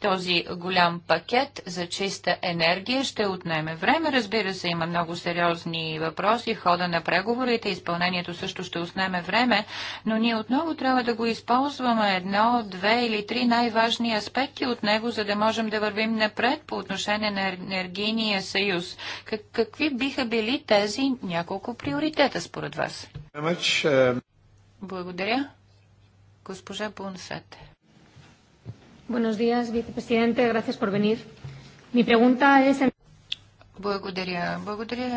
този голям пакет за чиста енергия. Ще отнеме време. Разбира се, има много сериозни въпроси хода на преговорите. Изпълнението също ще отнеме време, но ние отново трябва да го използваме едно, две или три най-важни аспекти от него, за да можем да вървим напред по отношение на енергийния съюз. Как, какви биха били тези няколко приоритета според вас? Uh, Благодаря. Госпожа Бунсете. Buenos días, vicepresidente. Gracias por venir. Mi pregunta es... En... Благодаря. Благодаря.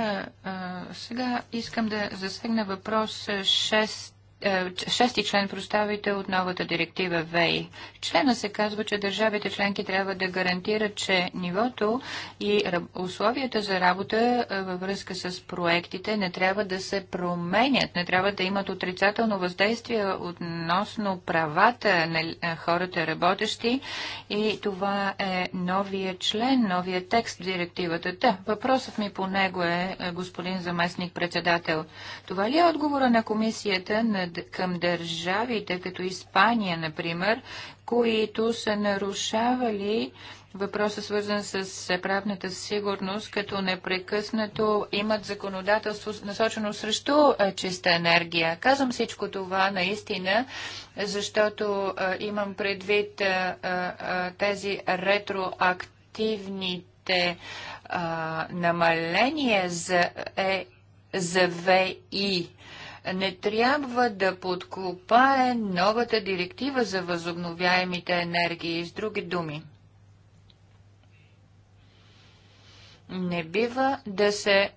Сега искам да засегна въпрос 6 е, шести член, проставите, от новата директива ВЕИ. Члена се казва, че държавите членки трябва да гарантират, че нивото и условията за работа е, във връзка с проектите не трябва да се променят, не трябва да имат отрицателно въздействие относно правата на е, хората работещи и това е новия член, новия текст в директивата. Да, въпросът ми по него е, господин заместник председател. Това ли е отговора на комисията на към държавите, като Испания, например, които са нарушавали въпроса свързан с правната сигурност, като непрекъснато имат законодателство насочено срещу чиста енергия. Казвам всичко това наистина, защото имам предвид тези ретроактивните намаления за, е, за ВИ не трябва да подкопае новата директива за възобновяемите енергии. С други думи, не бива да се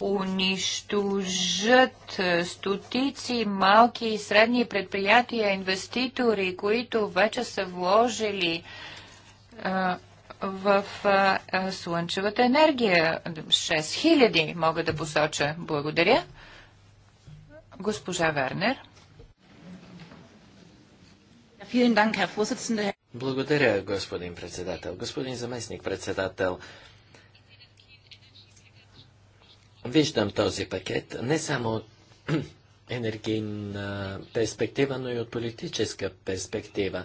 унищожат стотици малки и средни предприятия, инвеститори, които вече са вложили в слънчевата енергия. 6000 мога да посоча. Благодаря. Госпожа Вернер. Благодаря, господин председател. Господин заместник председател, виждам този пакет не само от енергийна перспектива, но и от политическа перспектива.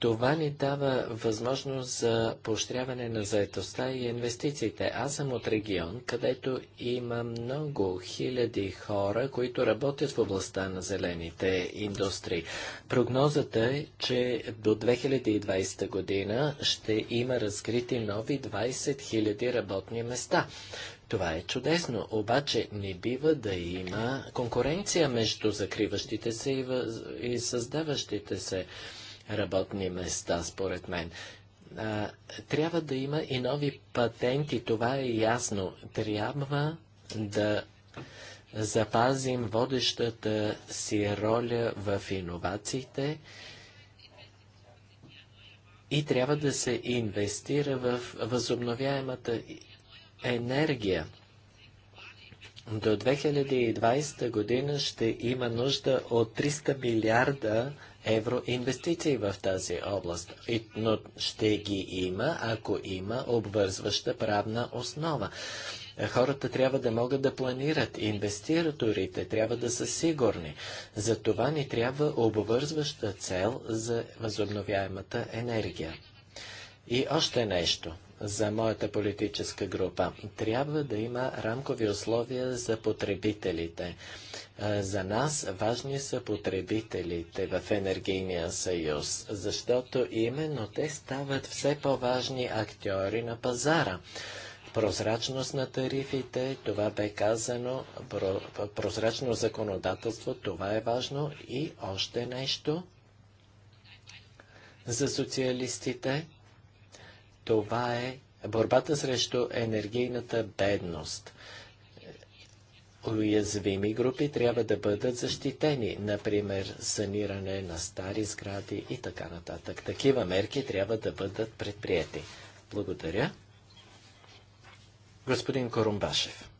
Това ни дава възможност за поощряване на заетостта и инвестициите. Аз съм от регион, където има много хиляди хора, които работят в областта на зелените индустрии. Прогнозата е, че до 2020 година ще има разкрити нови 20 хиляди работни места. Това е чудесно, обаче не бива да има конкуренция между закриващите се и, въз... и създаващите се работни места, според мен. А, трябва да има и нови патенти, това е ясно. Трябва да запазим водещата си роля в иновациите и трябва да се инвестира в възобновяемата енергия. До 2020 година ще има нужда от 300 милиарда евро инвестиции в тази област, и, но ще ги има, ако има обвързваща правна основа. Хората трябва да могат да планират, инвеститорите трябва да са сигурни. За това ни трябва обвързваща цел за възобновяемата енергия. И още нещо за моята политическа група. Трябва да има рамкови условия за потребителите. За нас важни са потребителите в енергийния съюз, защото именно те стават все по-важни актьори на пазара. Прозрачност на тарифите, това бе казано, прозрачно законодателство, това е важно и още нещо за социалистите. Това е борбата срещу енергийната бедност – уязвими групи трябва да бъдат защитени, например саниране на стари сгради и така нататък. Такива мерки трябва да бъдат предприяти. Благодаря. Господин Корумбашев.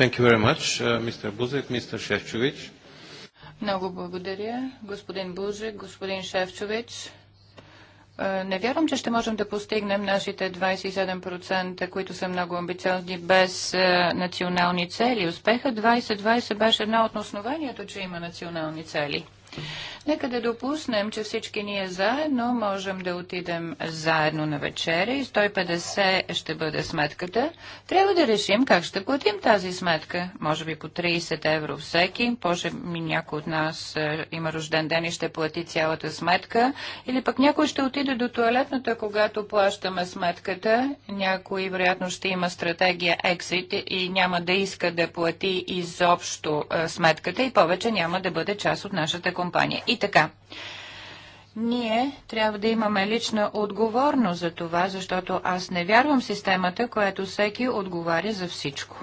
Thank you very much, uh, Mr. Buzek, Mr. Шефчович. Много благодаря, господин Бузек, господин Шефчович. Е, не вярвам, че ще можем да постигнем нашите 27%, които са много амбициозни, без е, национални цели. Успеха 2020 беше една от основанието, че има национални цели. Нека да допуснем, че всички ние заедно можем да отидем заедно на вечеря и 150 ще бъде сметката. Трябва да решим как ще платим тази сметка. Може би по 30 евро всеки, може ми някой от нас е, има рожден ден и ще плати цялата сметка. Или пък някой ще отиде до туалетната, когато плащаме сметката. Някой вероятно ще има стратегия Exit и няма да иска да плати изобщо е, сметката и повече няма да бъде част от нашата компания. И така. Ние трябва да имаме лична отговорност за това, защото аз не вярвам в системата, която всеки отговаря за всичко.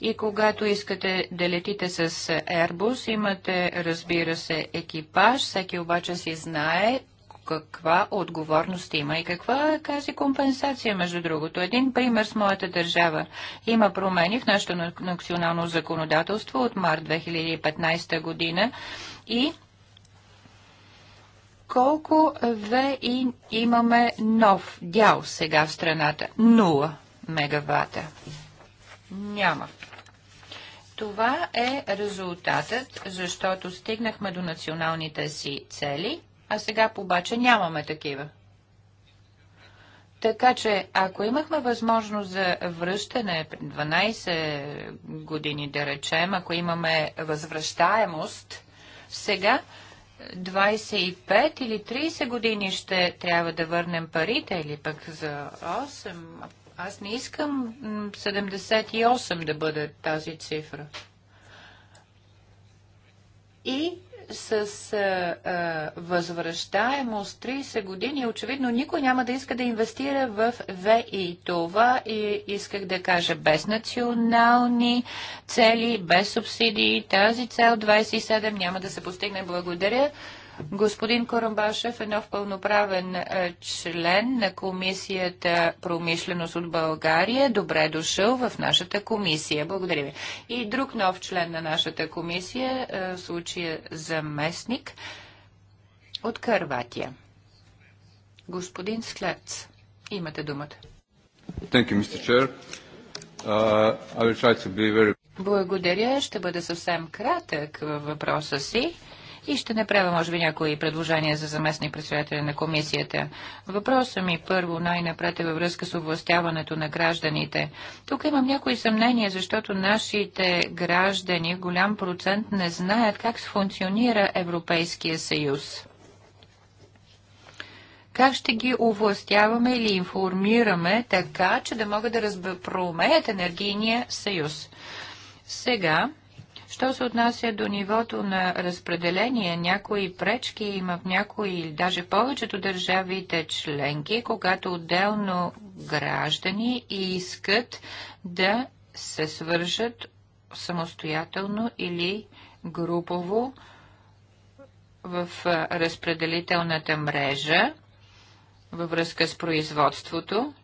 И когато искате да летите с Airbus, имате, разбира се, екипаж, всеки обаче си знае каква отговорност има и каква е тази компенсация, между другото. Един пример с моята държава. Има промени в нашето национално законодателство от март 2015 година и колко ВИ имаме нов дял сега в страната? 0 мегавата. Няма. Това е резултатът, защото стигнахме до националните си цели, а сега обаче нямаме такива. Така че, ако имахме възможност за връщане 12 години, да речем, ако имаме възвръщаемост, сега 25 или 30 години ще трябва да върнем парите или пък за 8. Аз не искам 78 да бъде тази цифра. И с а, а, възвръщаемост 30 години, очевидно никой няма да иска да инвестира в ВИ. Това и исках да кажа без национални цели, без субсидии. Тази цел 27 няма да се постигне. Благодаря. Господин Корамбашев, е нов пълноправен е, член на комисията Промишленост от България. Добре е дошъл в нашата комисия. Благодаря ви. И друг нов член на нашата комисия, е, в случая заместник от Карватия. Господин Склец, имате думата. Thank you, Mr. Chair. Uh, I will try to be very... Благодаря. Ще бъда съвсем кратък във въпроса си и ще направя, може би, някои предложения за заместни председатели на комисията. Въпросът ми първо най-напред е във връзка с областяването на гражданите. Тук имам някои съмнения, защото нашите граждани голям процент не знаят как функционира Европейския съюз как ще ги овластяваме или информираме така, че да могат да разб... проумеят енергийния съюз. Сега Що се отнася до нивото на разпределение, някои пречки има в някои или даже в повечето държавите членки, когато отделно граждани искат да се свържат самостоятелно или групово в разпределителната мрежа във връзка с производството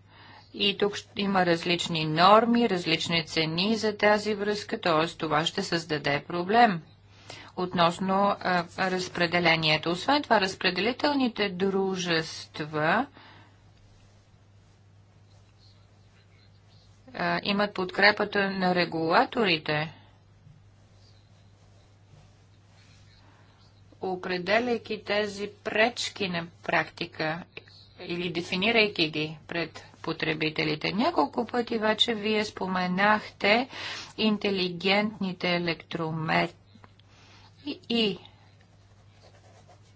и тук има различни норми, различни цени за тази връзка, т.е. това ще създаде проблем относно разпределението. Освен това, разпределителните дружества имат подкрепата на регулаторите, определяйки тези пречки на практика или дефинирайки ги пред потребителите. Няколко пъти вече вие споменахте интелигентните електромет и, и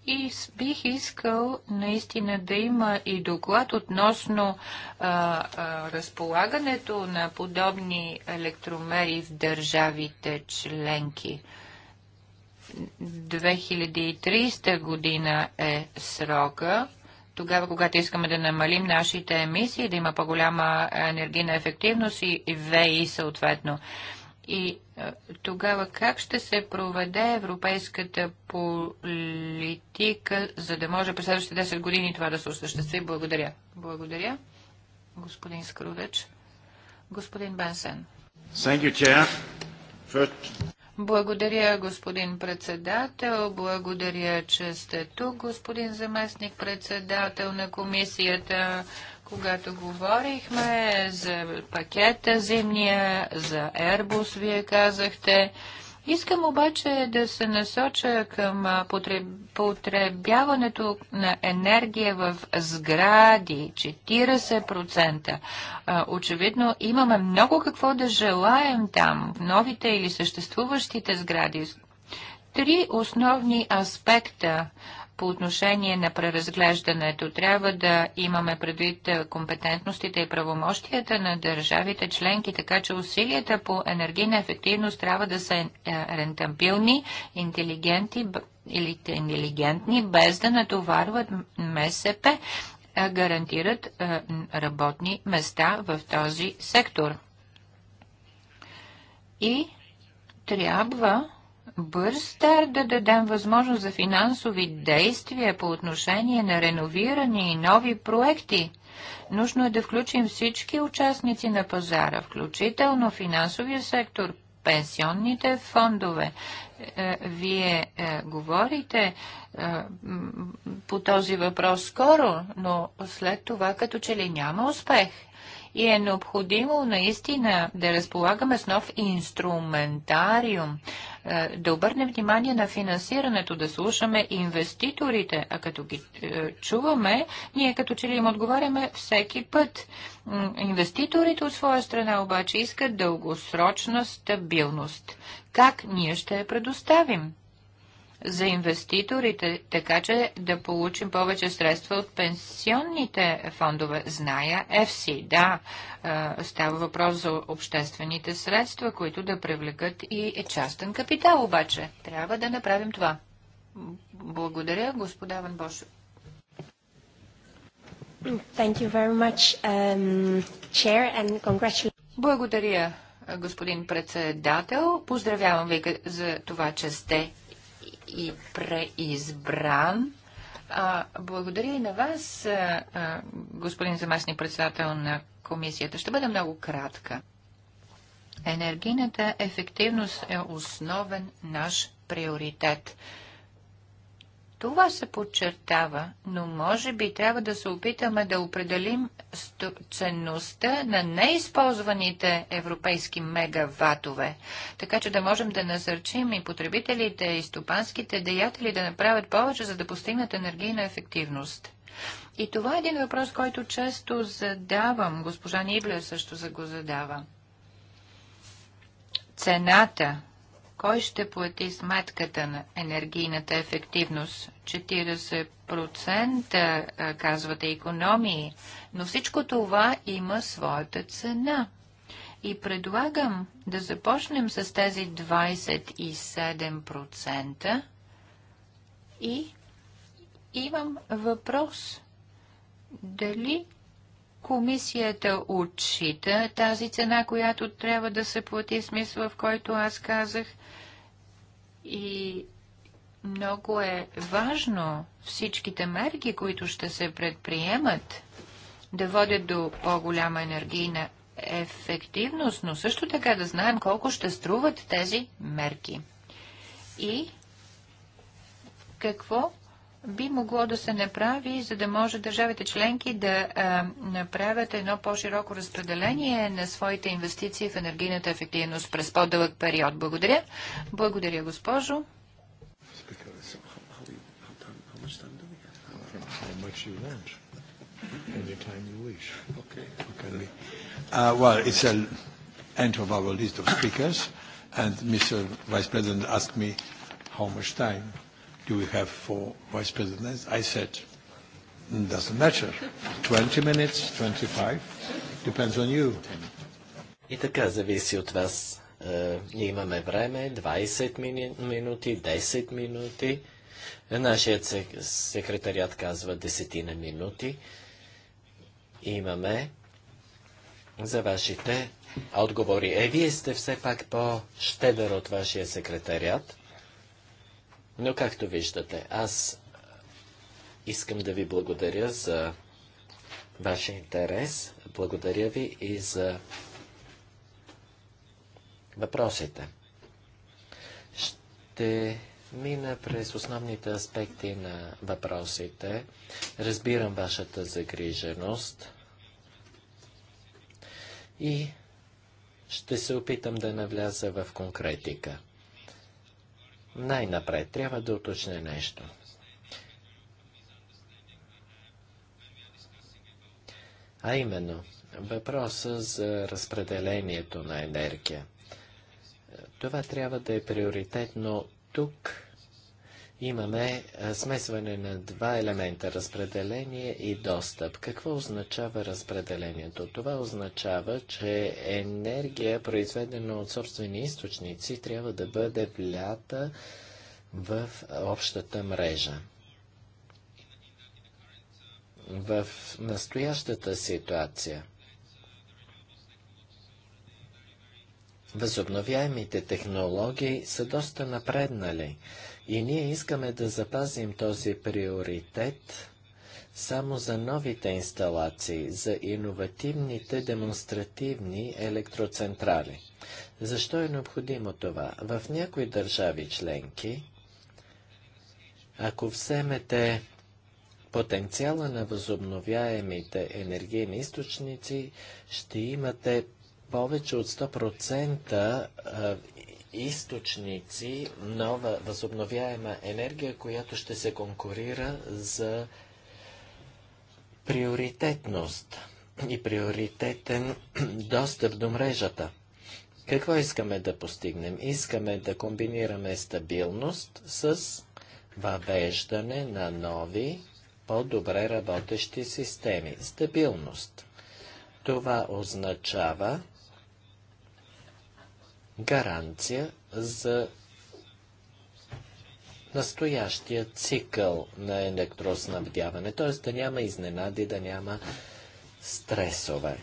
и бих искал наистина да има и доклад относно а, а, разполагането на подобни електромери в държавите членки. 2030 година е срока тогава, когато искаме да намалим нашите емисии, да има по-голяма енергийна ефективност и ВИ съответно. И е, тогава как ще се проведе европейската политика, за да може през следващите 10 години това да се осъществи? Благодаря. Благодаря. Господин Скрудеч. Господин Бенсен. Thank you, Chair. First... Благодаря, господин председател. Благодаря, че сте тук, господин заместник председател на комисията. Когато говорихме за пакета зимния, за Airbus, вие казахте, Искам обаче да се насоча към потреб... потребяването на енергия в сгради 40%. Очевидно имаме много какво да желаем там, в новите или съществуващите сгради. Три основни аспекта по отношение на преразглеждането. Трябва да имаме предвид е, компетентностите и правомощията на държавите членки, така че усилията по енергийна ефективност трябва да са е, рентабилни, интелигентни, или интелигентни, без да натоварват МСП, гарантират е, работни места в този сектор. И трябва бърз старт да дадем възможност за финансови действия по отношение на реновирани и нови проекти. Нужно е да включим всички участници на пазара, включително финансовия сектор, пенсионните фондове. Е, вие е, говорите е, по този въпрос скоро, но след това като че ли няма успех и е необходимо наистина да разполагаме с нов инструментариум, е, да обърнем внимание на финансирането, да слушаме инвеститорите, а като ги е, чуваме, ние като че ли им отговаряме всеки път. Инвеститорите от своя страна обаче искат дългосрочна стабилност. Как ние ще я предоставим? за инвеститорите, така че да получим повече средства от пенсионните фондове. Зная ФСИ. да, става въпрос за обществените средства, които да привлекат и частен капитал, обаче. Трябва да направим това. Благодаря, господа Ван Бошев. Thank you very much, um, chair, and congratulations. Благодаря, господин председател. Поздравявам ви за това, че сте и преизбран. А, благодаря и на вас, а, а, господин заместник председател на комисията. Ще бъда много кратка. Енергийната ефективност е основен наш приоритет. Това се подчертава, но може би трябва да се опитаме да определим ценността на неизползваните европейски мегаватове, така че да можем да насърчим и потребителите, и стопанските деятели да направят повече, за да постигнат енергийна ефективност. И това е един въпрос, който често задавам. Госпожа Нибле също за го задава. Цената – кой ще плати сметката на енергийната ефективност? 40% казвате економии, но всичко това има своята цена. И предлагам да започнем с тези 27% и имам въпрос. Дали комисията отчита тази цена, която трябва да се плати, смисъл в който аз казах – и много е важно всичките мерки, които ще се предприемат, да водят до по-голяма енергийна ефективност, но също така да знаем колко ще струват тези мерки. И какво би могло да се направи, за да може държавите членки да а, направят едно по-широко разпределение на своите инвестиции в енергийната ефективност през по-дълъг период? Благодаря. Благодаря, госпожо. Uh, okay. and Mr. Vice President asked me how much time do we have for vice presidents? I said, mm, doesn't matter. 20 minutes, 25, depends on you. И така зависи от вас. Е, ние имаме време, 20 минути, 10 минути. Нашият секретарият казва десетина минути. Имаме за вашите отговори. Е, вие сте все пак по-щедър от вашия секретарият. Но както виждате, аз искам да ви благодаря за вашия интерес. Благодаря ви и за въпросите. Ще мина през основните аспекти на въпросите. Разбирам вашата загриженост и ще се опитам да навляза в конкретика. Най-напред трябва да уточня нещо. А именно, въпроса за разпределението на енергия. Това трябва да е приоритетно тук имаме е, смесване на два елемента – разпределение и достъп. Какво означава разпределението? Това означава, че енергия, произведена от собствени източници, трябва да бъде влята в общата мрежа. В настоящата ситуация – Възобновяемите технологии са доста напреднали и ние искаме да запазим този приоритет само за новите инсталации, за иновативните демонстративни електроцентрали. Защо е необходимо това? В някои държави членки, ако вземете потенциала на възобновяемите енергийни източници, ще имате повече от 100% източници, нова възобновяема енергия, която ще се конкурира за приоритетност и приоритетен достъп до мрежата. Какво искаме да постигнем? Искаме да комбинираме стабилност с въвеждане на нови, по-добре работещи системи. Стабилност. Това означава гаранция за настоящия цикъл на електроснабдяване, т.е. да няма изненади, да няма стресове.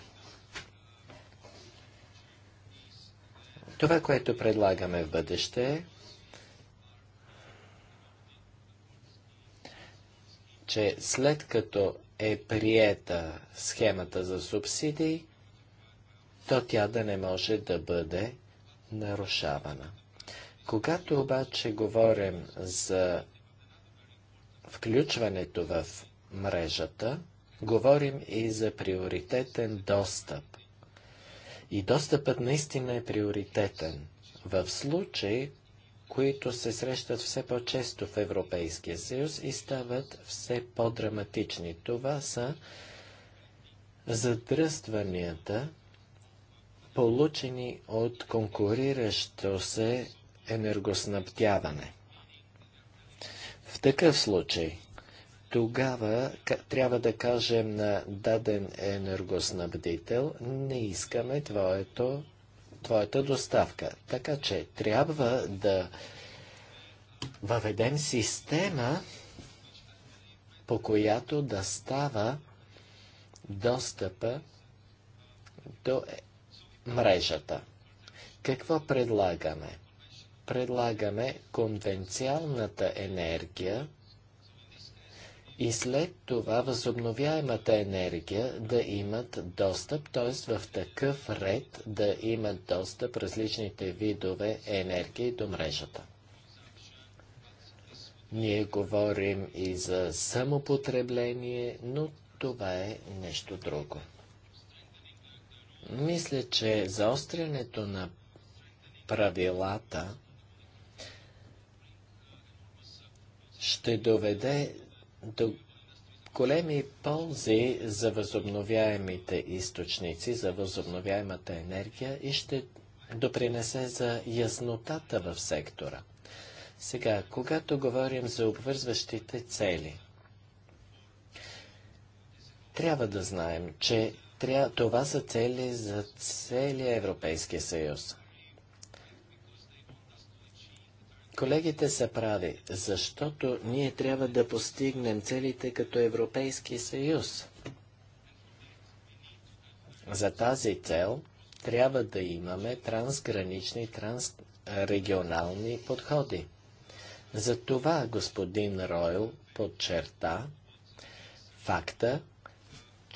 Това, което предлагаме в бъдеще е, че след като е приета схемата за субсидии, то тя да не може да бъде нарушавана. Когато обаче говорим за включването в мрежата, говорим и за приоритетен достъп. И достъпът наистина е приоритетен. В случаи, които се срещат все по-често в Европейския съюз и стават все по-драматични. Това са задръстванията получени от конкуриращо се енергоснабдяване. В такъв случай, тогава трябва да кажем на даден енергоснабдител, не искаме твоето, твоята доставка. Така че трябва да въведем система, по която да става достъпа до мрежата. Какво предлагаме? Предлагаме конвенциалната енергия и след това възобновяемата енергия да имат достъп, т.е. в такъв ред да имат достъп различните видове енергии до мрежата. Ние говорим и за самопотребление, но това е нещо друго. Мисля, че заострянето на правилата ще доведе до големи ползи за възобновяемите източници, за възобновяемата енергия и ще допринесе за яснотата в сектора. Сега, когато говорим за обвързващите цели, трябва да знаем, че Тря... Това са цели за целия Европейския съюз. Колегите са прави, защото ние трябва да постигнем целите като Европейски съюз. За тази цел трябва да имаме трансгранични, трансрегионални подходи. Затова господин Ройл подчерта факта,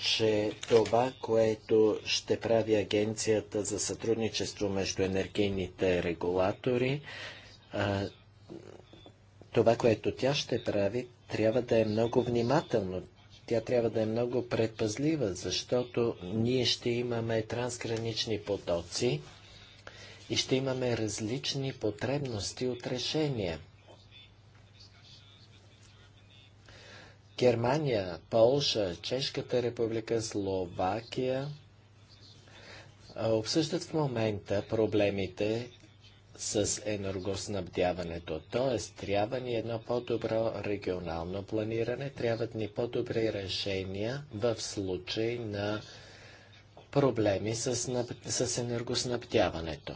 че това, което ще прави Агенцията за сътрудничество между енергийните регулатори, това, което тя ще прави, трябва да е много внимателно. Тя трябва да е много предпазлива, защото ние ще имаме трансгранични потоци и ще имаме различни потребности от решения. Германия, Полша, Чешката република, Словакия обсъждат в момента проблемите с енергоснабдяването. Тоест, трябва ни едно по-добро регионално планиране, трябват ни по-добри решения в случай на проблеми с, с енергоснабдяването.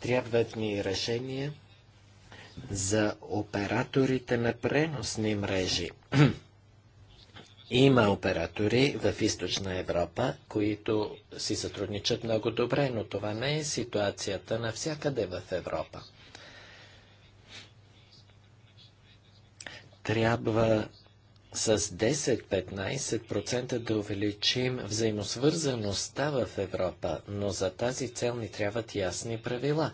Трябват ни решения за операторите на преносни мрежи. Има оператори в източна Европа, които си сътрудничат много добре, но това не е ситуацията навсякъде в Европа. Трябва с 10-15% да увеличим взаимосвързаността в Европа, но за тази цел ни трябват ясни правила.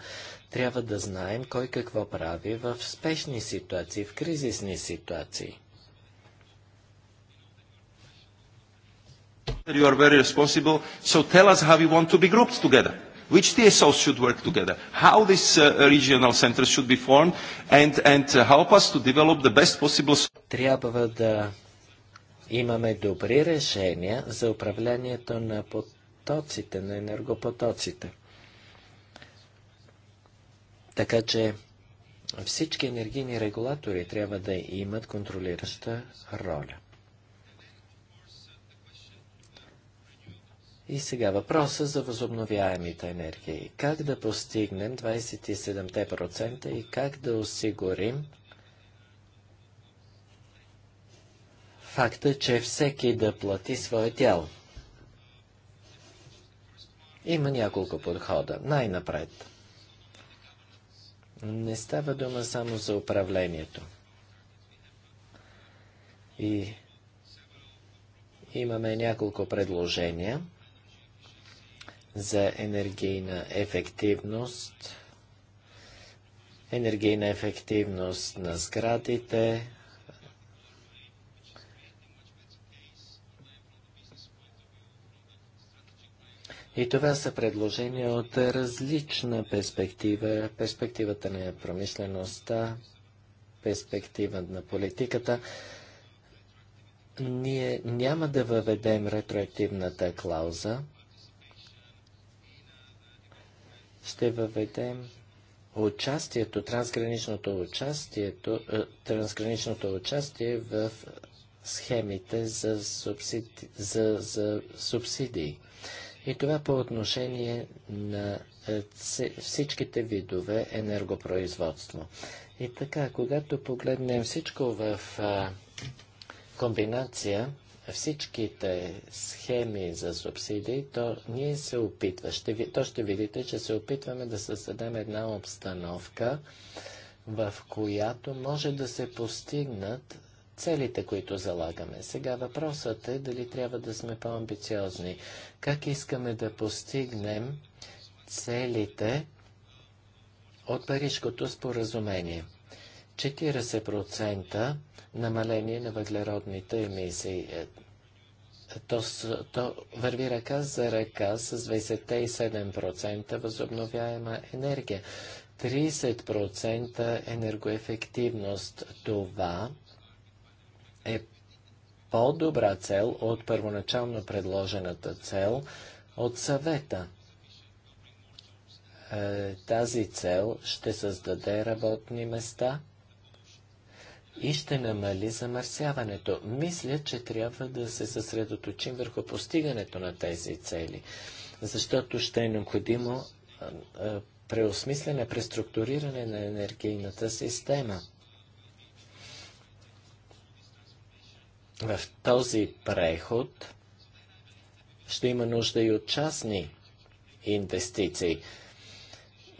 Трябва да знаем кой какво прави в спешни ситуации, в кризисни ситуации. You are very responsible, so tell us how you want to be grouped together which TSOs should work together, how this uh, regional centers should be formed, and, and uh, help us to develop the best possible... Трябва да имаме добри решения за управлението на потоците, на енергопотоците. Така че всички енергийни регулатори трябва да имат контролираща роля. И сега въпроса за възобновяемите енергии. Как да постигнем 27% и как да осигурим факта, че всеки да плати своя тяло? Има няколко подхода. Най-напред – не става дума само за управлението. И имаме няколко предложения за енергийна ефективност, енергийна ефективност на сградите, И това са предложения от различна перспектива. Перспективата на промишлеността, перспектива на политиката. Ние няма да въведем ретроактивната клауза. Ще въведем участието, трансграничното участието, э, трансграничното участие в схемите за, субсиди... за, за субсидии. И това по отношение на е, всичките видове енергопроизводство. И така, когато погледнем всичко в е, комбинация, всичките схеми за субсидии, то ние се опитва, ще, то ще видите, че се опитваме да създадем една обстановка, в която може да се постигнат целите, които залагаме. Сега въпросът е дали трябва да сме по-амбициозни. Как искаме да постигнем целите от Парижкото споразумение? 40% намаление на въглеродните емисии. Е, то, то върви ръка за ръка с 27% възобновяема енергия. 30% енергоефективност. Това е по-добра цел от първоначално предложената цел от съвета. Е, тази цел ще създаде работни места и ще намали замърсяването. Мисля, че трябва да се съсредоточим върху постигането на тези цели, защото ще е необходимо е, е, преосмислене, преструктуриране на енергийната система – в този преход ще има нужда и от частни инвестиции.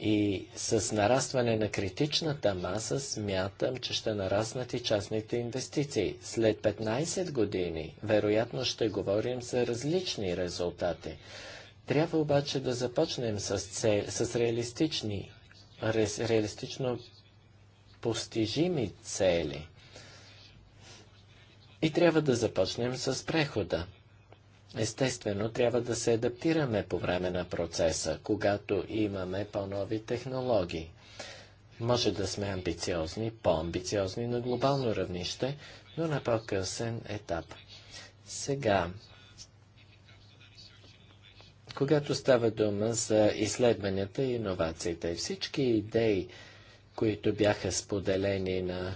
И с нарастване на критичната маса смятам, че ще нараснат и частните инвестиции. След 15 години вероятно ще говорим за различни резултати. Трябва обаче да започнем с, цел, с реалистични, ре, реалистично постижими цели – и трябва да започнем с прехода. Естествено, трябва да се адаптираме по време на процеса, когато имаме по-нови технологии. Може да сме амбициозни, по-амбициозни на глобално равнище, но на по-късен етап. Сега, когато става дума за изследванията и иновациите, всички идеи, които бяха споделени на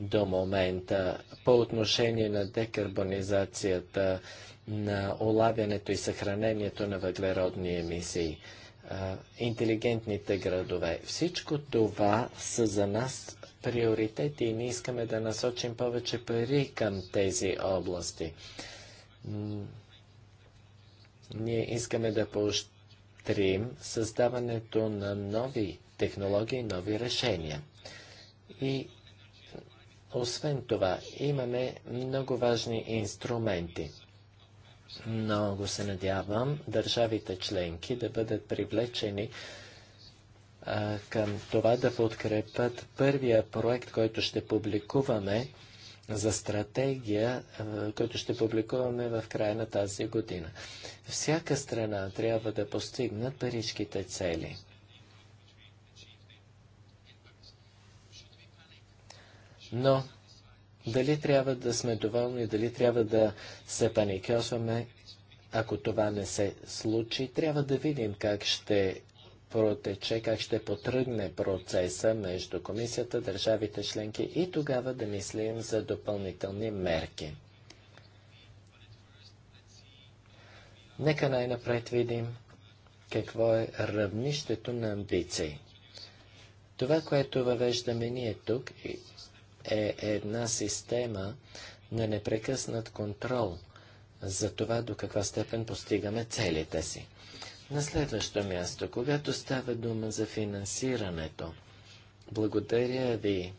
до момента по отношение на декарбонизацията, на улавянето и съхранението на въглеродни емисии, интелигентните градове. Всичко това са за нас приоритети и ние искаме да насочим повече пари към тези области. Ние искаме да поощрим създаването на нови технологии, нови решения. И освен това, имаме много важни инструменти. Много се надявам държавите членки да бъдат привлечени а, към това да подкрепят първия проект, който ще публикуваме за стратегия, а, който ще публикуваме в края на тази година. Всяка страна трябва да постигнат парижките цели. Но дали трябва да сме доволни, дали трябва да се паникьосваме, ако това не се случи, трябва да видим как ще протече, как ще потръгне процеса между комисията, държавите членки и тогава да мислим за допълнителни мерки. Нека най-напред видим какво е равнището на амбиции. Това, което въвеждаме ние тук е една система на непрекъснат контрол за това до каква степен постигаме целите си. На следващо място, когато става дума за финансирането, благодаря ви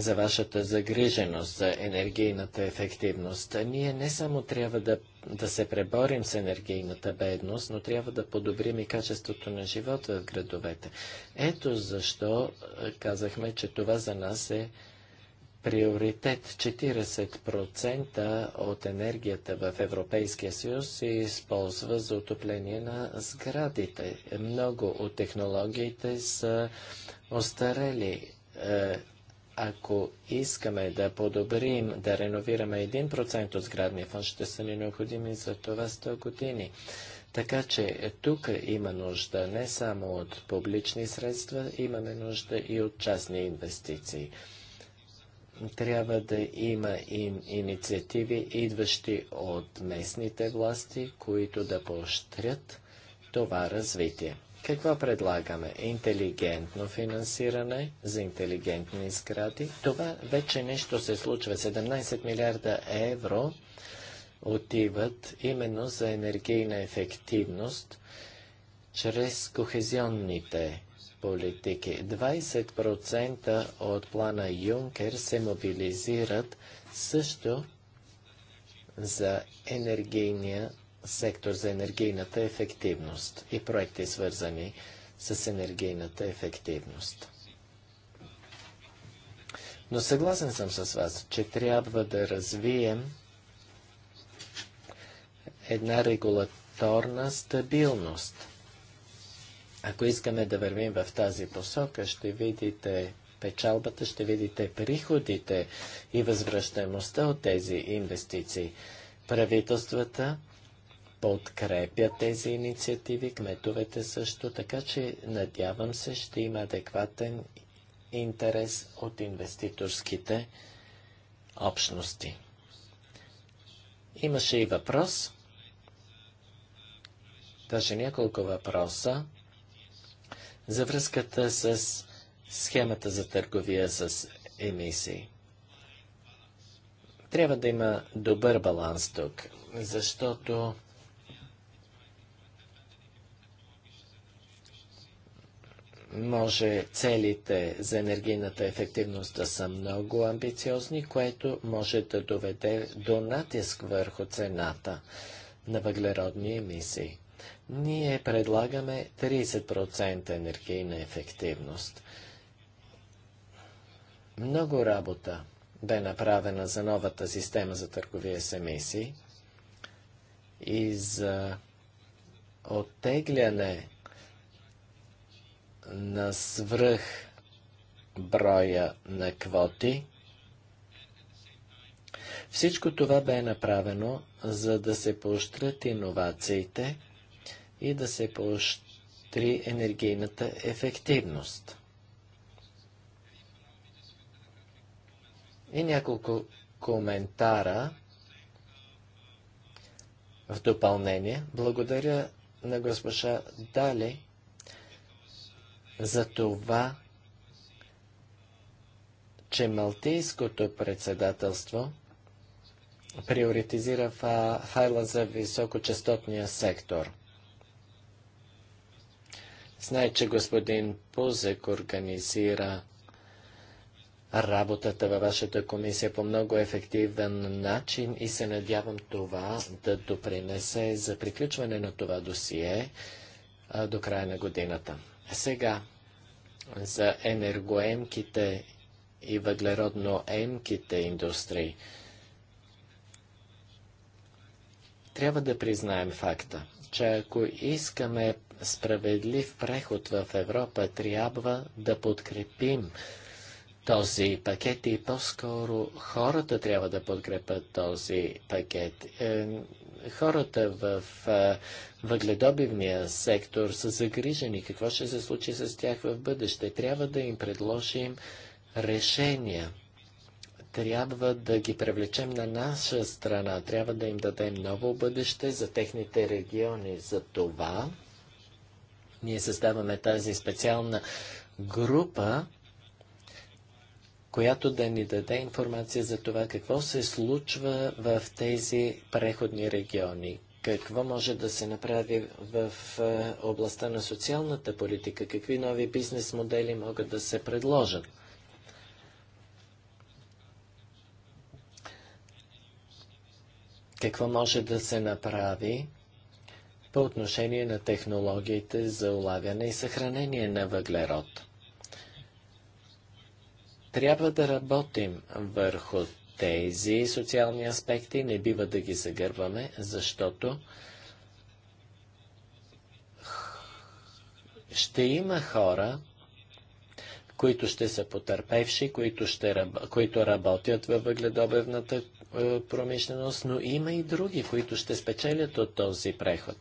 за вашата загриженост за енергийната ефективност. Ние не само трябва да, да се преборим с енергийната бедност, но трябва да подобрим и качеството на живота в градовете. Ето защо е, казахме, че това за нас е приоритет 40% от енергията в Европейския съюз се използва за отопление на сградите. Много от технологиите са остарели. Е, ако искаме да подобрим, да реновираме 1% от сградния фонд, ще са ни необходими за това 100 години. Така че е, тук има нужда не само от публични средства, имаме нужда и от частни инвестиции. Трябва да има и инициативи, идващи от местните власти, които да поощрят това развитие. Какво предлагаме? Интелигентно финансиране за интелигентни сгради. Това вече нещо се случва. 17 милиарда евро отиват именно за енергийна ефективност чрез кохезионните политики. 20% от плана Юнкер се мобилизират също за енергийния сектор за енергийната ефективност и проекти свързани с енергийната ефективност. Но съгласен съм с вас, че трябва да развием една регулаторна стабилност. Ако искаме да вървим в тази посока, ще видите печалбата, ще видите приходите и възвръщаемостта от тези инвестиции. Правителствата Подкрепя тези инициативи, кметовете също, така че надявам се ще има адекватен интерес от инвеститорските общности. Имаше и въпрос, даже няколко въпроса, за връзката с схемата за търговия с емисии. Трябва да има добър баланс тук, защото може целите за енергийната ефективност да са много амбициозни, което може да доведе до натиск върху цената на въглеродни емисии. Ние предлагаме 30% енергийна ефективност. Много работа бе направена за новата система за търговия с емисии и за оттегляне на свръх броя на квоти. Всичко това бе направено, за да се поощрят иновациите и да се поощри енергийната ефективност. И няколко коментара в допълнение. Благодаря на госпожа Дали за това, че Малтийското председателство приоритизира файла за високочастотния сектор. Знае, че господин Пузек организира работата във вашата комисия по много ефективен начин и се надявам това да допринесе за приключване на това досие до края на годината. Сега, за енергоемките и въглеродноемките индустрии. Трябва да признаем факта, че ако искаме справедлив преход в Европа, трябва да подкрепим този пакет и по-скоро хората трябва да подкрепят този пакет. Е, хората в въгледобивния сектор са загрижени. Какво ще се случи с тях в бъдеще? Трябва да им предложим решения. Трябва да ги привлечем на наша страна. Трябва да им дадем ново бъдеще за техните региони. За това ние създаваме тази специална група, която да ни даде информация за това какво се случва в тези преходни региони, какво може да се направи в е, областта на социалната политика, какви нови бизнес модели могат да се предложат. Какво може да се направи по отношение на технологиите за улавяне и съхранение на въглерод? Трябва да работим върху тези социални аспекти, не бива да ги загърбваме, защото ще има хора, които ще са потърпевши, които, ще, които работят във въгледобивната е, промишленост, но има и други, които ще спечелят от този преход.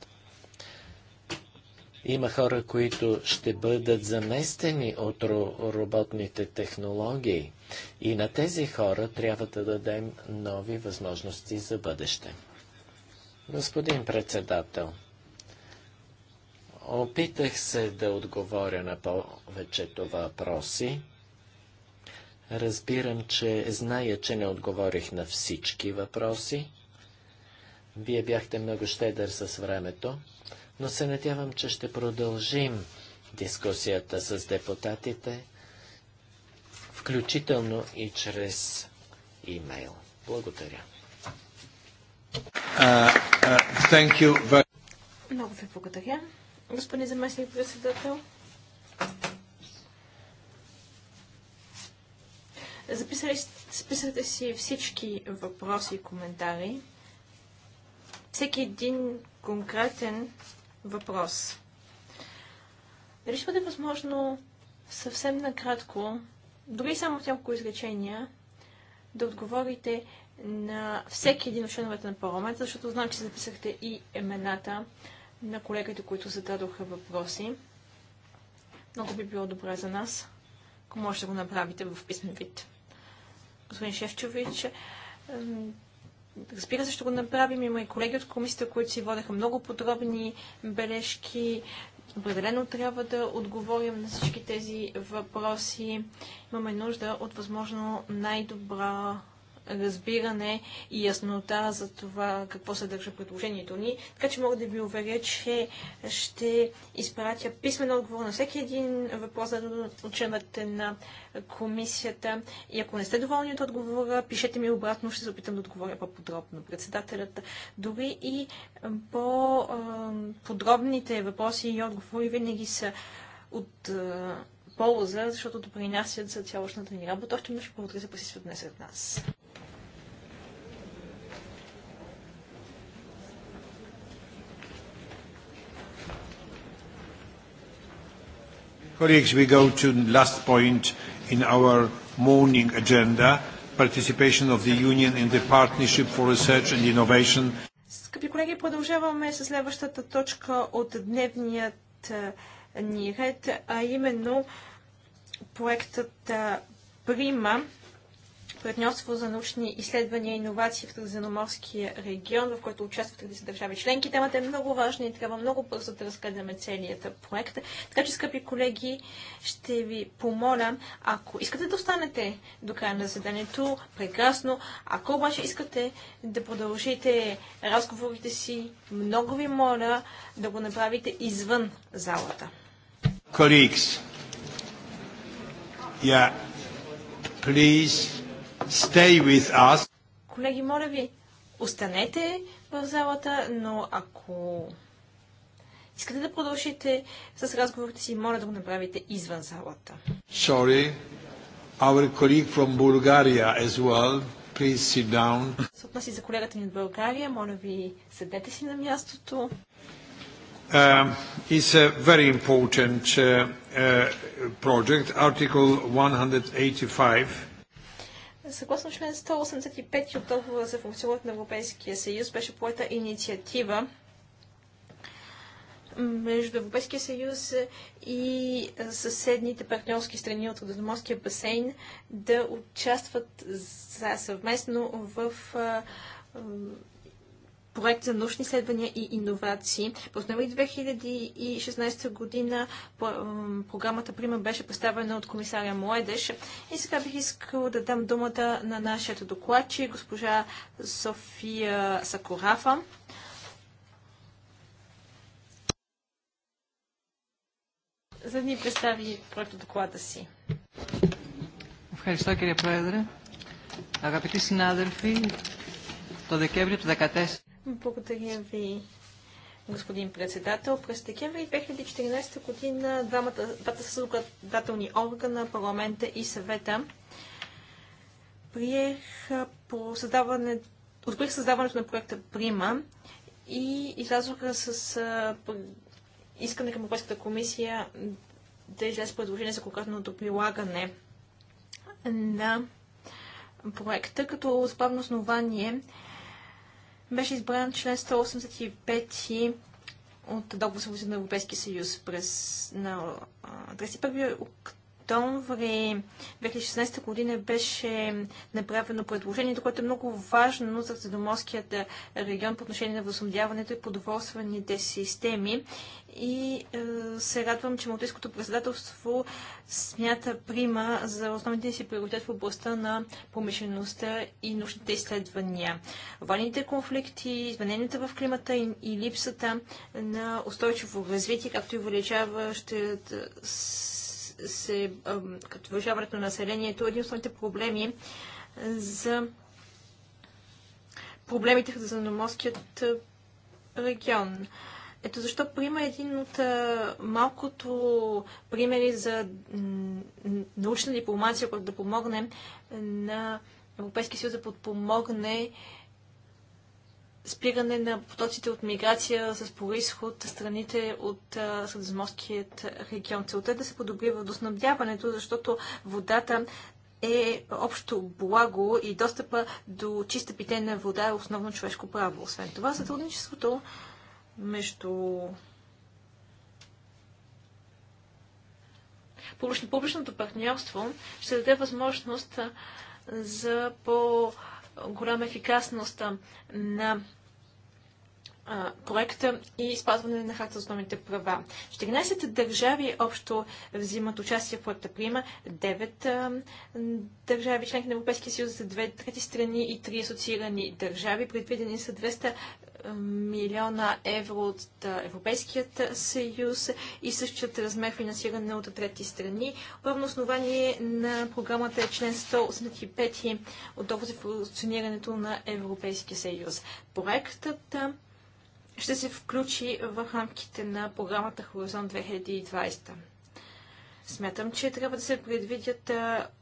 Има хора, които ще бъдат заместени от роботните технологии. И на тези хора трябва да дадем нови възможности за бъдеще. Господин председател, опитах се да отговоря на повечето въпроси. Разбирам, че зная, че не отговорих на всички въпроси. Вие бяхте много щедър с времето но се надявам, че ще продължим дискусията с депутатите, включително и чрез имейл. Благодаря. Uh, uh, Много ви благодаря, господин заместник председател. Записали списате си всички въпроси и коментари. Всеки един конкретен въпрос. Дали ще бъде възможно съвсем накратко, дори само в няколко изречения, да отговорите на всеки един от членовете на парламента, защото знам, че записахте и имената на колегите, които зададоха въпроси. Много би било добре за нас, ако може да го направите в писмен вид. Господин Шевчович, Разбира се, ще го направим. Има и колеги от комисията, които си водеха много подробни бележки. Определено трябва да отговорим на всички тези въпроси. Имаме нужда от възможно най-добра разбиране и яснота за това какво съдържа предложението ни. Така че мога да ви уверя, че ще изпратя писмен отговор на всеки един въпрос за членовете на комисията. И ако не сте доволни от отговора, пишете ми обратно, ще се опитам да отговоря по-подробно. Председателят, дори и по-подробните въпроси и отговори винаги са от полза, защото допринасят за цялостната ни работа. Още ми ще благодаря за присъствието днес от нас. Colleagues, we go to the last point in our morning agenda, participation of the Union in the Partnership for Research and Innovation. Скъпи колеги, продължаваме с следващата точка от дневният е, ни ред, а именно проектът Прима партньорство за научни изследвания и иновации в Средиземноморския регион, в който участват 30 държави членки. Темата е много важна и трябва много бързо да разгледаме целият проект. Така че, скъпи колеги, ще ви помоля, ако искате да останете до края на заданието, прекрасно. Ако обаче искате да продължите разговорите си, много ви моля да го направите извън залата. Colleagues, Yeah. Please stay with us. Колеги, моля ви, останете в залата, но ако искате да продължите с разговорите си, моля да го направите извън залата. Sorry, our colleague from Bulgaria as well. Please sit down. Се отнася за колегата ми от България. Моля ви, седете си на мястото. Um, uh, it's a very important uh, Uh, project, Article 185. Съгласно член 185 от договора за функционирането на Европейския съюз беше поета инициатива между Европейския съюз и съседните партньорски страни от Родоморския басейн да участват съвместно в проект за научни изследвания и иновации. През ноември 2016 година програмата Прима беше представена от комисаря Младеж. И сега бих искал да дам думата на нашата докладчи, госпожа София Сакорафа. за да ни представи проекта доклада си. Ευχαριστώ κύριε Πρόεδρε. Αγαπητοί συνάδελφοι, το Δεκέμβριο του 2014... Благодаря ви, господин председател. През декември 2014 година двамата, двата съзаконодателни органа, парламента и съвета, приеха по създаване, открих създаването на проекта Прима и излязоха с искане към Европейската комисия да излезе предложение за конкретното прилагане на проекта, като спавно основание беше избран член 185 от договор за Европейския съюз през на 31 октомври октомври 2016 година беше направено предложението, което е много важно за Средоморският регион по отношение на възмодяването и продоволствените системи. И е, се радвам, че Малтийското председателство смята прима за основните си приоритет в областта на промишлеността и нужните изследвания. Военните конфликти, измененията в климата и, и липсата на устойчиво развитие, както и увеличаващият се, като вължаването на населението е един от основните проблеми е, за проблемите в Средиземноморският е, регион. Ето защо приема един от малкото примери за научна дипломация, която да помогне на Европейския съюз да подпомогне спиране на потоците от миграция с происход страните от Средиземноморският регион. Целта е да се подобри водоснабдяването, защото водата е общо благо и достъпа до чиста питейна вода е основно човешко право. Освен това, сътрудничеството между публично, публичното партньорство ще даде възможност за по-голяма ефикасност на проекта и спазване на харта за основните права. 14 държави общо взимат участие в проекта Прима, 9 държави, членки на Европейския съюз, за две трети страни и три асоциирани държави. Предвидени са 200 милиона евро от Европейският съюз и същият размер финансиране от трети страни. Главно основание на програмата е член 185 от договор за функционирането на Европейския съюз. Проектът ще се включи в рамките на програмата Хоризонт 2020. Смятам, че трябва да се предвидят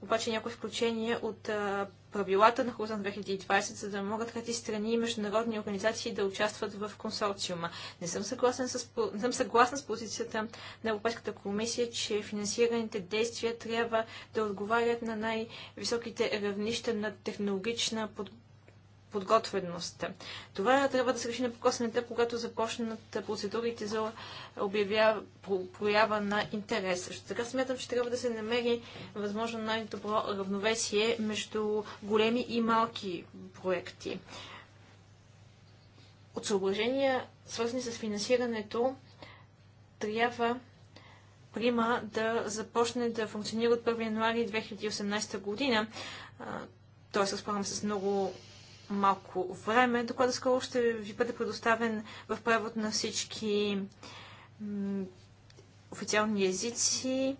обаче някои включения от правилата на Хоризонт 2020, за да могат трети страни и международни организации да участват в консорциума. Не съм, съгласен с, не съм съгласна с позицията на Европейската комисия, че финансираните действия трябва да отговарят на най-високите равнища на технологична подготовка подготвеност. Това трябва да се реши на покосен етап, когато започнат процедурите за обявя, проява на интерес. Също така смятам, че трябва да се намери възможно най-добро равновесие между големи и малки проекти. От съображения, свързани с финансирането, трябва прима да започне да функционира от 1 януари 2018 година. Тоест, разполагам с много малко време. Доклада скоро ще ви бъде предоставен в превод на всички официални езици.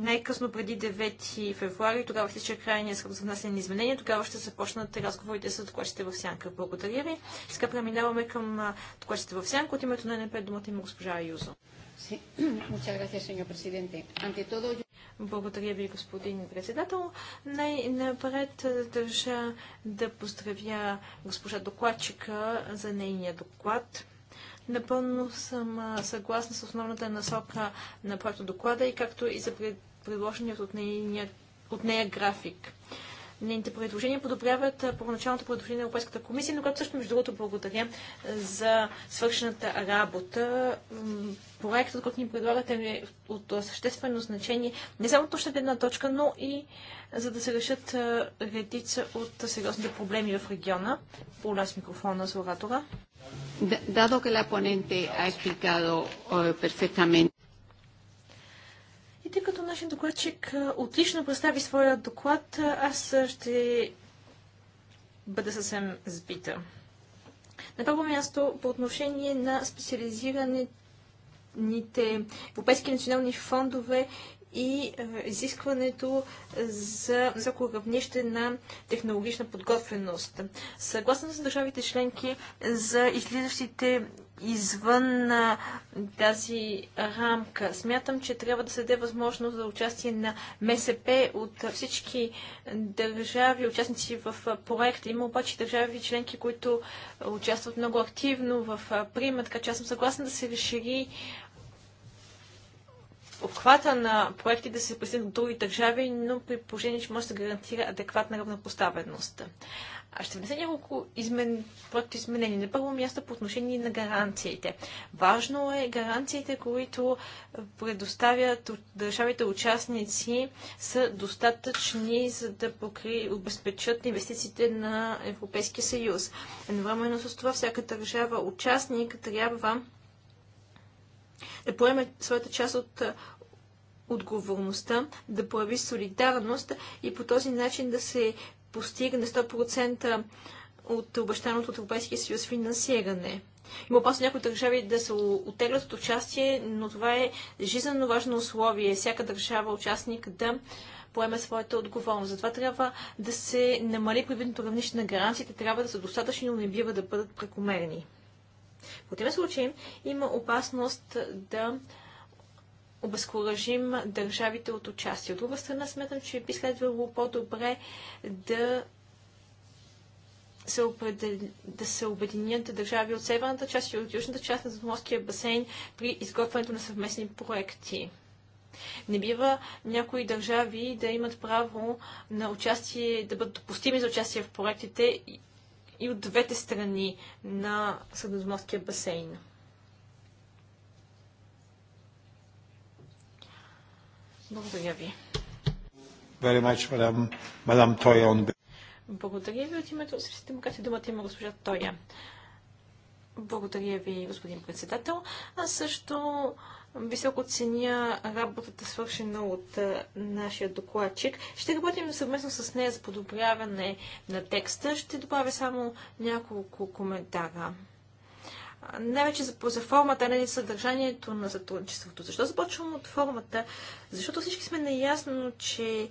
Най-късно преди 9 февруари, тогава ще крайния срок за внасяне на изменения, тогава ще започнат разговорите с докладчите в Сянка. Благодаря ви. Сега преминаваме към докладчите в Сянка. От името на НП думата има госпожа Юзо. Sí. Muchas gracias, señor presidente. Ante todo, yo... Благодаря ви, господин председател. Най-напред държа да поздравя госпожа докладчика за нейния доклад. Напълно съм съгласна с основната насока на проекта доклада и както и за предложеният от, от нея график. Нейните предложения подобряват първоначалното предложение на Европейската комисия, но като също между другото благодаря за свършената работа. Проектът, който ни предлагате е от съществено значение не само точно една точка, но и за да се решат редица от сериозните проблеми в региона. По с микрофона с оратора. Дадо, че la ponente ha explicado eh, perfectamente нашия докладчик отлично представи своя доклад. Аз ще бъда съвсем сбита. На първо място, по отношение на специализираните европейски национални фондове и е, изискването за високо равнище на технологична подготвеност. Съгласно с държавите членки за излизащите извън на тази рамка. Смятам, че трябва да се даде възможност за участие на МСП от всички държави, участници в проекта. Има обаче държави членки, които участват много активно в приема, така че аз съм съгласна да се разшири обхвата на проекти да се присъединят други държави, но при положение, че може да се гарантира адекватна равнопоставеност. А ще внесе няколко измен... проекти изменения. На първо място по отношение на гаранциите. Важно е гаранциите, които предоставят държавите участници, са достатъчни, за да покри... обезпечат инвестициите на Европейския съюз. Едновременно с това всяка държава участник трябва да поеме своята част от отговорността, да прояви солидарност и по този начин да се постигне 100% от обещаното от Европейския съюз финансиране. Има опасно някои държави да се отеглят от участие, но това е жизненно важно условие. Всяка държава участник да поеме своята отговорност. Затова трябва да се намали предвидното равнище на гаранциите, трябва да са достатъчни, но не бива да бъдат прекомерни. В противен случай има опасност да обезкуражим държавите от участие. От друга страна, смятам, че би следвало по-добре да се, определ... да се обединят държави от северната част и от южната част на Задморския басейн при изготвянето на съвместни проекти. Не бива някои държави да имат право на участие, да бъдат допустими за участие в проектите и от двете страни на Средоземноморския басейн. Благодаря ви. Much, Благодаря ви от името на демократи. Думата има госпожа Тоя. Благодаря ви, господин председател. Аз също Високо ценя работата свършена от а, нашия докладчик. Ще работим съвместно с нея за подобряване на текста. Ще добавя само няколко коментара. Най-вече за, за формата, а не за съдържанието на сътрудничеството. Защо започвам от формата? Защото всички сме наясно, че е,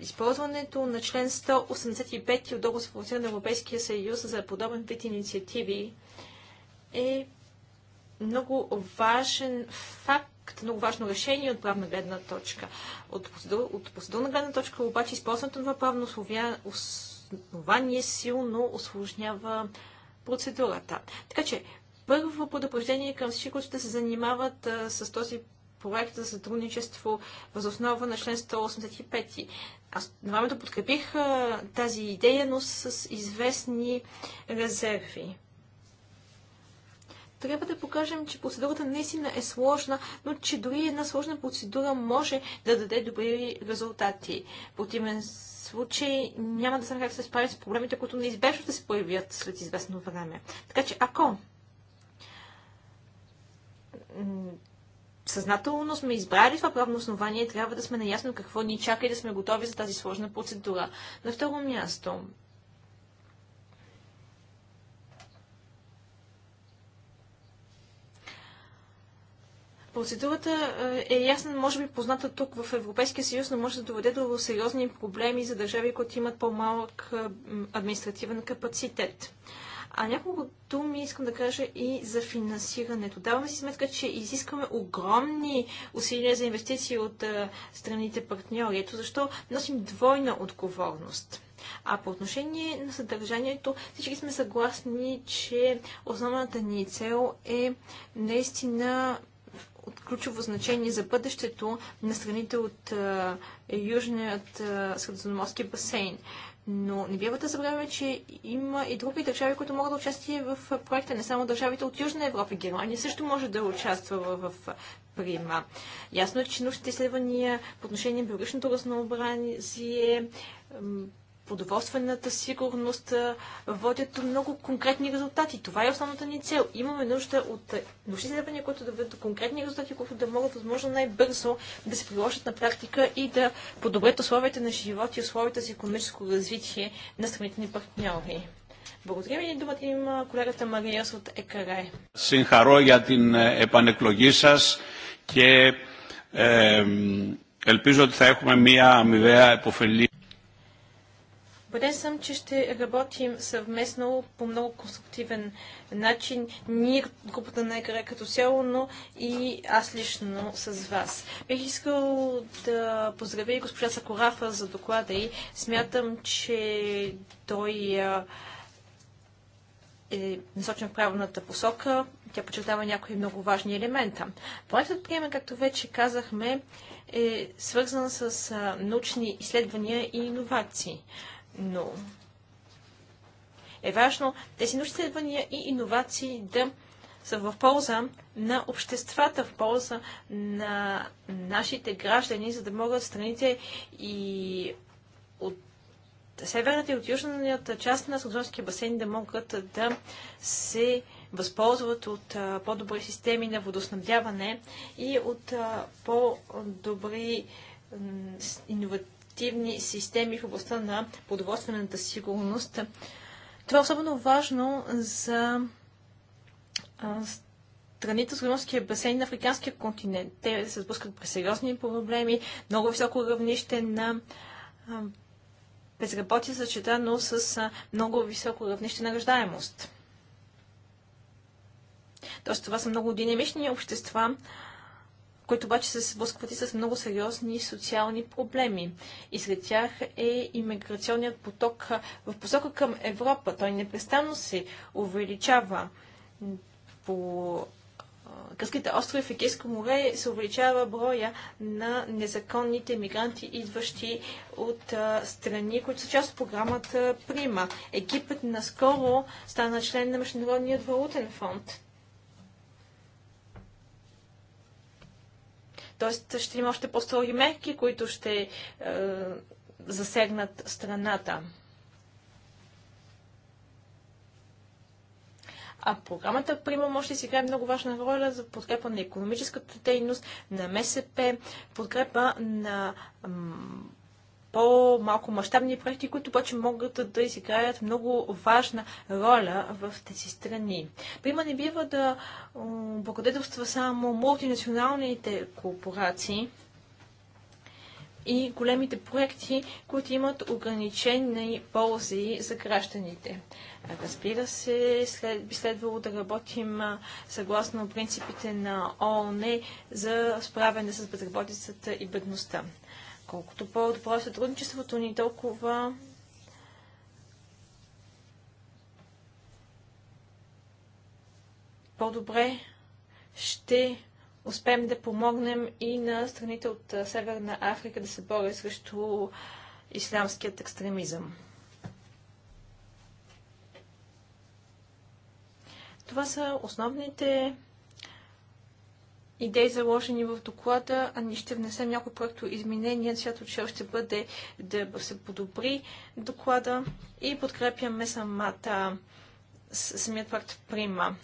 използването на член 185 от договор за на Европейския съюз за подобен вид инициативи е много важен факт, много важно решение от правна гледна точка. От, процедурна гледна точка обаче използването на правно основание силно осложнява процедурата. Така че, първо предупреждение към всички, които ще се занимават а, с този проект за сътрудничество въз основа на член 185. Аз на времето подкрепих а, тази идея, но с известни резерви трябва да покажем, че процедурата наистина е сложна, но че дори една сложна процедура може да даде добри резултати. В противен случай няма да знам как се справим с проблемите, които неизбежно да се появят след известно време. Така че ако съзнателно сме избрали това правно основание, трябва да сме наясно какво ни чака и да сме готови за тази сложна процедура. На второ място, Процедурата е, е ясна, може би позната тук в Европейския съюз, но може да доведе до сериозни проблеми за държави, които имат по-малък административен капацитет. А няколко думи искам да кажа и за финансирането. Даваме си сметка, че изискваме огромни усилия за инвестиции от страните партньори. Ето защо носим двойна отговорност. А по отношение на съдържанието, всички сме съгласни, че основната ни цел е наистина от ключово значение за бъдещето на страните от а, Южният Средиземноморски басейн. Но не бива да забравяме, че има и други държави, които могат да участват в проекта, не само държавите от Южна Европа. Германия също може да участва в, в прима. Ясно е, че научните изследвания по отношение на биологичното разнообразие, продоволствената сигурност водят до много конкретни резултати. Това е основната ни цел. Имаме нужда от научни изследвания, които да ведат до конкретни резултати, които да могат възможно най-бързо да се приложат на практика и да подобрят условията на живот и условията за економическо развитие на страните ни партньори. Благодаря ви. Думата има колегата Мария от ЕКР. Синхаро για την επανεκλογή σας και ελπίζω ότι θα έχουμε μία αμοιβαία επωφελή. Убеден съм, че ще работим съвместно по много конструктивен начин. Ние, групата на ЕКР като цяло, но и аз лично с вас. Бих искал да поздравя и госпожа Сакорафа за доклада и смятам, че той е насочен в правилната посока. Тя подчертава някои много важни елемента. Проектът приема, както вече казахме, е свързан с научни изследвания и иновации но е важно тези научни изследвания и иновации да са в полза на обществата, в полза на нашите граждани, за да могат страните и от северната и от южната част на Средоземския басейн да могат да се възползват от по-добри системи на водоснабдяване и от по-добри иновативни ефективни системи в областта на продоволствената сигурност. Това е особено важно за страните с Громския басейн на Африканския континент. Те се сблъскат през сериозни проблеми, много високо равнище на безработица, съчетано с много високо равнище на ръждаемост. Тоест, това са много динамични общества, които обаче се сблъскват и с много сериозни социални проблеми. И сред тях е иммиграционният поток в посока към Европа. Той непрестанно се увеличава по Кръските острови в Егейско море се увеличава броя на незаконните мигранти, идващи от страни, които са част от програмата Прима. Египет наскоро стана член на Международният валутен фонд. Тоест ще има още по-строги мерки, които ще е, засегнат страната. А програмата Прима може да си играе много важна роля за подкрепа на економическата дейност, на МСП, подкрепа на по-малко мащабни проекти, които обаче могат да изиграят много важна роля в тези страни. Прима не бива да благодетелства само мултинационалните корпорации, и големите проекти, които имат ограничени ползи за гражданите. Разбира се, след, би следвало да работим съгласно принципите на ООН за справяне с безработицата и бедността. Колкото по-добро е сътрудничеството ни, толкова по-добре ще успеем да помогнем и на страните от Северна Африка да се борят срещу ислямският екстремизъм. Това са основните идеи заложени в доклада, а ние ще внесем някои проекто изменения, чиято чел ще бъде да се подобри доклада и подкрепяме самата самият проект Прима.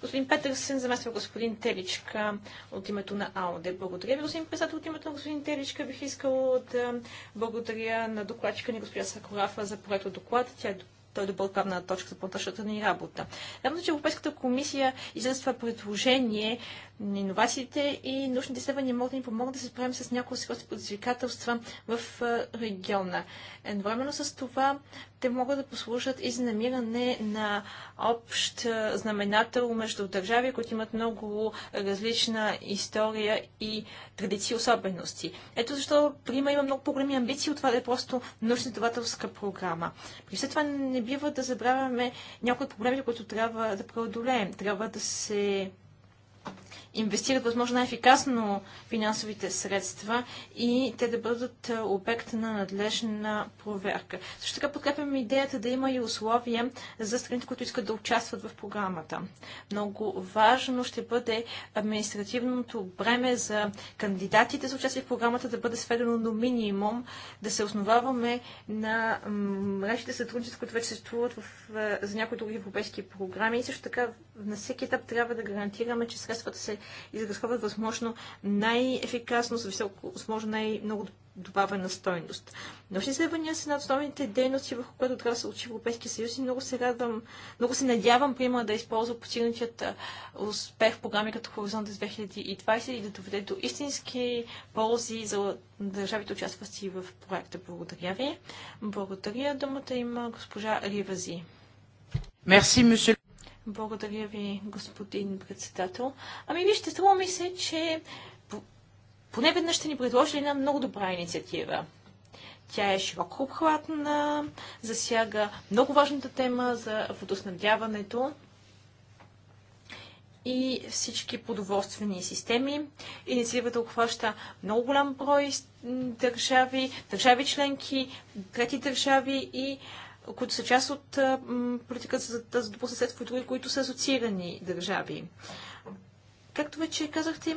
Господин Петърсен замества господин Теличка от името на АОД. Благодаря ви, господин председател. От името на господин Теличка бих искал да благодаря на докладчика ни госпожа Сакорафа за проекта доклад. Тя е той е добър правна точка за по тършата ни работа. Явно, че Европейската комисия излезе това предложение, иновациите и научните изследвания могат да ни помогнат да се справим с някои сериозни предизвикателства в региона. Едновременно с това те могат да послужат и за намиране на общ знаменател между държави, които имат много различна история и традиции и особености. Ето защо Прима има много по-големи амбиции от това да е просто научно-изследователска програма. При все това не бива да забравяме някои от проблемите, които трябва да преодолеем. Трябва да се инвестират възможно най-ефикасно финансовите средства и те да бъдат обект на надлежна проверка. Също така подкрепям идеята да има и условия за страните, които искат да участват в програмата. Много важно ще бъде административното бреме за кандидатите за участие в програмата да бъде сведено до минимум, да се основаваме на мрежите сътрудничества, които вече съществуват в, за някои други европейски програми. И също така на всеки етап трябва да гарантираме, че средствата се и да възможно най-ефикасно, с високо, възможно най-много добавена стойност. Научни следвания са на основните дейности, върху които трябва да се учи Европейския съюз и много се радвам, много се надявам приема да използва постигнатият успех в програми като Хоризонт 2020 и да доведе до истински ползи за държавите, участващи в проекта. Благодаря ви. Благодаря. Думата има госпожа Ривази. Мерси, мисъл. Благодаря ви, господин председател. Ами вижте, струва ми се, че поне веднъж ще ни предложили една много добра инициатива. Тя е широко обхватна, засяга много важната тема за водоснабдяването и всички продоволствени системи. Инициативата обхваща много голям брой държави, държави членки, трети държави и които са част от политиката за, за съседство и други, които са асоциирани държави. Както вече казахте,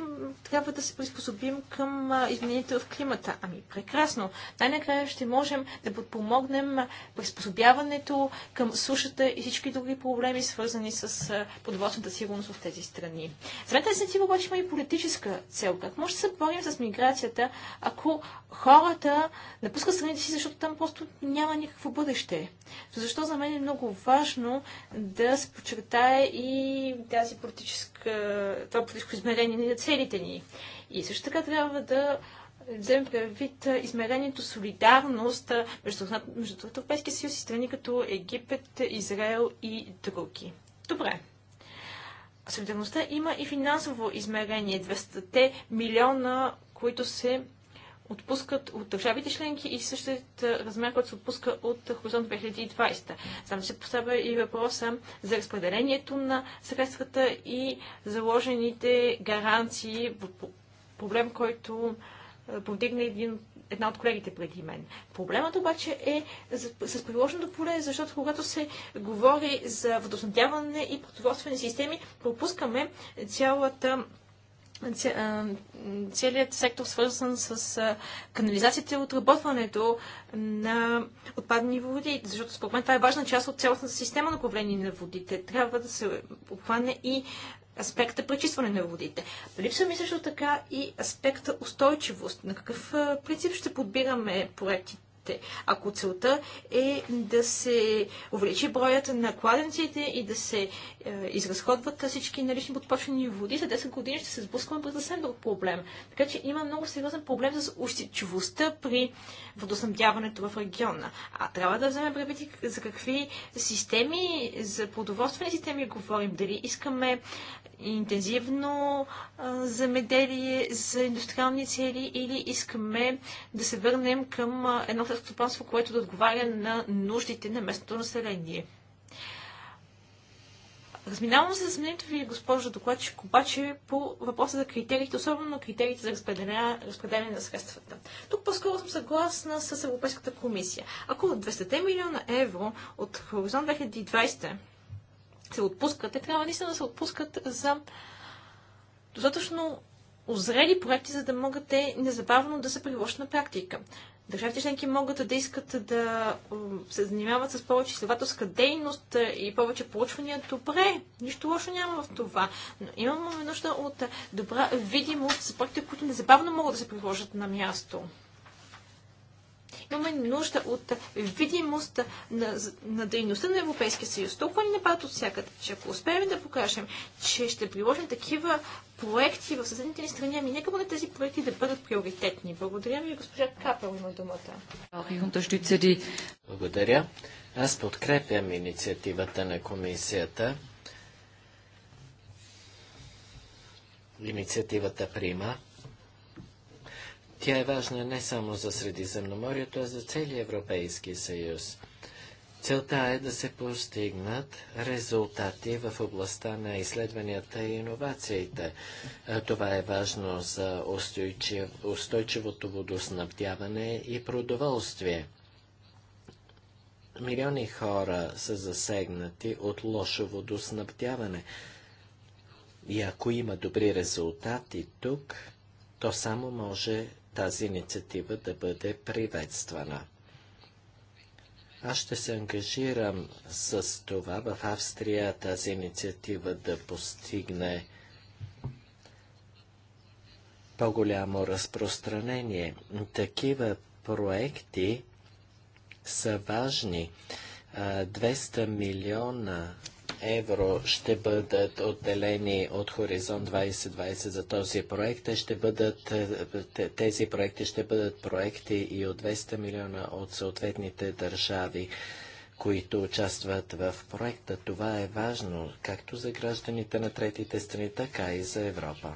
трябва да се приспособим към изменените в климата. Ами, прекрасно. Най-накрая ще можем да подпомогнем приспособяването към сушата и всички други проблеми, свързани с подводната сигурност в тези страни. Зелената инициатива обаче има и политическа цел. Как може да се борим с миграцията, ако хората напускат страните си, защото там просто няма никакво бъдеще? Защо за мен е много важно да се подчертае и тази политическа е, това политическо измерение на целите ни. И също така трябва да вземем предвид е, измерението солидарност е, между, между Европейския съюз и страни като Египет, Израел и други. Добре. Солидарността има и финансово измерение. 200 милиона, които се отпускат от държавите членки и същият размер, който се отпуска от Хоризонт 2020. Само се поставя и въпроса за разпределението на средствата и заложените гаранции, проблем, който повдигна един една от колегите преди мен. Проблемът обаче е с приложеното поле, защото когато се говори за водоснабдяване и продоволствени системи, пропускаме цялата целият сектор свързан с канализацията и отработването на отпадни води, защото според мен това е важна част от цялостната система на управление на водите. Трябва да се обхване и аспекта пречистване на водите. Липсва ми също така и аспекта устойчивост. На какъв принцип ще подбираме проектите? кладенците. Ако целта е да се увеличи броят на кладенците и да се е, изразходват всички налични подпочвени води, за 10 години ще се сблъскваме при съвсем друг проблем. Така че има много сериозен проблем с устичивостта при водоснабдяването в региона. А трябва да вземем предвид за какви системи, за продоволствени системи говорим. Дали искаме интензивно а, замеделие за индустриални цели или искаме да се върнем към едно селско стопанство, което да отговаря на нуждите на местното население. Разминавам се с мнението ви, госпожо докладчик, обаче по въпроса за критериите, особено критериите за разпределение на средствата. Тук по-скоро съм съгласна с Европейската комисия. Ако от 200 милиона евро от Хоризонт 2020 се отпускат, те трябва наистина да се отпускат за достатъчно озрели проекти, за да могат те незабавно да се приложат на практика. Държавите членки могат да искат да се занимават с повече изследователска дейност е, и повече получвания. Добре, нищо лошо няма в това. Но имаме нужда от добра видимост за проекти, които незабавно могат да се приложат на място. Имаме нужда от видимост на, на дейността на Европейския съюз. Толкова ни нападат от всякъде, че ако успеем да покажем, че ще приложим такива проекти в съседните ни страни, ами нека поне тези проекти да бъдат приоритетни. Благодаря ви, госпожа Капел има думата. Благодаря. Аз подкрепям инициативата на комисията. Инициативата Прима тя е важна не само за Средиземноморието, а за целия Европейски съюз. Целта е да се постигнат резултати в областта на изследванията и иновациите. Това е важно за устойчивото водоснабдяване и продоволствие. Милиони хора са засегнати от лошо водоснабдяване. И ако има добри резултати тук, то само може тази инициатива да бъде приветствана. Аз ще се ангажирам с това в Австрия тази инициатива да постигне по-голямо разпространение. Такива проекти са важни. 200 милиона евро ще бъдат отделени от Хоризонт 2020 за този проект. Те ще бъдат, тези проекти ще бъдат проекти и от 200 милиона от съответните държави които участват в проекта. Това е важно както за гражданите на третите страни, така и за Европа.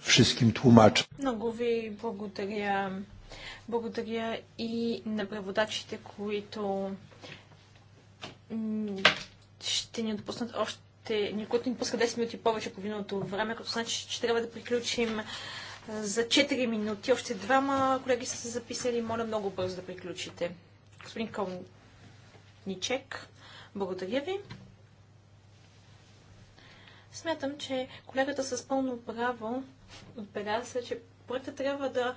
Всичким тлумач. Много ви благодаря. Благодаря и на преводачите, които ще ни допуснат още, Никой ни пуска 10 минути повече по виното време, като значи, че трябва да приключим за 4 минути. Още двама колеги са се записали. Моля много бързо да приключите. Господин Калничек, благодаря ви. Смятам, че колегата с пълно право отбеляза, че проектът трябва да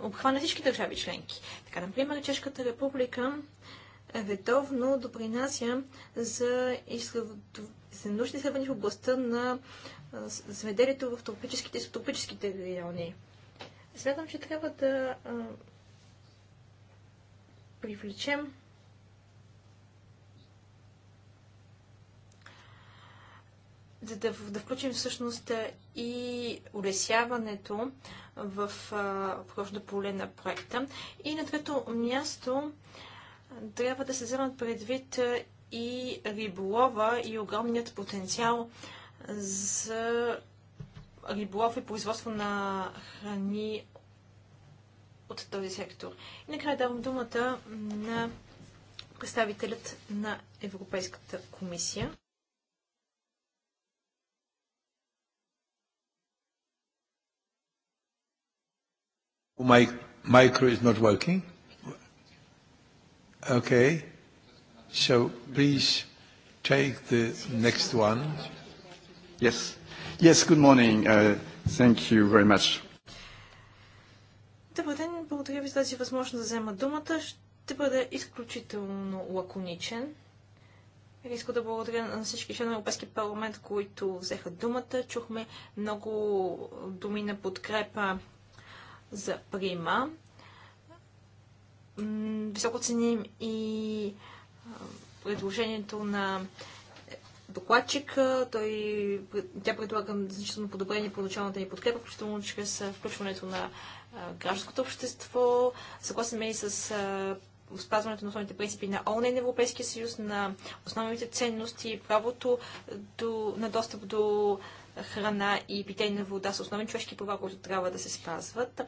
обхване всички държави членки. Така, например, Чешката република редовно допринася за, нужни за научни изследвания в областта на земеделието в тропическите и субтропическите райони. Смятам, че трябва да а, привлечем да, да, да включим всъщност и улесяването в прожда поле на проекта. И на трето място а, трябва да се вземат предвид е, и риболова и огромният потенциал за риболов и производство на храни от този сектор. И накрая давам думата на представителят на Европейската комисия. My micro is not working. Okay. So please take the next one. Yes. Yes, good morning. Uh, thank you very much. Добър ден, благодаря ви за тази възможност да взема думата. Ще бъда изключително лаконичен. Искам да благодаря на всички членове на Европейския парламент, които взеха думата. Чухме много думи на подкрепа за прима високо ценим и предложението на докладчика. Той, тя предлага значително подобрение по началната ни подкрепа, включително чрез включването на гражданското общество. Съгласен ме и с спазването на основните принципи на ООН на Европейския съюз, на основните ценности, правото до, на достъп до храна и питейна вода са основни човешки права, които трябва да се спазват.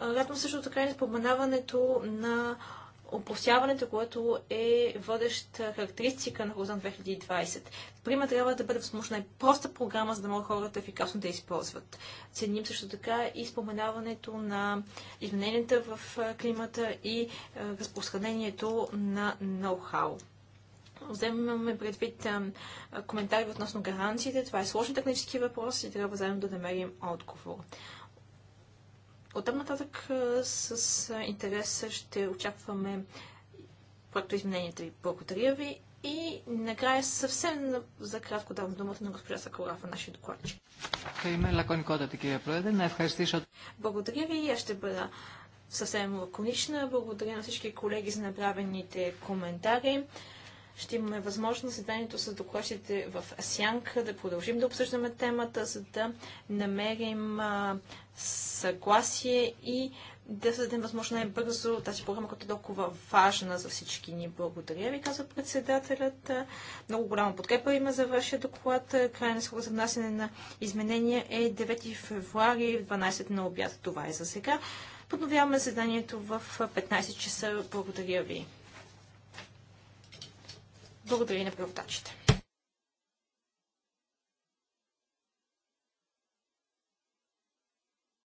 Радвам също така и споменаването на опростяването, което е водеща характеристика на Хоризонт 2020. Прима трябва да бъде възможна проста програма, за да могат хората ефикасно да използват. Ценим също така и споменаването на измененията в климата и разпространението на ноу-хау вземаме предвид коментари относно гаранциите. Това е сложен технически въпрос и трябва заедно да намерим отговор. Оттам нататък с интерес ще очакваме проекто измененията ви. Благодаря ви и накрая съвсем за кратко давам думата на госпожа Сакорафа, нашия докладчик. Благодаря ви. Аз ще бъда съвсем лаконична. Благодаря на всички колеги за направените коментари. Ще имаме възможност заседанието с докладчите в Асянк да продължим да обсъждаме темата, за да намерим съгласие и да създадем възможно най-бързо тази програма, като е толкова важна за всички ни. Благодаря ви, казва председателят. Много голяма подкрепа има за вашия доклад. Крайна срок за внасяне на изменения е 9 февруари, 12 на обяд. Това е за сега. Подновяваме заданието в 15 часа. Благодаря ви. Благодаря на преводачите.